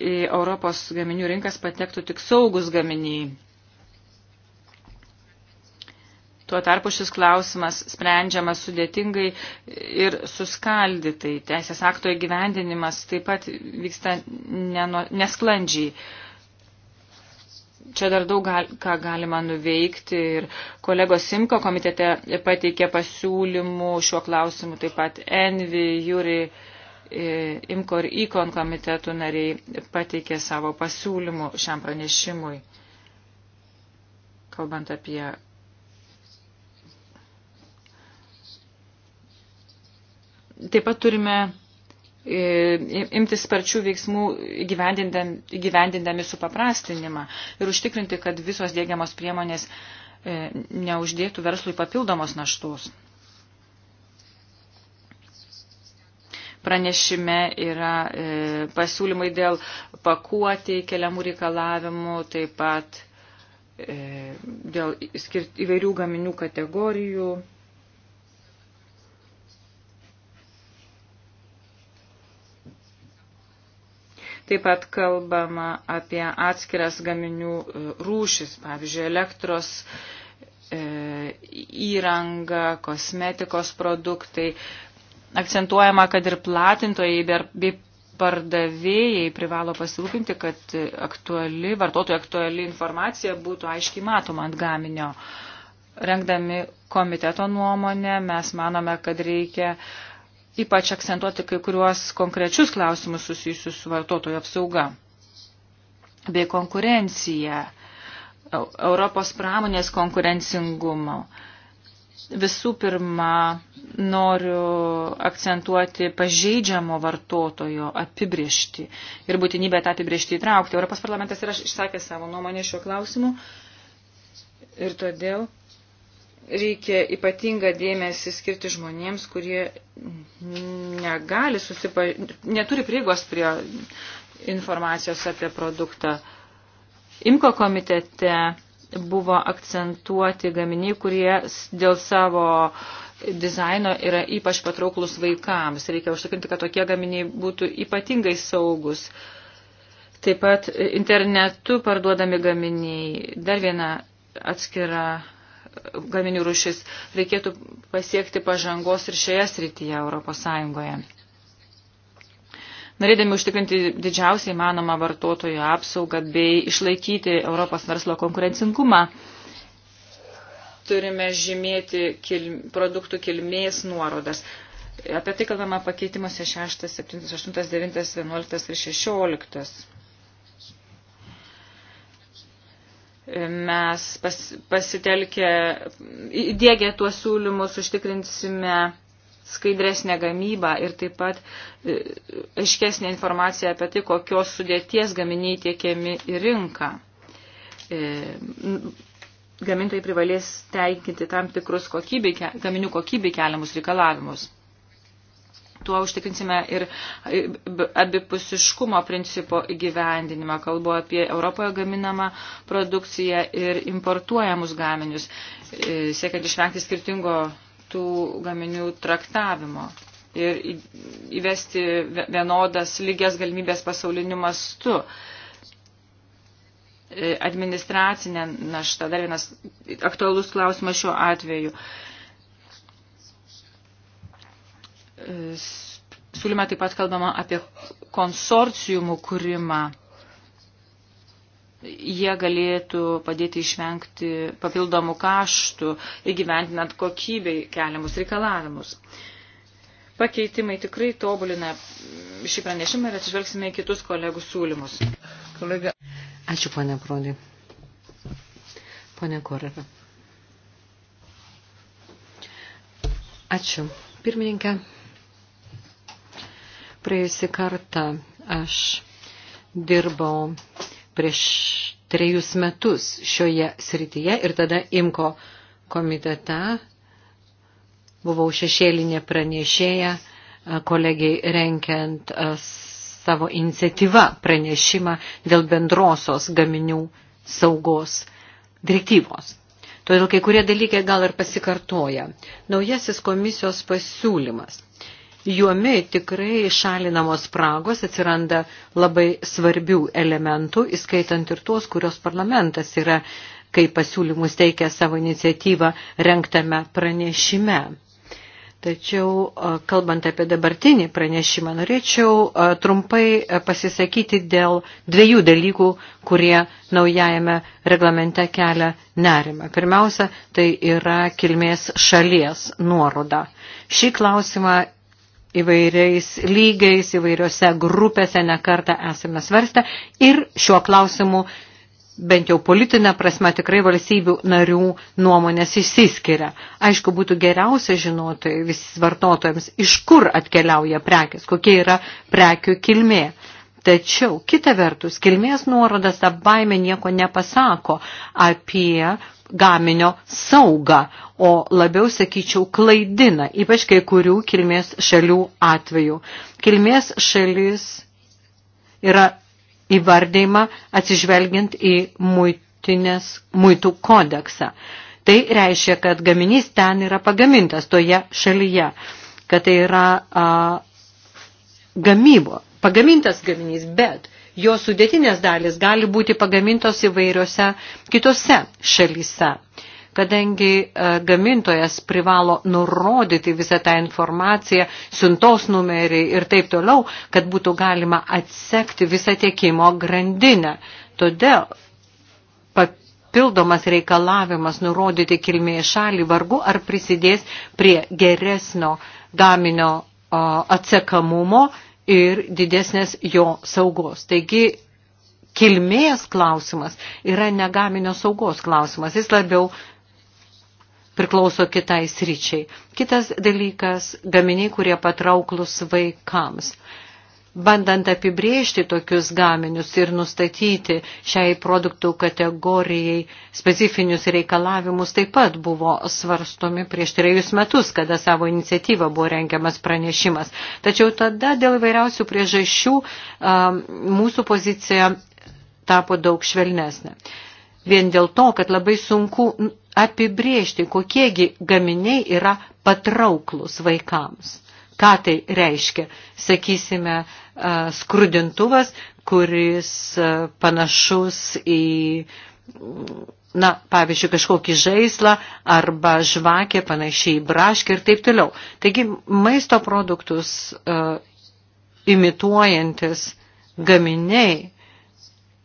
į Europos gaminių rinkas patektų tik saugus gaminiai. Tuo tarpu šis klausimas sprendžiamas sudėtingai ir suskaldytai. Teisės akto įgyvendinimas taip pat vyksta nesklandžiai čia dar daug gal, ką galima nuveikti ir kolegos Simko komitete pateikė pasiūlymų šiuo klausimu, taip pat Envi, Jūri, e, Imko ir Ikon komitetų nariai pateikė savo pasiūlymų šiam pranešimui, kalbant apie. Taip pat turime imtis sparčių veiksmų įgyvendindami supaprastinimą ir užtikrinti, kad visos dėgiamos priemonės e, neuždėtų verslui papildomos naštos. Pranešime yra e, pasiūlymai dėl pakuoti keliamų reikalavimų, taip pat e, dėl įvairių gaminių kategorijų. Taip pat kalbama apie atskiras gaminių e, rūšis, pavyzdžiui, elektros e, įranga, kosmetikos produktai. Akcentuojama, kad ir platintojai bei pardavėjai privalo pasirūpinti, kad aktuali, vartotojų aktuali informacija būtų aiškiai matoma ant gaminio. Rengdami komiteto nuomonę, mes manome, kad reikia uh, ypač akcentuoti kai kuriuos konkrečius klausimus susijusius su vartotojų apsauga bei konkurencija, Europos pramonės konkurencingumo. Visų pirma, noriu akcentuoti pažeidžiamo vartotojo apibriešti ir būtinybę tą apibriešti įtraukti. Europos parlamentas yra išsakęs savo nuomonę šiuo klausimu ir todėl reikia ypatingą dėmesį skirti žmonėms, kurie negali susipa... neturi prieigos prie informacijos apie produktą. Imko komitete buvo akcentuoti gaminiai, kurie dėl savo dizaino yra ypač patrauklus vaikams. Reikia užtikrinti, kad tokie gaminiai būtų ypatingai saugus. Taip pat internetu parduodami gaminiai. Dar viena atskira gaminių rušis. Reikėtų pasiekti pažangos ir šioje srityje Europos Sąjungoje. Norėdami užtikrinti didžiausiai manomą vartotojų apsaugą bei išlaikyti Europos verslo konkurencingumą, turime žymėti kilm, produktų kilmės nuorodas. Apie tai kalbama pakeitimuose 6, 7, 8, 9, 11 ir 16. mes pas, pasitelkę, įdėgę tuos siūlymus, užtikrinsime skaidresnę gamybą ir taip pat e, aiškesnė informacija apie tai, kokios sudėties gaminiai tiekiami į rinką. E, gamintojai privalės tenkinti tam tikrus kokybį, gaminių kokybį keliamus reikalavimus. Tuo užtikrinsime ir abipusiškumo principo įgyvendinimą. Kalbu apie Europoje gaminamą produkciją ir importuojamus gaminius, siekiant išvengti skirtingo tų gaminių traktavimo ir įvesti vienodas lygias galimybės pasauliniu mastu administracinė našta, dar vienas aktualus klausimas šiuo atveju. Siūlyme taip pat kalbama apie konsorciumų kūrimą. Jie galėtų padėti išvengti papildomų kaštų įgyventinant kokybei keliamus reikalavimus. Pakeitimai tikrai tobulina šį pranešimą ir atsižvelgsime į kitus kolegų siūlymus. Kolega. Ačiū, ponia Prodi. Pone Korera. Ačiū. Pirmininkė, Praėjusį kartą aš dirbau prieš trejus metus šioje srityje ir tada imko komitete buvau šešėlinė pranešėja kolegiai renkiant savo iniciatyvą pranešimą dėl bendrosios gaminių saugos direktyvos. Todėl kai kurie dalykai gal ir pasikartoja. Naujasis komisijos pasiūlymas juomi tikrai šalinamos spragos, atsiranda labai svarbių elementų, įskaitant ir tuos, kurios parlamentas yra, kai pasiūlymus teikia savo iniciatyvą renktame pranešime. Tačiau, kalbant apie dabartinį pranešimą, norėčiau trumpai pasisakyti dėl dviejų dalykų, kurie naujajame reglamente kelia nerimą. Pirmiausia, tai yra kilmės šalies nuoroda. Šį klausimą įvairiais lygiais, įvairiose grupėse nekartą esame svarstę ir šiuo klausimu bent jau politinė prasme tikrai valstybių narių nuomonės išsiskiria. Aišku, būtų geriausia žinoti vis vartotojams, iš kur atkeliauja prekės, kokia yra prekių kilmė. Tačiau, kita vertus, kilmės nuorodas ta baime nieko nepasako apie gaminio saugą, o labiau, sakyčiau, klaidina, ypač kai kurių kilmės šalių atveju. Kilmės šalis yra įvardėjama atsižvelgiant į muitinės, muitų kodeksą. Tai reiškia, kad gaminys ten yra pagamintas toje šalyje, kad tai yra a, gamybo pagamintas gaminys, bet jo sudėtinės dalis gali būti pagamintos įvairiose kitose šalyse. Kadangi e, gamintojas privalo nurodyti visą tą informaciją, siuntos numerį ir taip toliau, kad būtų galima atsekti visą tiekimo grandinę. Todėl papildomas reikalavimas nurodyti kilmėje šalį vargu ar prisidės prie geresnio gaminio atsekamumo ir didesnės jo saugos. Taigi, kilmės klausimas yra negaminio saugos klausimas. Jis labiau priklauso kitai sričiai. Kitas dalykas – gaminiai, kurie patrauklus vaikams bandant apibriežti tokius gaminius ir nustatyti šiai produktų kategorijai specifinius reikalavimus taip pat buvo svarstomi prieš trejus metus, kada savo iniciatyva buvo rengiamas pranešimas. Tačiau tada dėl vairiausių priežasčių mūsų pozicija tapo daug švelnesnė. Vien dėl to, kad labai sunku apibriežti, kokiegi gaminiai yra patrauklus vaikams ką tai reiškia. Sakysime, skrudintuvas, kuris panašus į, na, pavyzdžiui, kažkokį žaislą arba žvakę panašiai į braškę ir taip toliau. Taigi maisto produktus imituojantis gaminiai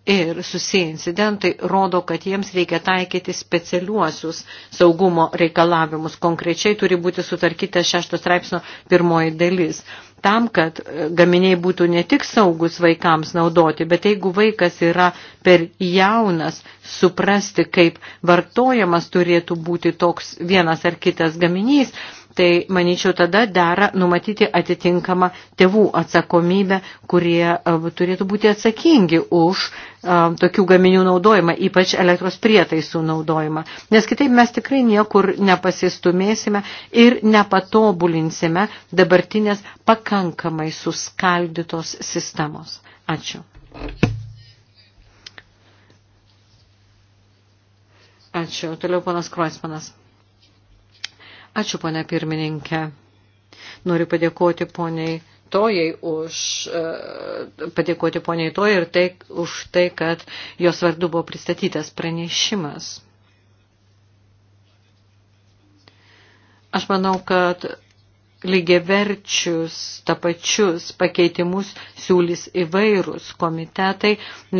ir susiję incidentai rodo, kad jiems reikia taikyti specialiuosius saugumo reikalavimus. Konkrečiai turi būti sutarkyta šešto straipsnio pirmoji dalis. Tam, kad e, gaminiai būtų ne tik saugus vaikams naudoti, bet jeigu vaikas yra per jaunas, suprasti, kaip vartojamas turėtų būti toks vienas ar kitas gaminys, tai manyčiau tada dera numatyti atitinkamą tėvų atsakomybę, kurie e, turėtų būti atsakingi už e, tokių gaminių naudojimą, ypač elektros prietaisų naudojimą. Nes kitaip mes tikrai niekur nepasistumėsime ir nepatobulinsime dabartinės pakankamai suskaldytos sistemos. Ačiū. Ačiū. Toliau ponas Kroismanas. Ačiū, ponia pirmininkė. Noriu padėkoti poniai Tojai už, e, padėkoti poniai Tojai ir tai, už tai, kad jos vardu buvo pristatytas pranešimas. Aš manau, kad lygiaverčius, tapačius pakeitimus siūlys įvairūs komitetai,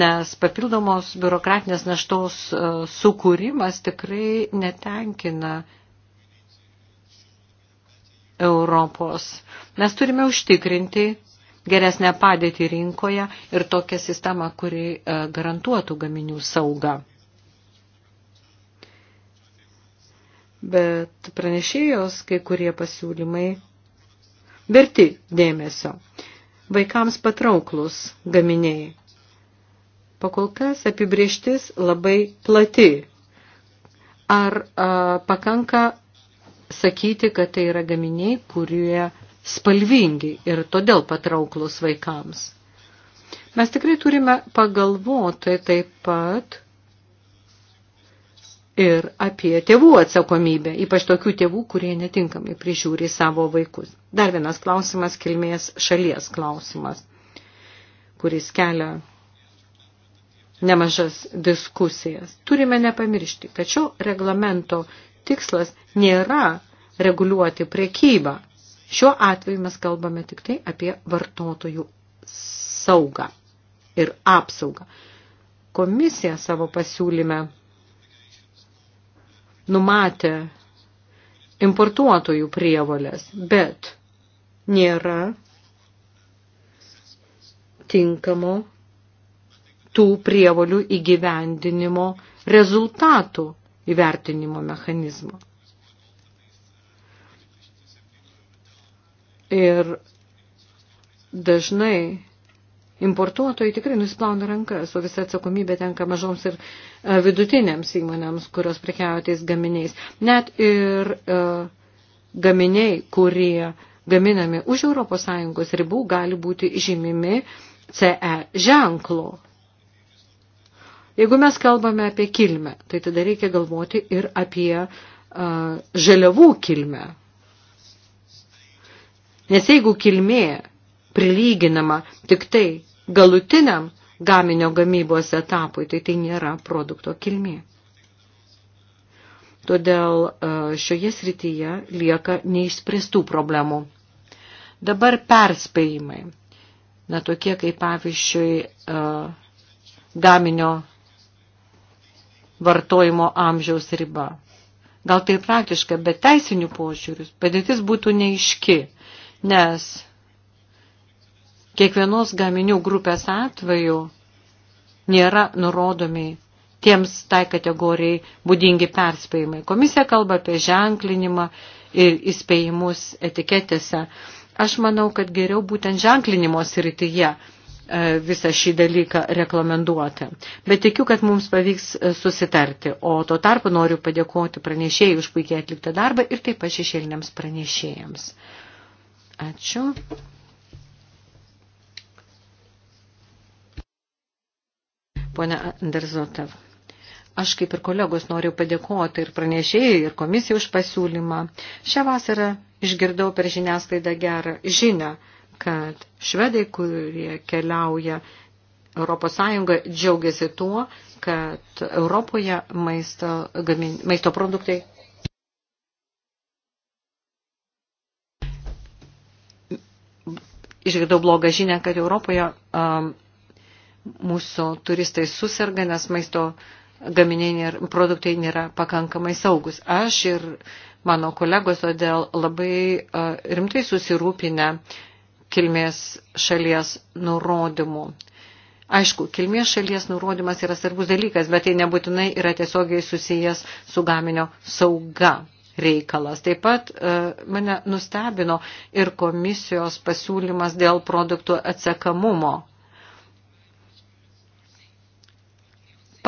nes papildomos biurokratinės naštos e, sukūrimas tikrai netenkina Europos. Mes turime užtikrinti geresnę padėtį rinkoje ir tokią sistemą, kuri e, garantuotų gaminių saugą. Bet pranešėjos kai kurie pasiūlymai verti dėmesio. Vaikams patrauklus gaminiai. Pakol kas apibrieštis labai plati. Ar a, pakanka sakyti, kad tai yra gaminiai, kurie spalvingi ir todėl patrauklus vaikams. Mes tikrai turime pagalvoti taip pat ir apie tėvų atsakomybę, ypač tokių tėvų, kurie netinkamai prižiūri savo vaikus. Dar vienas klausimas, kilmės šalies klausimas, kuris kelia nemažas diskusijas. Turime nepamiršti, kad šio reglamento tikslas nėra reguliuoti priekybą. Šiuo atveju mes kalbame tik tai apie vartotojų saugą ir apsaugą. Komisija savo pasiūlyme numatė importuotojų prievolės, bet nėra tinkamo tų prievolių įgyvendinimo rezultatų įvertinimo mechanizmo. Ir dažnai importuotojai tikrai nusplauna rankas, o visa atsakomybė tenka mažoms ir e, vidutinėms įmonėms, kurios prekiauja tais gaminiais. Net ir e, gaminiai, kurie gaminami už ES ribų, gali būti žymimi CE ženklo. Jeigu mes kalbame apie kilmę, tai tada reikia galvoti ir apie uh, žaliavų kilmę. Nes jeigu kilmė prilyginama tik tai galutiniam gaminio gamybos etapui, tai tai nėra produkto kilmė. Todėl šioje srityje lieka neišspręstų problemų. Dabar perspėjimai. Na, tokie kaip pavyzdžiui gaminio vartojimo amžiaus riba. Gal tai praktiška, bet teisinių požiūrius padėtis būtų neiški, nes kiekvienos gaminių grupės atveju nėra nurodomi tiems tai kategorijai būdingi perspėjimai. Komisija kalba apie ženklinimą ir įspėjimus etiketėse. Aš manau, kad geriau būtent ženklinimo srityje E, visą šį dalyką reklamenduoti. Bet tikiu, kad mums pavyks e, susitarti. O tuo tarpu noriu padėkoti pranešėjai už puikiai atliktą darbą ir taip pat šešėliniams pranešėjams. Ačiū. Pone Anderzotav, aš kaip ir kolegos noriu padėkoti ir pranešėjai, ir komisijai už pasiūlymą. Šią vasarą išgirdau per žiniasklaidą gerą žinią kad švedai, kurie keliauja Europos Sąjunga, džiaugiasi tuo, kad Europoje maisto, gamin, maisto produktai Išgirdau blogą žinę, kad Europoje um, mūsų turistai susirga, nes maisto gaminiai nėra, produktai nėra pakankamai saugus. Aš ir mano kolegos todėl labai uh, rimtai susirūpinę uh, kilmės šalies nurodymų. Aišku, kilmės šalies nurodymas yra svarbus dalykas, bet tai nebūtinai yra tiesiogiai susijęs su gaminio sauga reikalas. Taip pat e, mane nustebino ir komisijos pasiūlymas dėl produktų atsekamumo.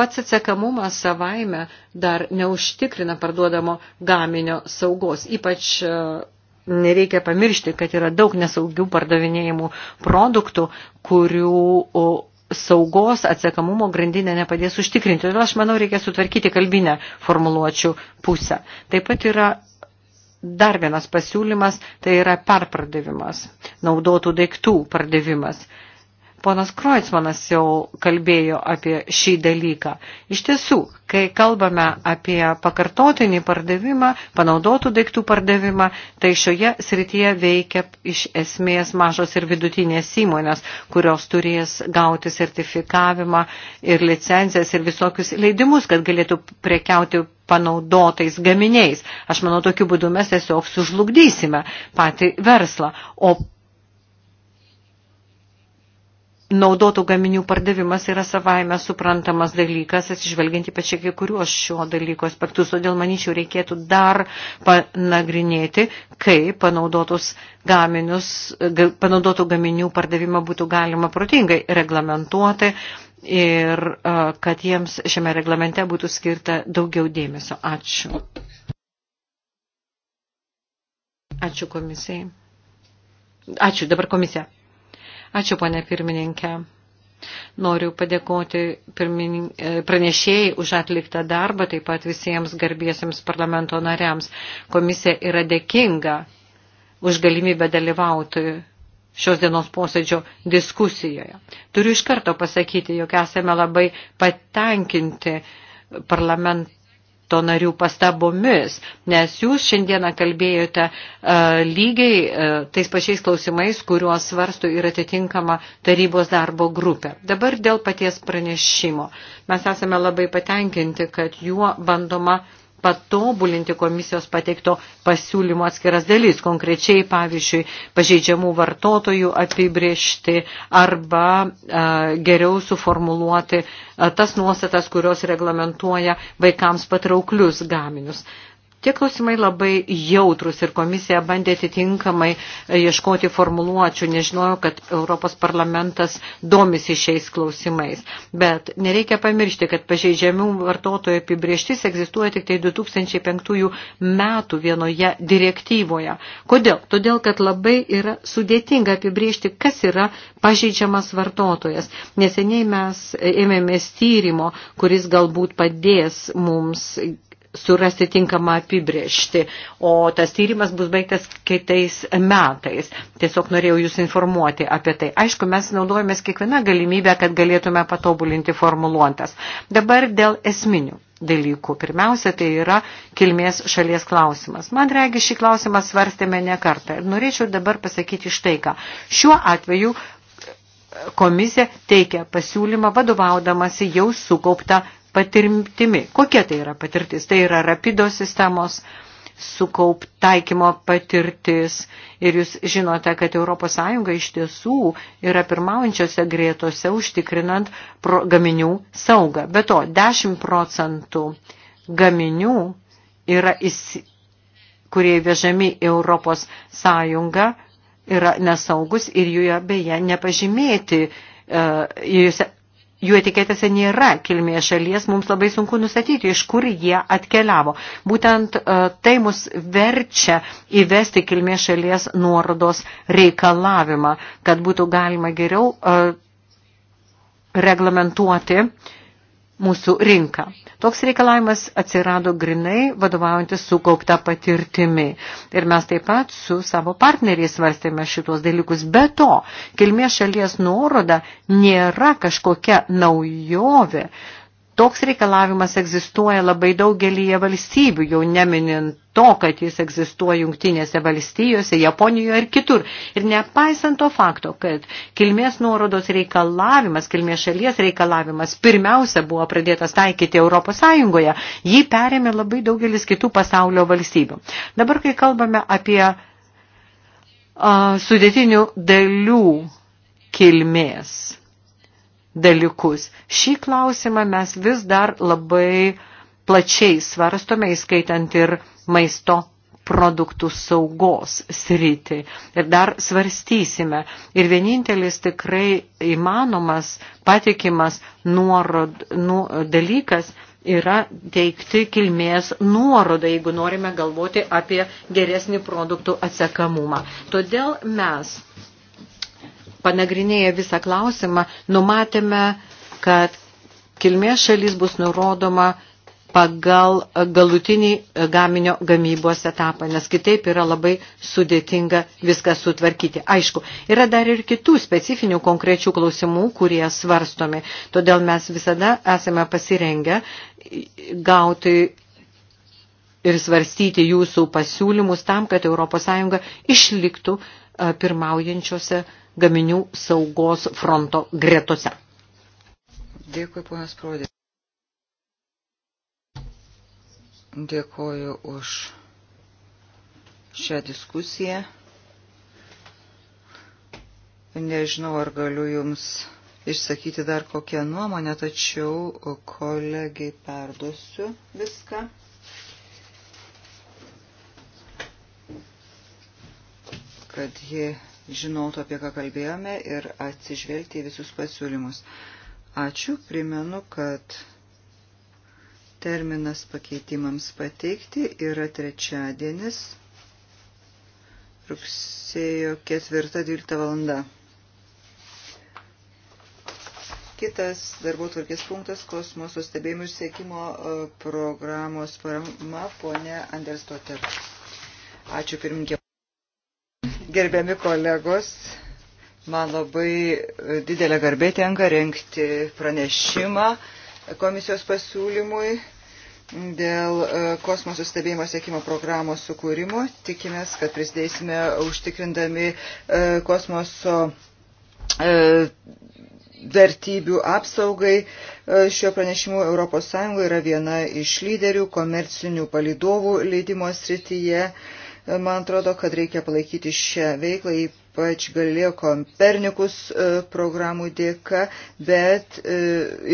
Pats atsekamumas savaime dar neužtikrina parduodamo gaminio saugos, ypač e, nereikia pamiršti, kad yra daug nesaugių pardavinėjimų produktų, kurių saugos atsekamumo grandinė nepadės užtikrinti. Todėl aš manau, reikia sutvarkyti kalbinę formuluočių pusę. Taip pat yra dar vienas pasiūlymas, tai yra perpardavimas, naudotų daiktų pardavimas. Ponas Kroicmanas jau kalbėjo apie šį dalyką. Iš tiesų, kai kalbame apie pakartotinį pardavimą, panaudotų daiktų pardavimą, tai šioje srityje veikia iš esmės mažos ir vidutinės įmonės, kurios turės gauti sertifikavimą ir licencijas ir visokius leidimus, kad galėtų prekiauti panaudotais gaminiais. Aš manau, tokiu būdu mes tiesiog sužlugdysime patį verslą. O naudotų gaminių pardavimas yra savaime suprantamas dalykas, atsižvelgiant ypač kai kuriuos šio dalyko aspektus. Todėl, manyčiau, reikėtų dar panagrinėti, kaip panaudotus gaminius, panaudotų gaminių pardavimą būtų galima protingai reglamentuoti ir kad jiems šiame reglamente būtų skirta daugiau dėmesio. Ačiū. Ačiū komisijai. Ačiū dabar komisija. Ačiū, ponė pirmininkė. Noriu padėkoti pranešėjai už atliktą darbą, taip pat visiems garbiesiams parlamento nariams. Komisija yra dėkinga už galimybę dalyvauti šios dienos posėdžio diskusijoje. Turiu iš karto pasakyti, jog esame labai patenkinti parlament, to narių pastabomis, nes jūs šiandieną kalbėjote e, lygiai e, tais pačiais klausimais, kuriuos svarsto ir atitinkama tarybos darbo grupė. Dabar dėl paties pranešimo. Mes esame labai patenkinti, kad juo bandoma patobulinti komisijos pateikto pasiūlymo atskiras dalis, konkrečiai, pavyzdžiui, pažeidžiamų vartotojų apibriežti arba a, geriau suformuluoti a, tas nuostatas, kurios reglamentuoja vaikams patrauklius gaminius. Tie klausimai labai jautrus ir komisija bandė atitinkamai e, ieškoti formuluočių, nežinojo, kad Europos parlamentas domisi šiais klausimais. Bet nereikia pamiršti, kad pažeidžiamių vartotojų apibrieštis egzistuoja tik tai 2005 metų vienoje direktyvoje. Kodėl? Todėl, kad labai yra sudėtinga apibriežti, kas yra pažeidžiamas vartotojas. Neseniai mes e, ėmėmės tyrimo, kuris galbūt padės mums surasti tinkamą apibriežti, o tas tyrimas bus baigtas kitais metais. Tiesiog norėjau jūs informuoti apie tai. Aišku, mes naudojamės kiekvieną galimybę, kad galėtume patobulinti formuluotas. Dabar dėl esminių dalykų. Pirmiausia, tai yra kilmės šalies klausimas. Man regi šį klausimą svarstėme ne kartą. Ir norėčiau dabar pasakyti štai ką. Šiuo atveju komisija teikia pasiūlymą vadovaudamasi jau sukauptą patirtimi. Kokia tai yra patirtis? Tai yra rapido sistemos sukaup taikymo patirtis. Ir jūs žinote, kad ES iš tiesų yra pirmaujančiose grėtose užtikrinant pro, gaminių saugą. Be to, 10 procentų gaminių yra įs, kurie vežami į Europos Sąjungą, yra nesaugus ir jų beje nepažymėti, e, jose jų etiketėse nėra kilmės šalies, mums labai sunku nustatyti, iš kur jie atkeliavo. Būtent e, tai mus verčia įvesti kilmės šalies nuorodos reikalavimą, kad būtų galima geriau e, reglamentuoti uh, mūsų rinką. Toks reikalavimas atsirado grinai vadovaujantis sukaupta patirtimi. Ir mes taip pat su savo partneriais svarstėme šitos dalykus. Be to, kilmės šalies nuoroda nėra kažkokia naujovė. Uh, Toks reikalavimas egzistuoja labai daugelyje valstybių, jau neminint to, kad jis egzistuoja jungtinėse valstijose, Japonijoje ir kitur. Ir nepaisant to fakto, kad kilmės nuorodos reikalavimas, kilmės šalies reikalavimas pirmiausia buvo pradėtas taikyti Europos Sąjungoje, jį perėmė labai daugelis kitų pasaulio valstybių. Dabar, kai kalbame apie uh, sudėtinių dalių kilmės dalykus. Šį klausimą mes vis dar labai plačiai svarstome, įskaitant ir maisto produktų saugos sritį. Ir dar svarstysime. Ir vienintelis tikrai įmanomas, patikimas nuorod, nu, dalykas yra teikti kilmės nuorodą, jeigu norime galvoti apie geresnį produktų atsekamumą. Todėl mes panagrinėję visą klausimą, numatėme, kad kilmės šalis bus nurodoma pagal galutinį gaminio gamybos etapą, nes kitaip yra labai sudėtinga viską sutvarkyti. Aišku, yra dar ir kitų specifinių konkrečių klausimų, kurie svarstomi. Todėl mes visada esame pasirengę gauti ir svarstyti jūsų pasiūlymus tam, kad ES išliktų pirmaujančiose gaminių saugos fronto gretose. Dėkui, ponas Prodė. Dėkoju už šią diskusiją. Nežinau, ar galiu Jums išsakyti dar kokią nuomonę, tačiau kolegiai perduosiu viską. kad ji žinotų, apie ką kalbėjome ir atsižvelgti į visus pasiūlymus. Ačiū, primenu, kad terminas pakeitimams pateikti yra trečiadienis, rugsėjo 4.12 valanda. Kitas darbo tvarkės punktas - kosmoso stebėjimų ir sėkimo e, programos parama, ponė Anderstoter. Ačiū pirmininkė. Gerbiami kolegos, man labai didelė garbė tenka renkti pranešimą komisijos pasiūlymui dėl e, kosmoso stebėjimo sėkimo programos sukūrimo. Tikimės, kad prisidėsime užtikrindami e, kosmoso e, vertybių apsaugai. Šiuo pranešimu ES yra viena iš lyderių komercinių palidovų leidimo srityje. Man atrodo, kad reikia palaikyti šią veiklą, ypač galėjo Kompernikus e, programų dėka, bet e,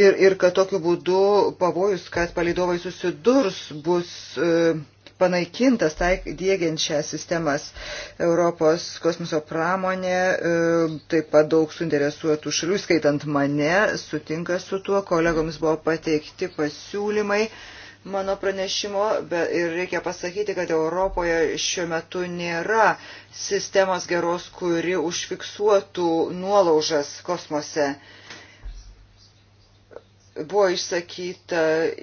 ir, ir kad tokiu būdu pavojus, kad palidovai susidurs, bus e, panaikintas, taik dėgiančią sistemas Europos kosmoso pramonė, taip pat daug suinteresuotų šalių, skaitant mane, sutinka su tuo, kolegoms buvo pateikti pasiūlymai mano pranešimo ir reikia pasakyti, kad Europoje šiuo metu nėra sistemos geros, kuri užfiksuotų nuolaužas kosmose. Buvo išsakyta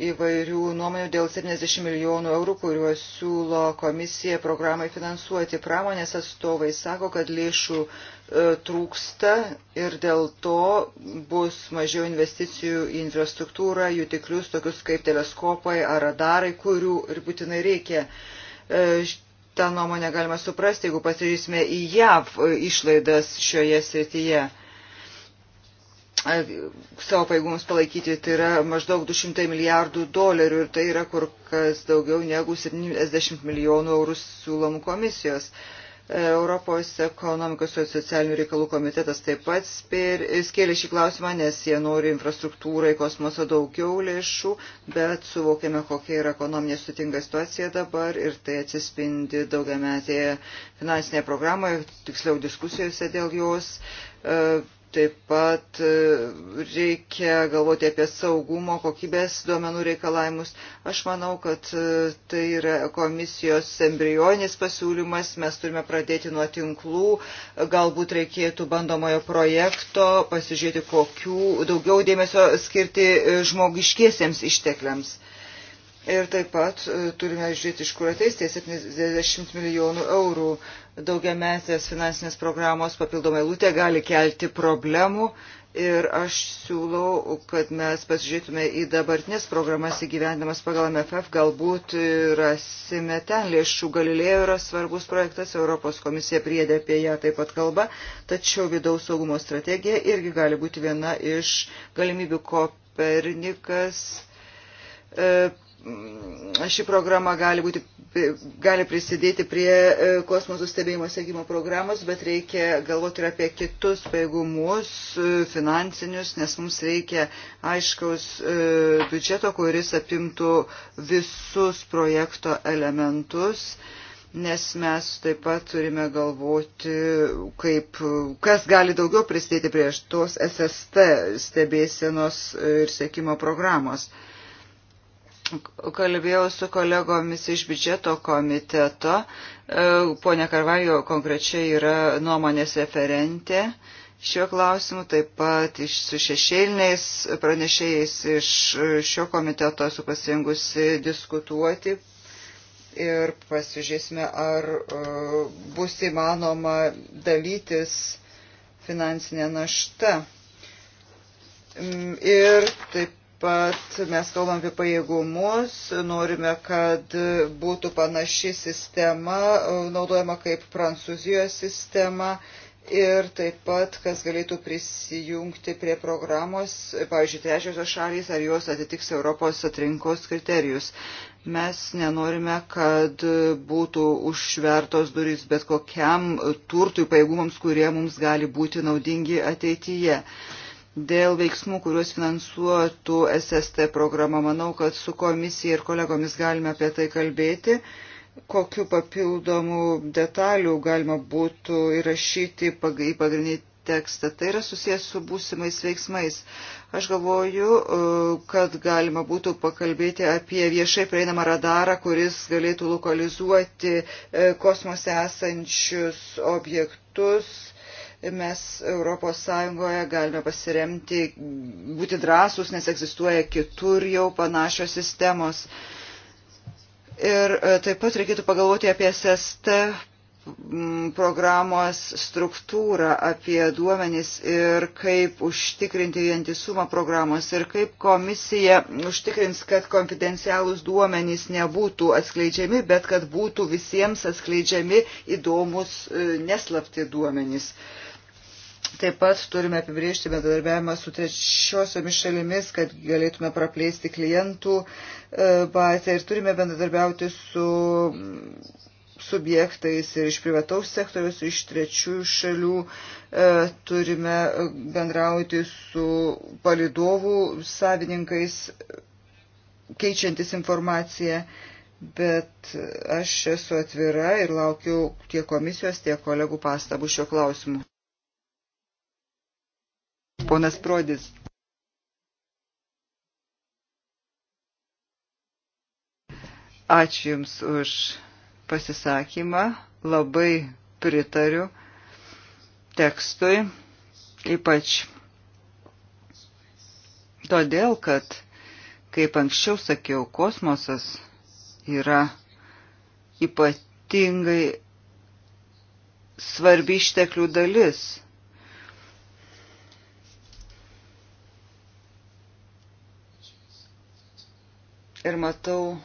įvairių nuomonių dėl 70 milijonų eurų, kuriuos siūlo komisija programai finansuoti. Pramonės atstovai sako, kad lėšų e, trūksta ir dėl to bus mažiau investicijų į infrastruktūrą, jų tikrius, tokius kaip teleskopai ar radarai, kurių ir būtinai reikia e, tą nuomonę galima suprasti, jeigu pasižiūrėsime į JAV išlaidas šioje srityje savo paėgumus palaikyti, tai yra maždaug 200 milijardų dolerių ir tai yra kur kas daugiau negu 70 milijonų eurų siūlomų komisijos. Europos ekonomikos ir socialinių reikalų komitetas taip pat spėr, skėlė šį klausimą, nes jie nori infrastruktūrai kosmoso daugiau lėšų, bet suvokėme, kokia yra ekonominė sutinga situacija dabar ir tai atsispindi daugiametėje finansinėje programoje, tiksliau diskusijose dėl jos. E, Taip pat e, reikia galvoti apie saugumo kokybės duomenų reikalavimus. Aš manau, kad e, tai yra komisijos embrionis pasiūlymas. Mes turime pradėti nuo tinklų. Galbūt reikėtų bandomojo projekto pasižiūrėti, kokių daugiau dėmesio skirti žmogiškiesiems ištekliams. Ir taip pat e, turime žiūrėti, iš kur ateis tie 70 milijonų eurų daugiametės finansinės programos papildomai lūtė gali kelti problemų. Ir aš siūlau, kad mes pasižiūrėtume į dabartinės programas įgyvendamas pagal MFF, galbūt rasime ten lėšų. Galilėjo yra svarbus projektas, Europos komisija priedė apie ją taip pat kalba, tačiau vidaus saugumo strategija irgi gali būti viena iš galimybių Kopernikas. E, Mm, ši programa gali, būti, gali prisidėti prie e, kosmoso stebėjimo sėkimo programos, bet reikia galvoti ir apie kitus pajėgumus e, finansinius, nes mums reikia aiškaus e, biudžeto, kuris apimtų visus projekto elementus. Nes mes taip pat turime galvoti, kaip, kas gali daugiau prisidėti prie tos SST stebėsienos ir sėkimo programos. Uh, kalbėjau su kolegomis iš biudžeto komiteto. E, Pone Karvajo konkrečiai yra nuomonės referentė šiuo klausimu, taip pat iš, su šešėliniais pranešėjais iš šio komiteto esu pasirengusi diskutuoti ir pasižiūrėsime, ar e, bus įmanoma dalytis finansinė našta. Mm, ir taip pat mes kalbam apie pajėgumus, norime, kad būtų panaši sistema, naudojama kaip Prancūzijos sistema ir taip pat, kas galėtų prisijungti prie programos, pavyzdžiui, trečiosios šalys, ar jos atitiks Europos atrinkos kriterijus. Mes nenorime, kad būtų užvertos durys bet kokiam turtui pajėgumams, kurie mums gali būti naudingi ateityje. Uh, Dėl veiksmų, kuriuos finansuotų SST programa, manau, kad su komisija ir kolegomis galime apie tai kalbėti, kokiu papildomų detalių galima būtų įrašyti į pagrindinį tekstą. Tai yra susijęs su būsimais veiksmais. Aš galvoju, e, kad galima būtų pakalbėti apie viešai prieinamą radarą, kuris galėtų lokalizuoti e, kosmose esančius objektus mes ES galime pasiremti, būti drąsūs, nes egzistuoja kitur jau panašios sistemos. Ir e, taip pat reikėtų pagalvoti apie SST programos struktūrą, apie duomenis ir kaip užtikrinti vientisumą programos ir kaip komisija užtikrins, kad konfidencialūs duomenys nebūtų atskleidžiami, bet kad būtų visiems atskleidžiami įdomus e, neslapti duomenys. Uh, Taip pat turime apibriežti bendradarbiavimą su trečiosiomis šalimis, kad galėtume praplėsti klientų e, bazę ir turime bendradarbiauti su subjektais ir iš privataus sektoriaus, iš trečiųjų šalių e, turime e, bendrauti su palidovų savininkais, keičiantis informaciją, bet aš esu atvira ir laukiu tiek komisijos, tiek kolegų pastabų šiuo klausimu. Ponas Prodis. Ačiū Jums už pasisakymą. Labai pritariu tekstui, ypač todėl, kad, kaip anksčiau sakiau, kosmosas yra ypatingai svarbi išteklių dalis ir matau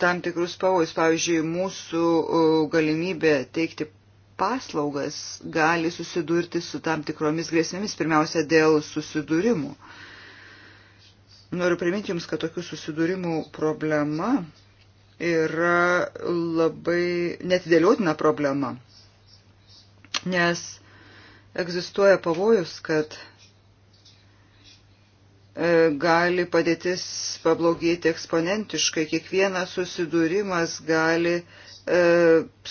tam tikrus pavojus. Pavyzdžiui, mūsų galimybė teikti paslaugas gali susidurti su tam tikromis grėsmėmis, pirmiausia, dėl susidūrimų. Noriu priminti Jums, kad tokių susidūrimų problema yra labai netidėliotina problema, nes egzistuoja pavojus, kad E, gali padėtis pablogėti eksponentiškai. Kiekvienas susidūrimas gali e,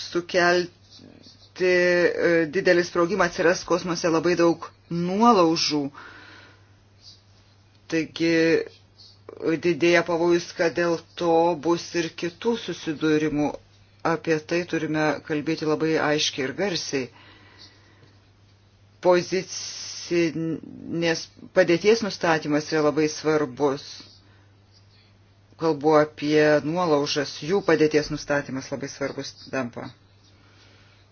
sukelti e, didelį sprogimą, atsiras kosmose labai daug nuolaužų. Taigi didėja pavojus, kad dėl to bus ir kitų susidūrimų. Apie tai turime kalbėti labai aiškiai ir garsiai. Pozicija teisinės padėties nustatymas yra labai svarbus. Kalbu apie nuolaužas, jų padėties nustatymas labai svarbus tampa.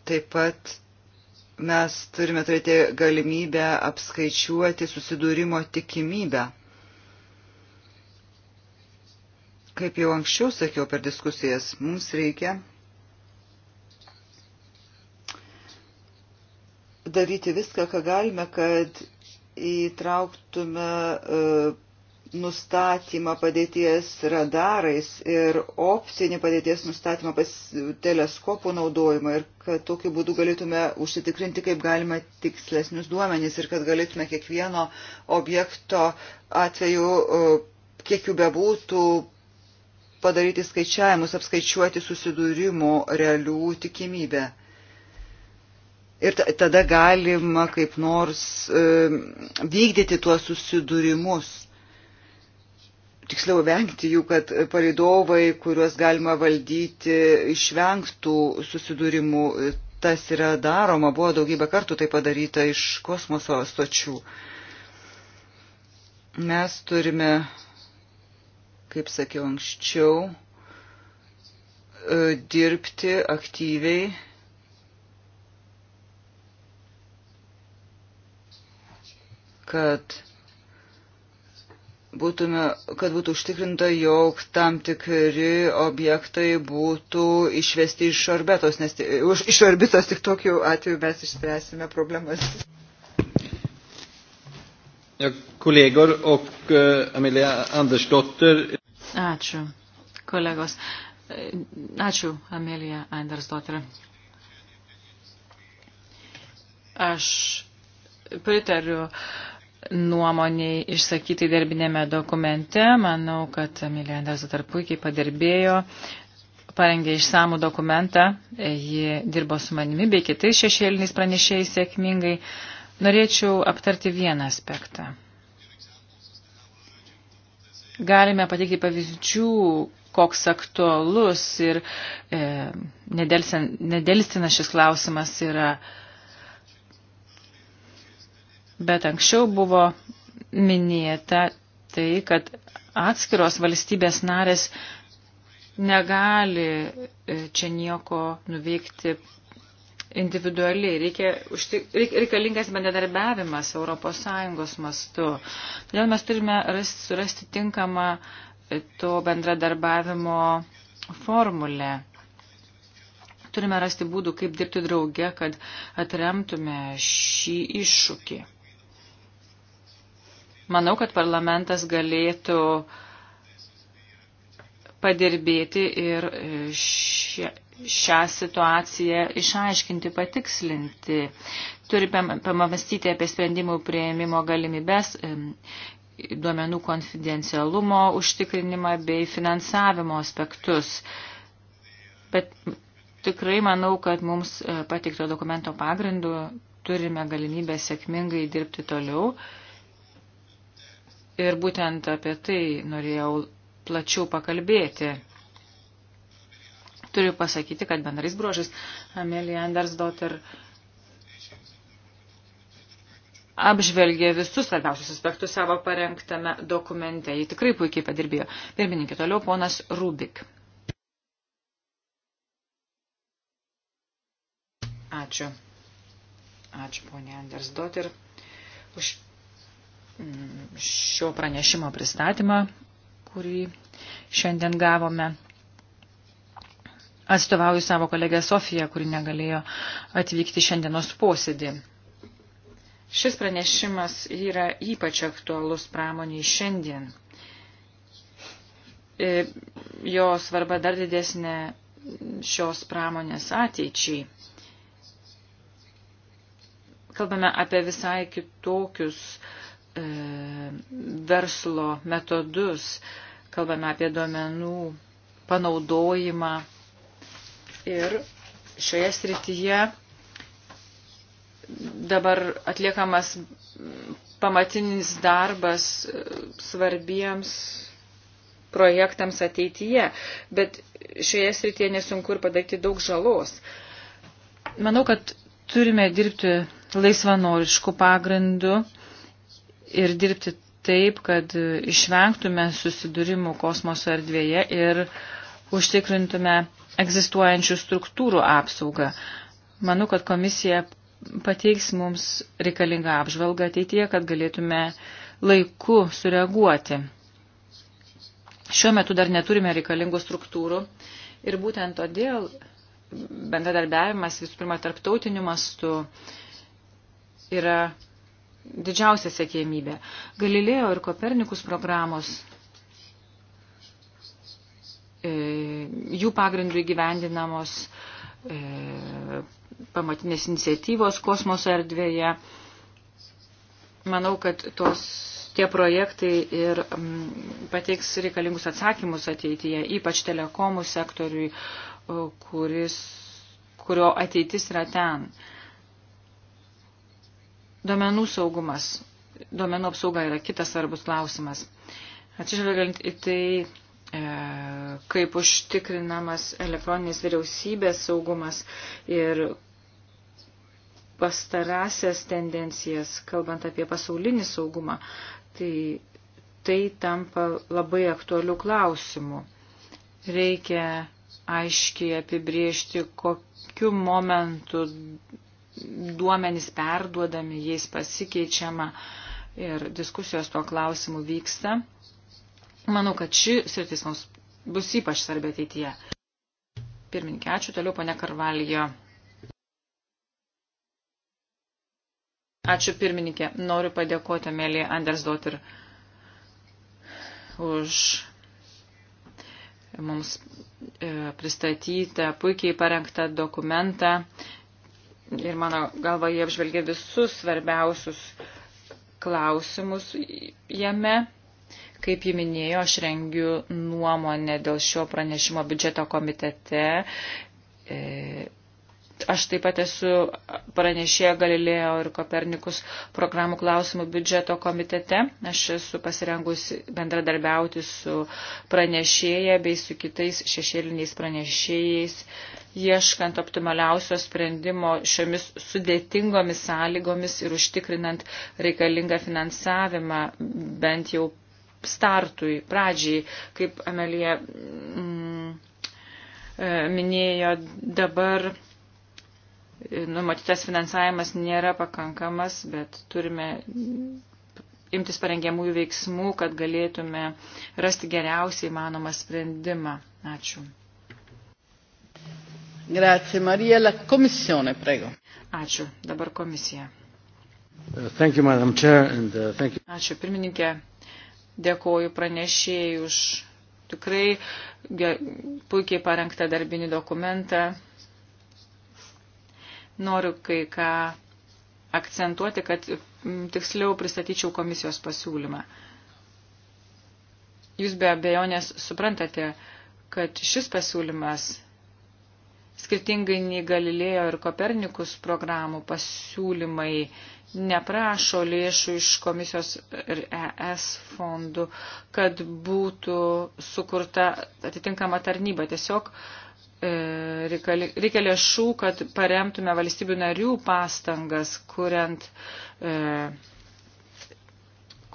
Taip pat mes turime turėti galimybę apskaičiuoti susidūrimo tikimybę. Kaip jau anksčiau sakiau per diskusijas, mums reikia daryti viską, ką galime, kad įtrauktume e, nustatymą padėties radarais ir optinį padėties nustatymą pas teleskopų naudojimą ir kad tokiu būdu galėtume užsitikrinti, kaip galima tikslesnius duomenys ir kad galėtume kiekvieno objekto atveju, e, kiek jų bebūtų, padaryti skaičiavimus, apskaičiuoti susidūrimų realių tikimybę ir tada galima kaip nors vykdyti tuos susidūrimus. Tiksliau vengti jų, kad palidovai, kuriuos galima valdyti, išvengtų susidūrimų. Tas yra daroma, buvo daugybę kartų tai padaryta iš kosmoso stočių. Mes turime, kaip sakiau anksčiau, e, dirbti aktyviai kad būtume, kad būtų užtikrinta, jog tam tikri objektai būtų išvesti iš orbitos, nes iš orbitos tik tokiu atveju mes išspręsime problemas. Ja, kolegor, ok, eh, Amelija Andersdotter. Ačiū, kolegos. Eh, ačiū, Amelija Andersdotter. Aš pritariu uh, nuomoniai išsakytai darbinėme dokumente. Manau, kad Emilija Andersa dar puikiai padirbėjo, parengė išsamų dokumentą, ji dirbo su manimi bei kitais šešėliniais pranešėjais sėkmingai. Norėčiau aptarti vieną aspektą. Galime pateikti pavyzdžių, koks aktualus ir e, nedelsina šis klausimas yra e, bet anksčiau buvo minėta tai, kad atskiros valstybės narės negali e, čia nieko nuveikti individualiai. Reikia, reik, reikalingas bendradarbiavimas ES mastu. Todėl mes turime rasti, surasti tinkamą e, to bendradarbiavimo formulę. Turime rasti būdų, kaip dirbti drauge, kad atremtume šį iššūkį. Manau, kad parlamentas galėtų padirbėti ir e, šią, šią situaciją išaiškinti, patikslinti. Turime pamastyti apie sprendimų prieimimo galimybės, e, duomenų konfidencialumo užtikrinimą bei finansavimo aspektus. Bet tikrai manau, kad mums e, patikto dokumento pagrindu turime galimybę sėkmingai dirbti toliau Ir būtent apie tai norėjau plačiau pakalbėti. Turiu pasakyti, kad bendrais bruožais Amelija Andersdotter apžvelgė visus svarbiausius aspektus savo parengtame dokumente. Ji tikrai puikiai padirbėjo. Pirmininkė, toliau ponas Rubik. Ačiū. Ačiū, ponė Andersdotter, už šio pranešimo pristatymą, kurį šiandien gavome. Atstovauju savo kolegę Sofiją, kuri negalėjo atvykti šiandienos posėdį. Šis pranešimas yra ypač aktualus pramoniai šiandien. E, jo svarba dar didesnė šios pramonės ateičiai. Kalbame apie visai kitokius uh, E, verslo metodus, kalbame apie duomenų panaudojimą. Ir šioje srityje dabar atliekamas pamatinis darbas svarbiems projektams ateityje, bet šioje srityje nesunku ir padaryti daug žalos. Manau, kad turime dirbti laisvanoriškų pagrindų ir dirbti taip, kad išvengtume susidūrimų kosmoso erdvėje ir užtikrintume egzistuojančių struktūrų apsaugą. Manau, kad komisija pateiks mums reikalingą apžvalgą ateityje, kad galėtume laiku sureaguoti. Šiuo metu dar neturime reikalingų struktūrų ir būtent todėl bendradarbiavimas visų pirma tarptautiniu mastu yra didžiausia sėkėmybė. Galilėjo ir Kopernikus programos e, jų pagrindų įgyvendinamos e, pamatinės iniciatyvos kosmoso erdvėje. Manau, kad tos, tie projektai ir m, pateiks reikalingus atsakymus ateityje, ypač telekomų sektoriui, kuris, kurio ateitis yra ten. E, Duomenų saugumas, duomenų apsauga yra kitas svarbus klausimas. Atsižvelgiant į tai, e, kaip užtikrinamas elektroninės vyriausybės saugumas ir pastarasias tendencijas, kalbant apie pasaulinį saugumą, tai tai tampa labai aktualių klausimų. Reikia aiškiai apibriežti, kokiu momentu duomenys perduodami, jais pasikeičiama ir diskusijos tuo klausimu vyksta. Manau, kad ši sritis mums bus ypač svarbi ateityje. Pirmininkė, ačiū toliau, ponia Karvalijo. Ačiū pirmininkė. Noriu padėkoti, mėly Anders Dotir, už mums e, pristatytą, puikiai parengtą dokumentą ir mano galva jie apžvelgia visus svarbiausius klausimus jame. Kaip jį minėjo, aš rengiu nuomonę dėl šio pranešimo biudžeto komitete. E, Aš taip pat esu pranešėja Galilėjo ir Kopernikus programų klausimų biudžeto komitete. Aš esu pasirengusi bendradarbiauti su pranešėja bei su kitais šešėliniais pranešėjais, ieškant optimaliausio sprendimo šiomis sudėtingomis sąlygomis ir užtikrinant reikalingą finansavimą bent jau startui, pradžiai, kaip Amelija mm, e, minėjo dabar numatytas finansavimas nėra pakankamas, bet turime imtis parengiamųjų veiksmų, kad galėtume rasti geriausiai įmanomą sprendimą. Ačiū. Grazie Marija, la komisione, prego. Ačiū. Dabar komisija. Uh, thank you, Madam Chair, and, uh, thank you. Ačiū, pirmininkė. Dėkoju pranešėjai už tikrai puikiai parengtą darbinį dokumentą Noriu kai ką akcentuoti, kad tiksliau pristatyčiau komisijos pasiūlymą. Jūs be abejonės suprantate, kad šis pasiūlymas, skirtingai nei Galilėjo ir Kopernikus programų pasiūlymai, neprašo lėšų iš komisijos ir ES fondų, kad būtų sukurta atitinkama tarnyba. Tiesiog uh, E, reikia lėšų, kad paremtume valstybių narių pastangas, kuriant e,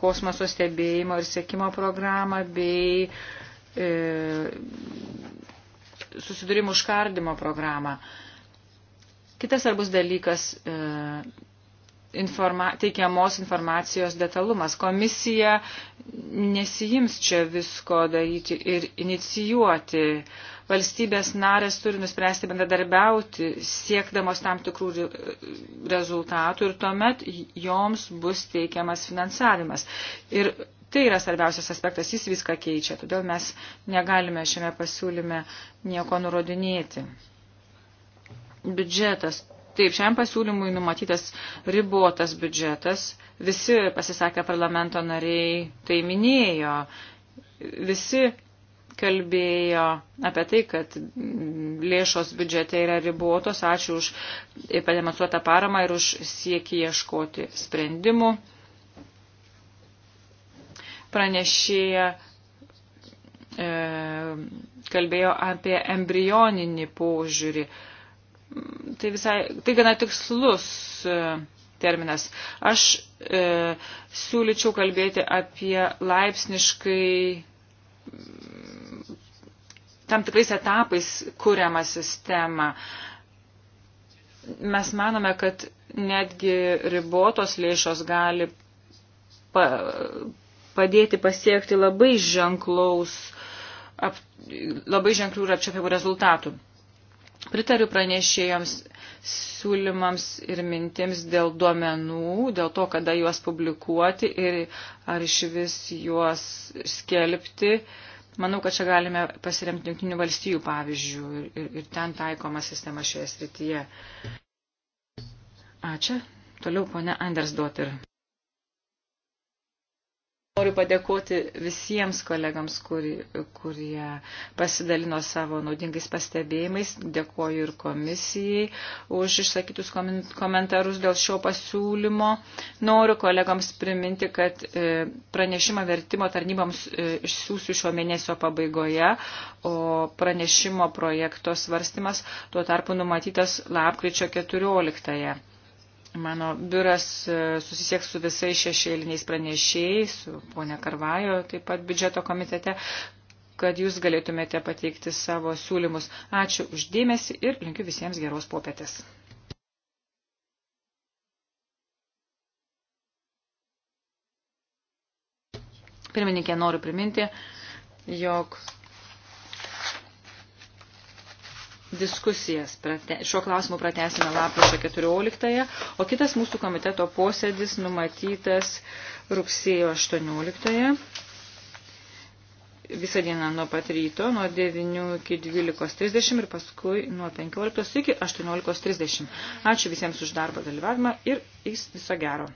kosmoso stebėjimo ir sėkimo programą bei e, susidūrimų užkardimo programą. Kitas svarbus dalykas e, informa teikiamos informacijos detalumas. Komisija nesijims čia visko daryti ir inicijuoti. Valstybės narės turi nuspręsti bendradarbiauti, siekdamos tam tikrų rezultatų ir tuomet joms bus teikiamas finansavimas. Ir tai yra svarbiausias aspektas, jis viską keičia, todėl mes negalime šiame pasiūlyme nieko nurodinėti. Biudžetas Taip, šiam pasiūlymui numatytas ribotas biudžetas. Visi pasisakę parlamento nariai tai minėjo. Visi kalbėjo apie tai, kad lėšos biudžete yra ribotos. Ačiū už pademonstruotą paramą ir už siekį ieškoti sprendimų. Pranešėja e, kalbėjo apie embrioninį požiūrį. E, tai visai, tai gana tikslus e, terminas. Aš e, siūlyčiau kalbėti apie laipsniškai mm, tam tikrais etapais kuriamą sistemą. Mes manome, kad netgi ribotos lėšos gali pa, padėti pasiekti labai ženklaus, ap, labai ženklių ir apčiopiamų rezultatų. Pritariu pranešėjams siūlymams ir mintims dėl duomenų, dėl to, kada juos publikuoti ir ar iš vis juos skelbti. Manau, kad čia galime pasiremti Junktinių valstybių pavyzdžių ir, ir, ir ten taikoma sistema šioje srityje. Ačiū. Toliau ponia Anders Dotir. Noriu padėkoti visiems kolegams, kuri, kurie pasidalino savo naudingais pastebėjimais. Dėkuoju ir komisijai už išsakytus komentarus dėl šio pasiūlymo. Noriu kolegams priminti, kad e, pranešimą vertimo tarnyboms e, išsiųsiu šio mėnesio pabaigoje, o pranešimo projekto svarstymas tuo tarpu numatytas lapkričio 14. -ąją. Mano biuras e, susisieks su visais šešėliniais pranešėjais, su ponia Karvajo, taip pat biudžeto komitete, kad jūs galėtumėte pateikti savo siūlymus. Ačiū uždėmesi ir linkiu visiems geros popietės. Pirmininkė, noriu priminti, jog diskusijas šiuo klausimu pratesime lapkričio 14, o kitas mūsų komiteto posėdis numatytas rugsėjo 18. Visą dieną nuo pat ryto, nuo 9 iki 12.30 ir paskui nuo 15 iki 18.30. Ačiū visiems už darbą dalyvavimą ir viso gero.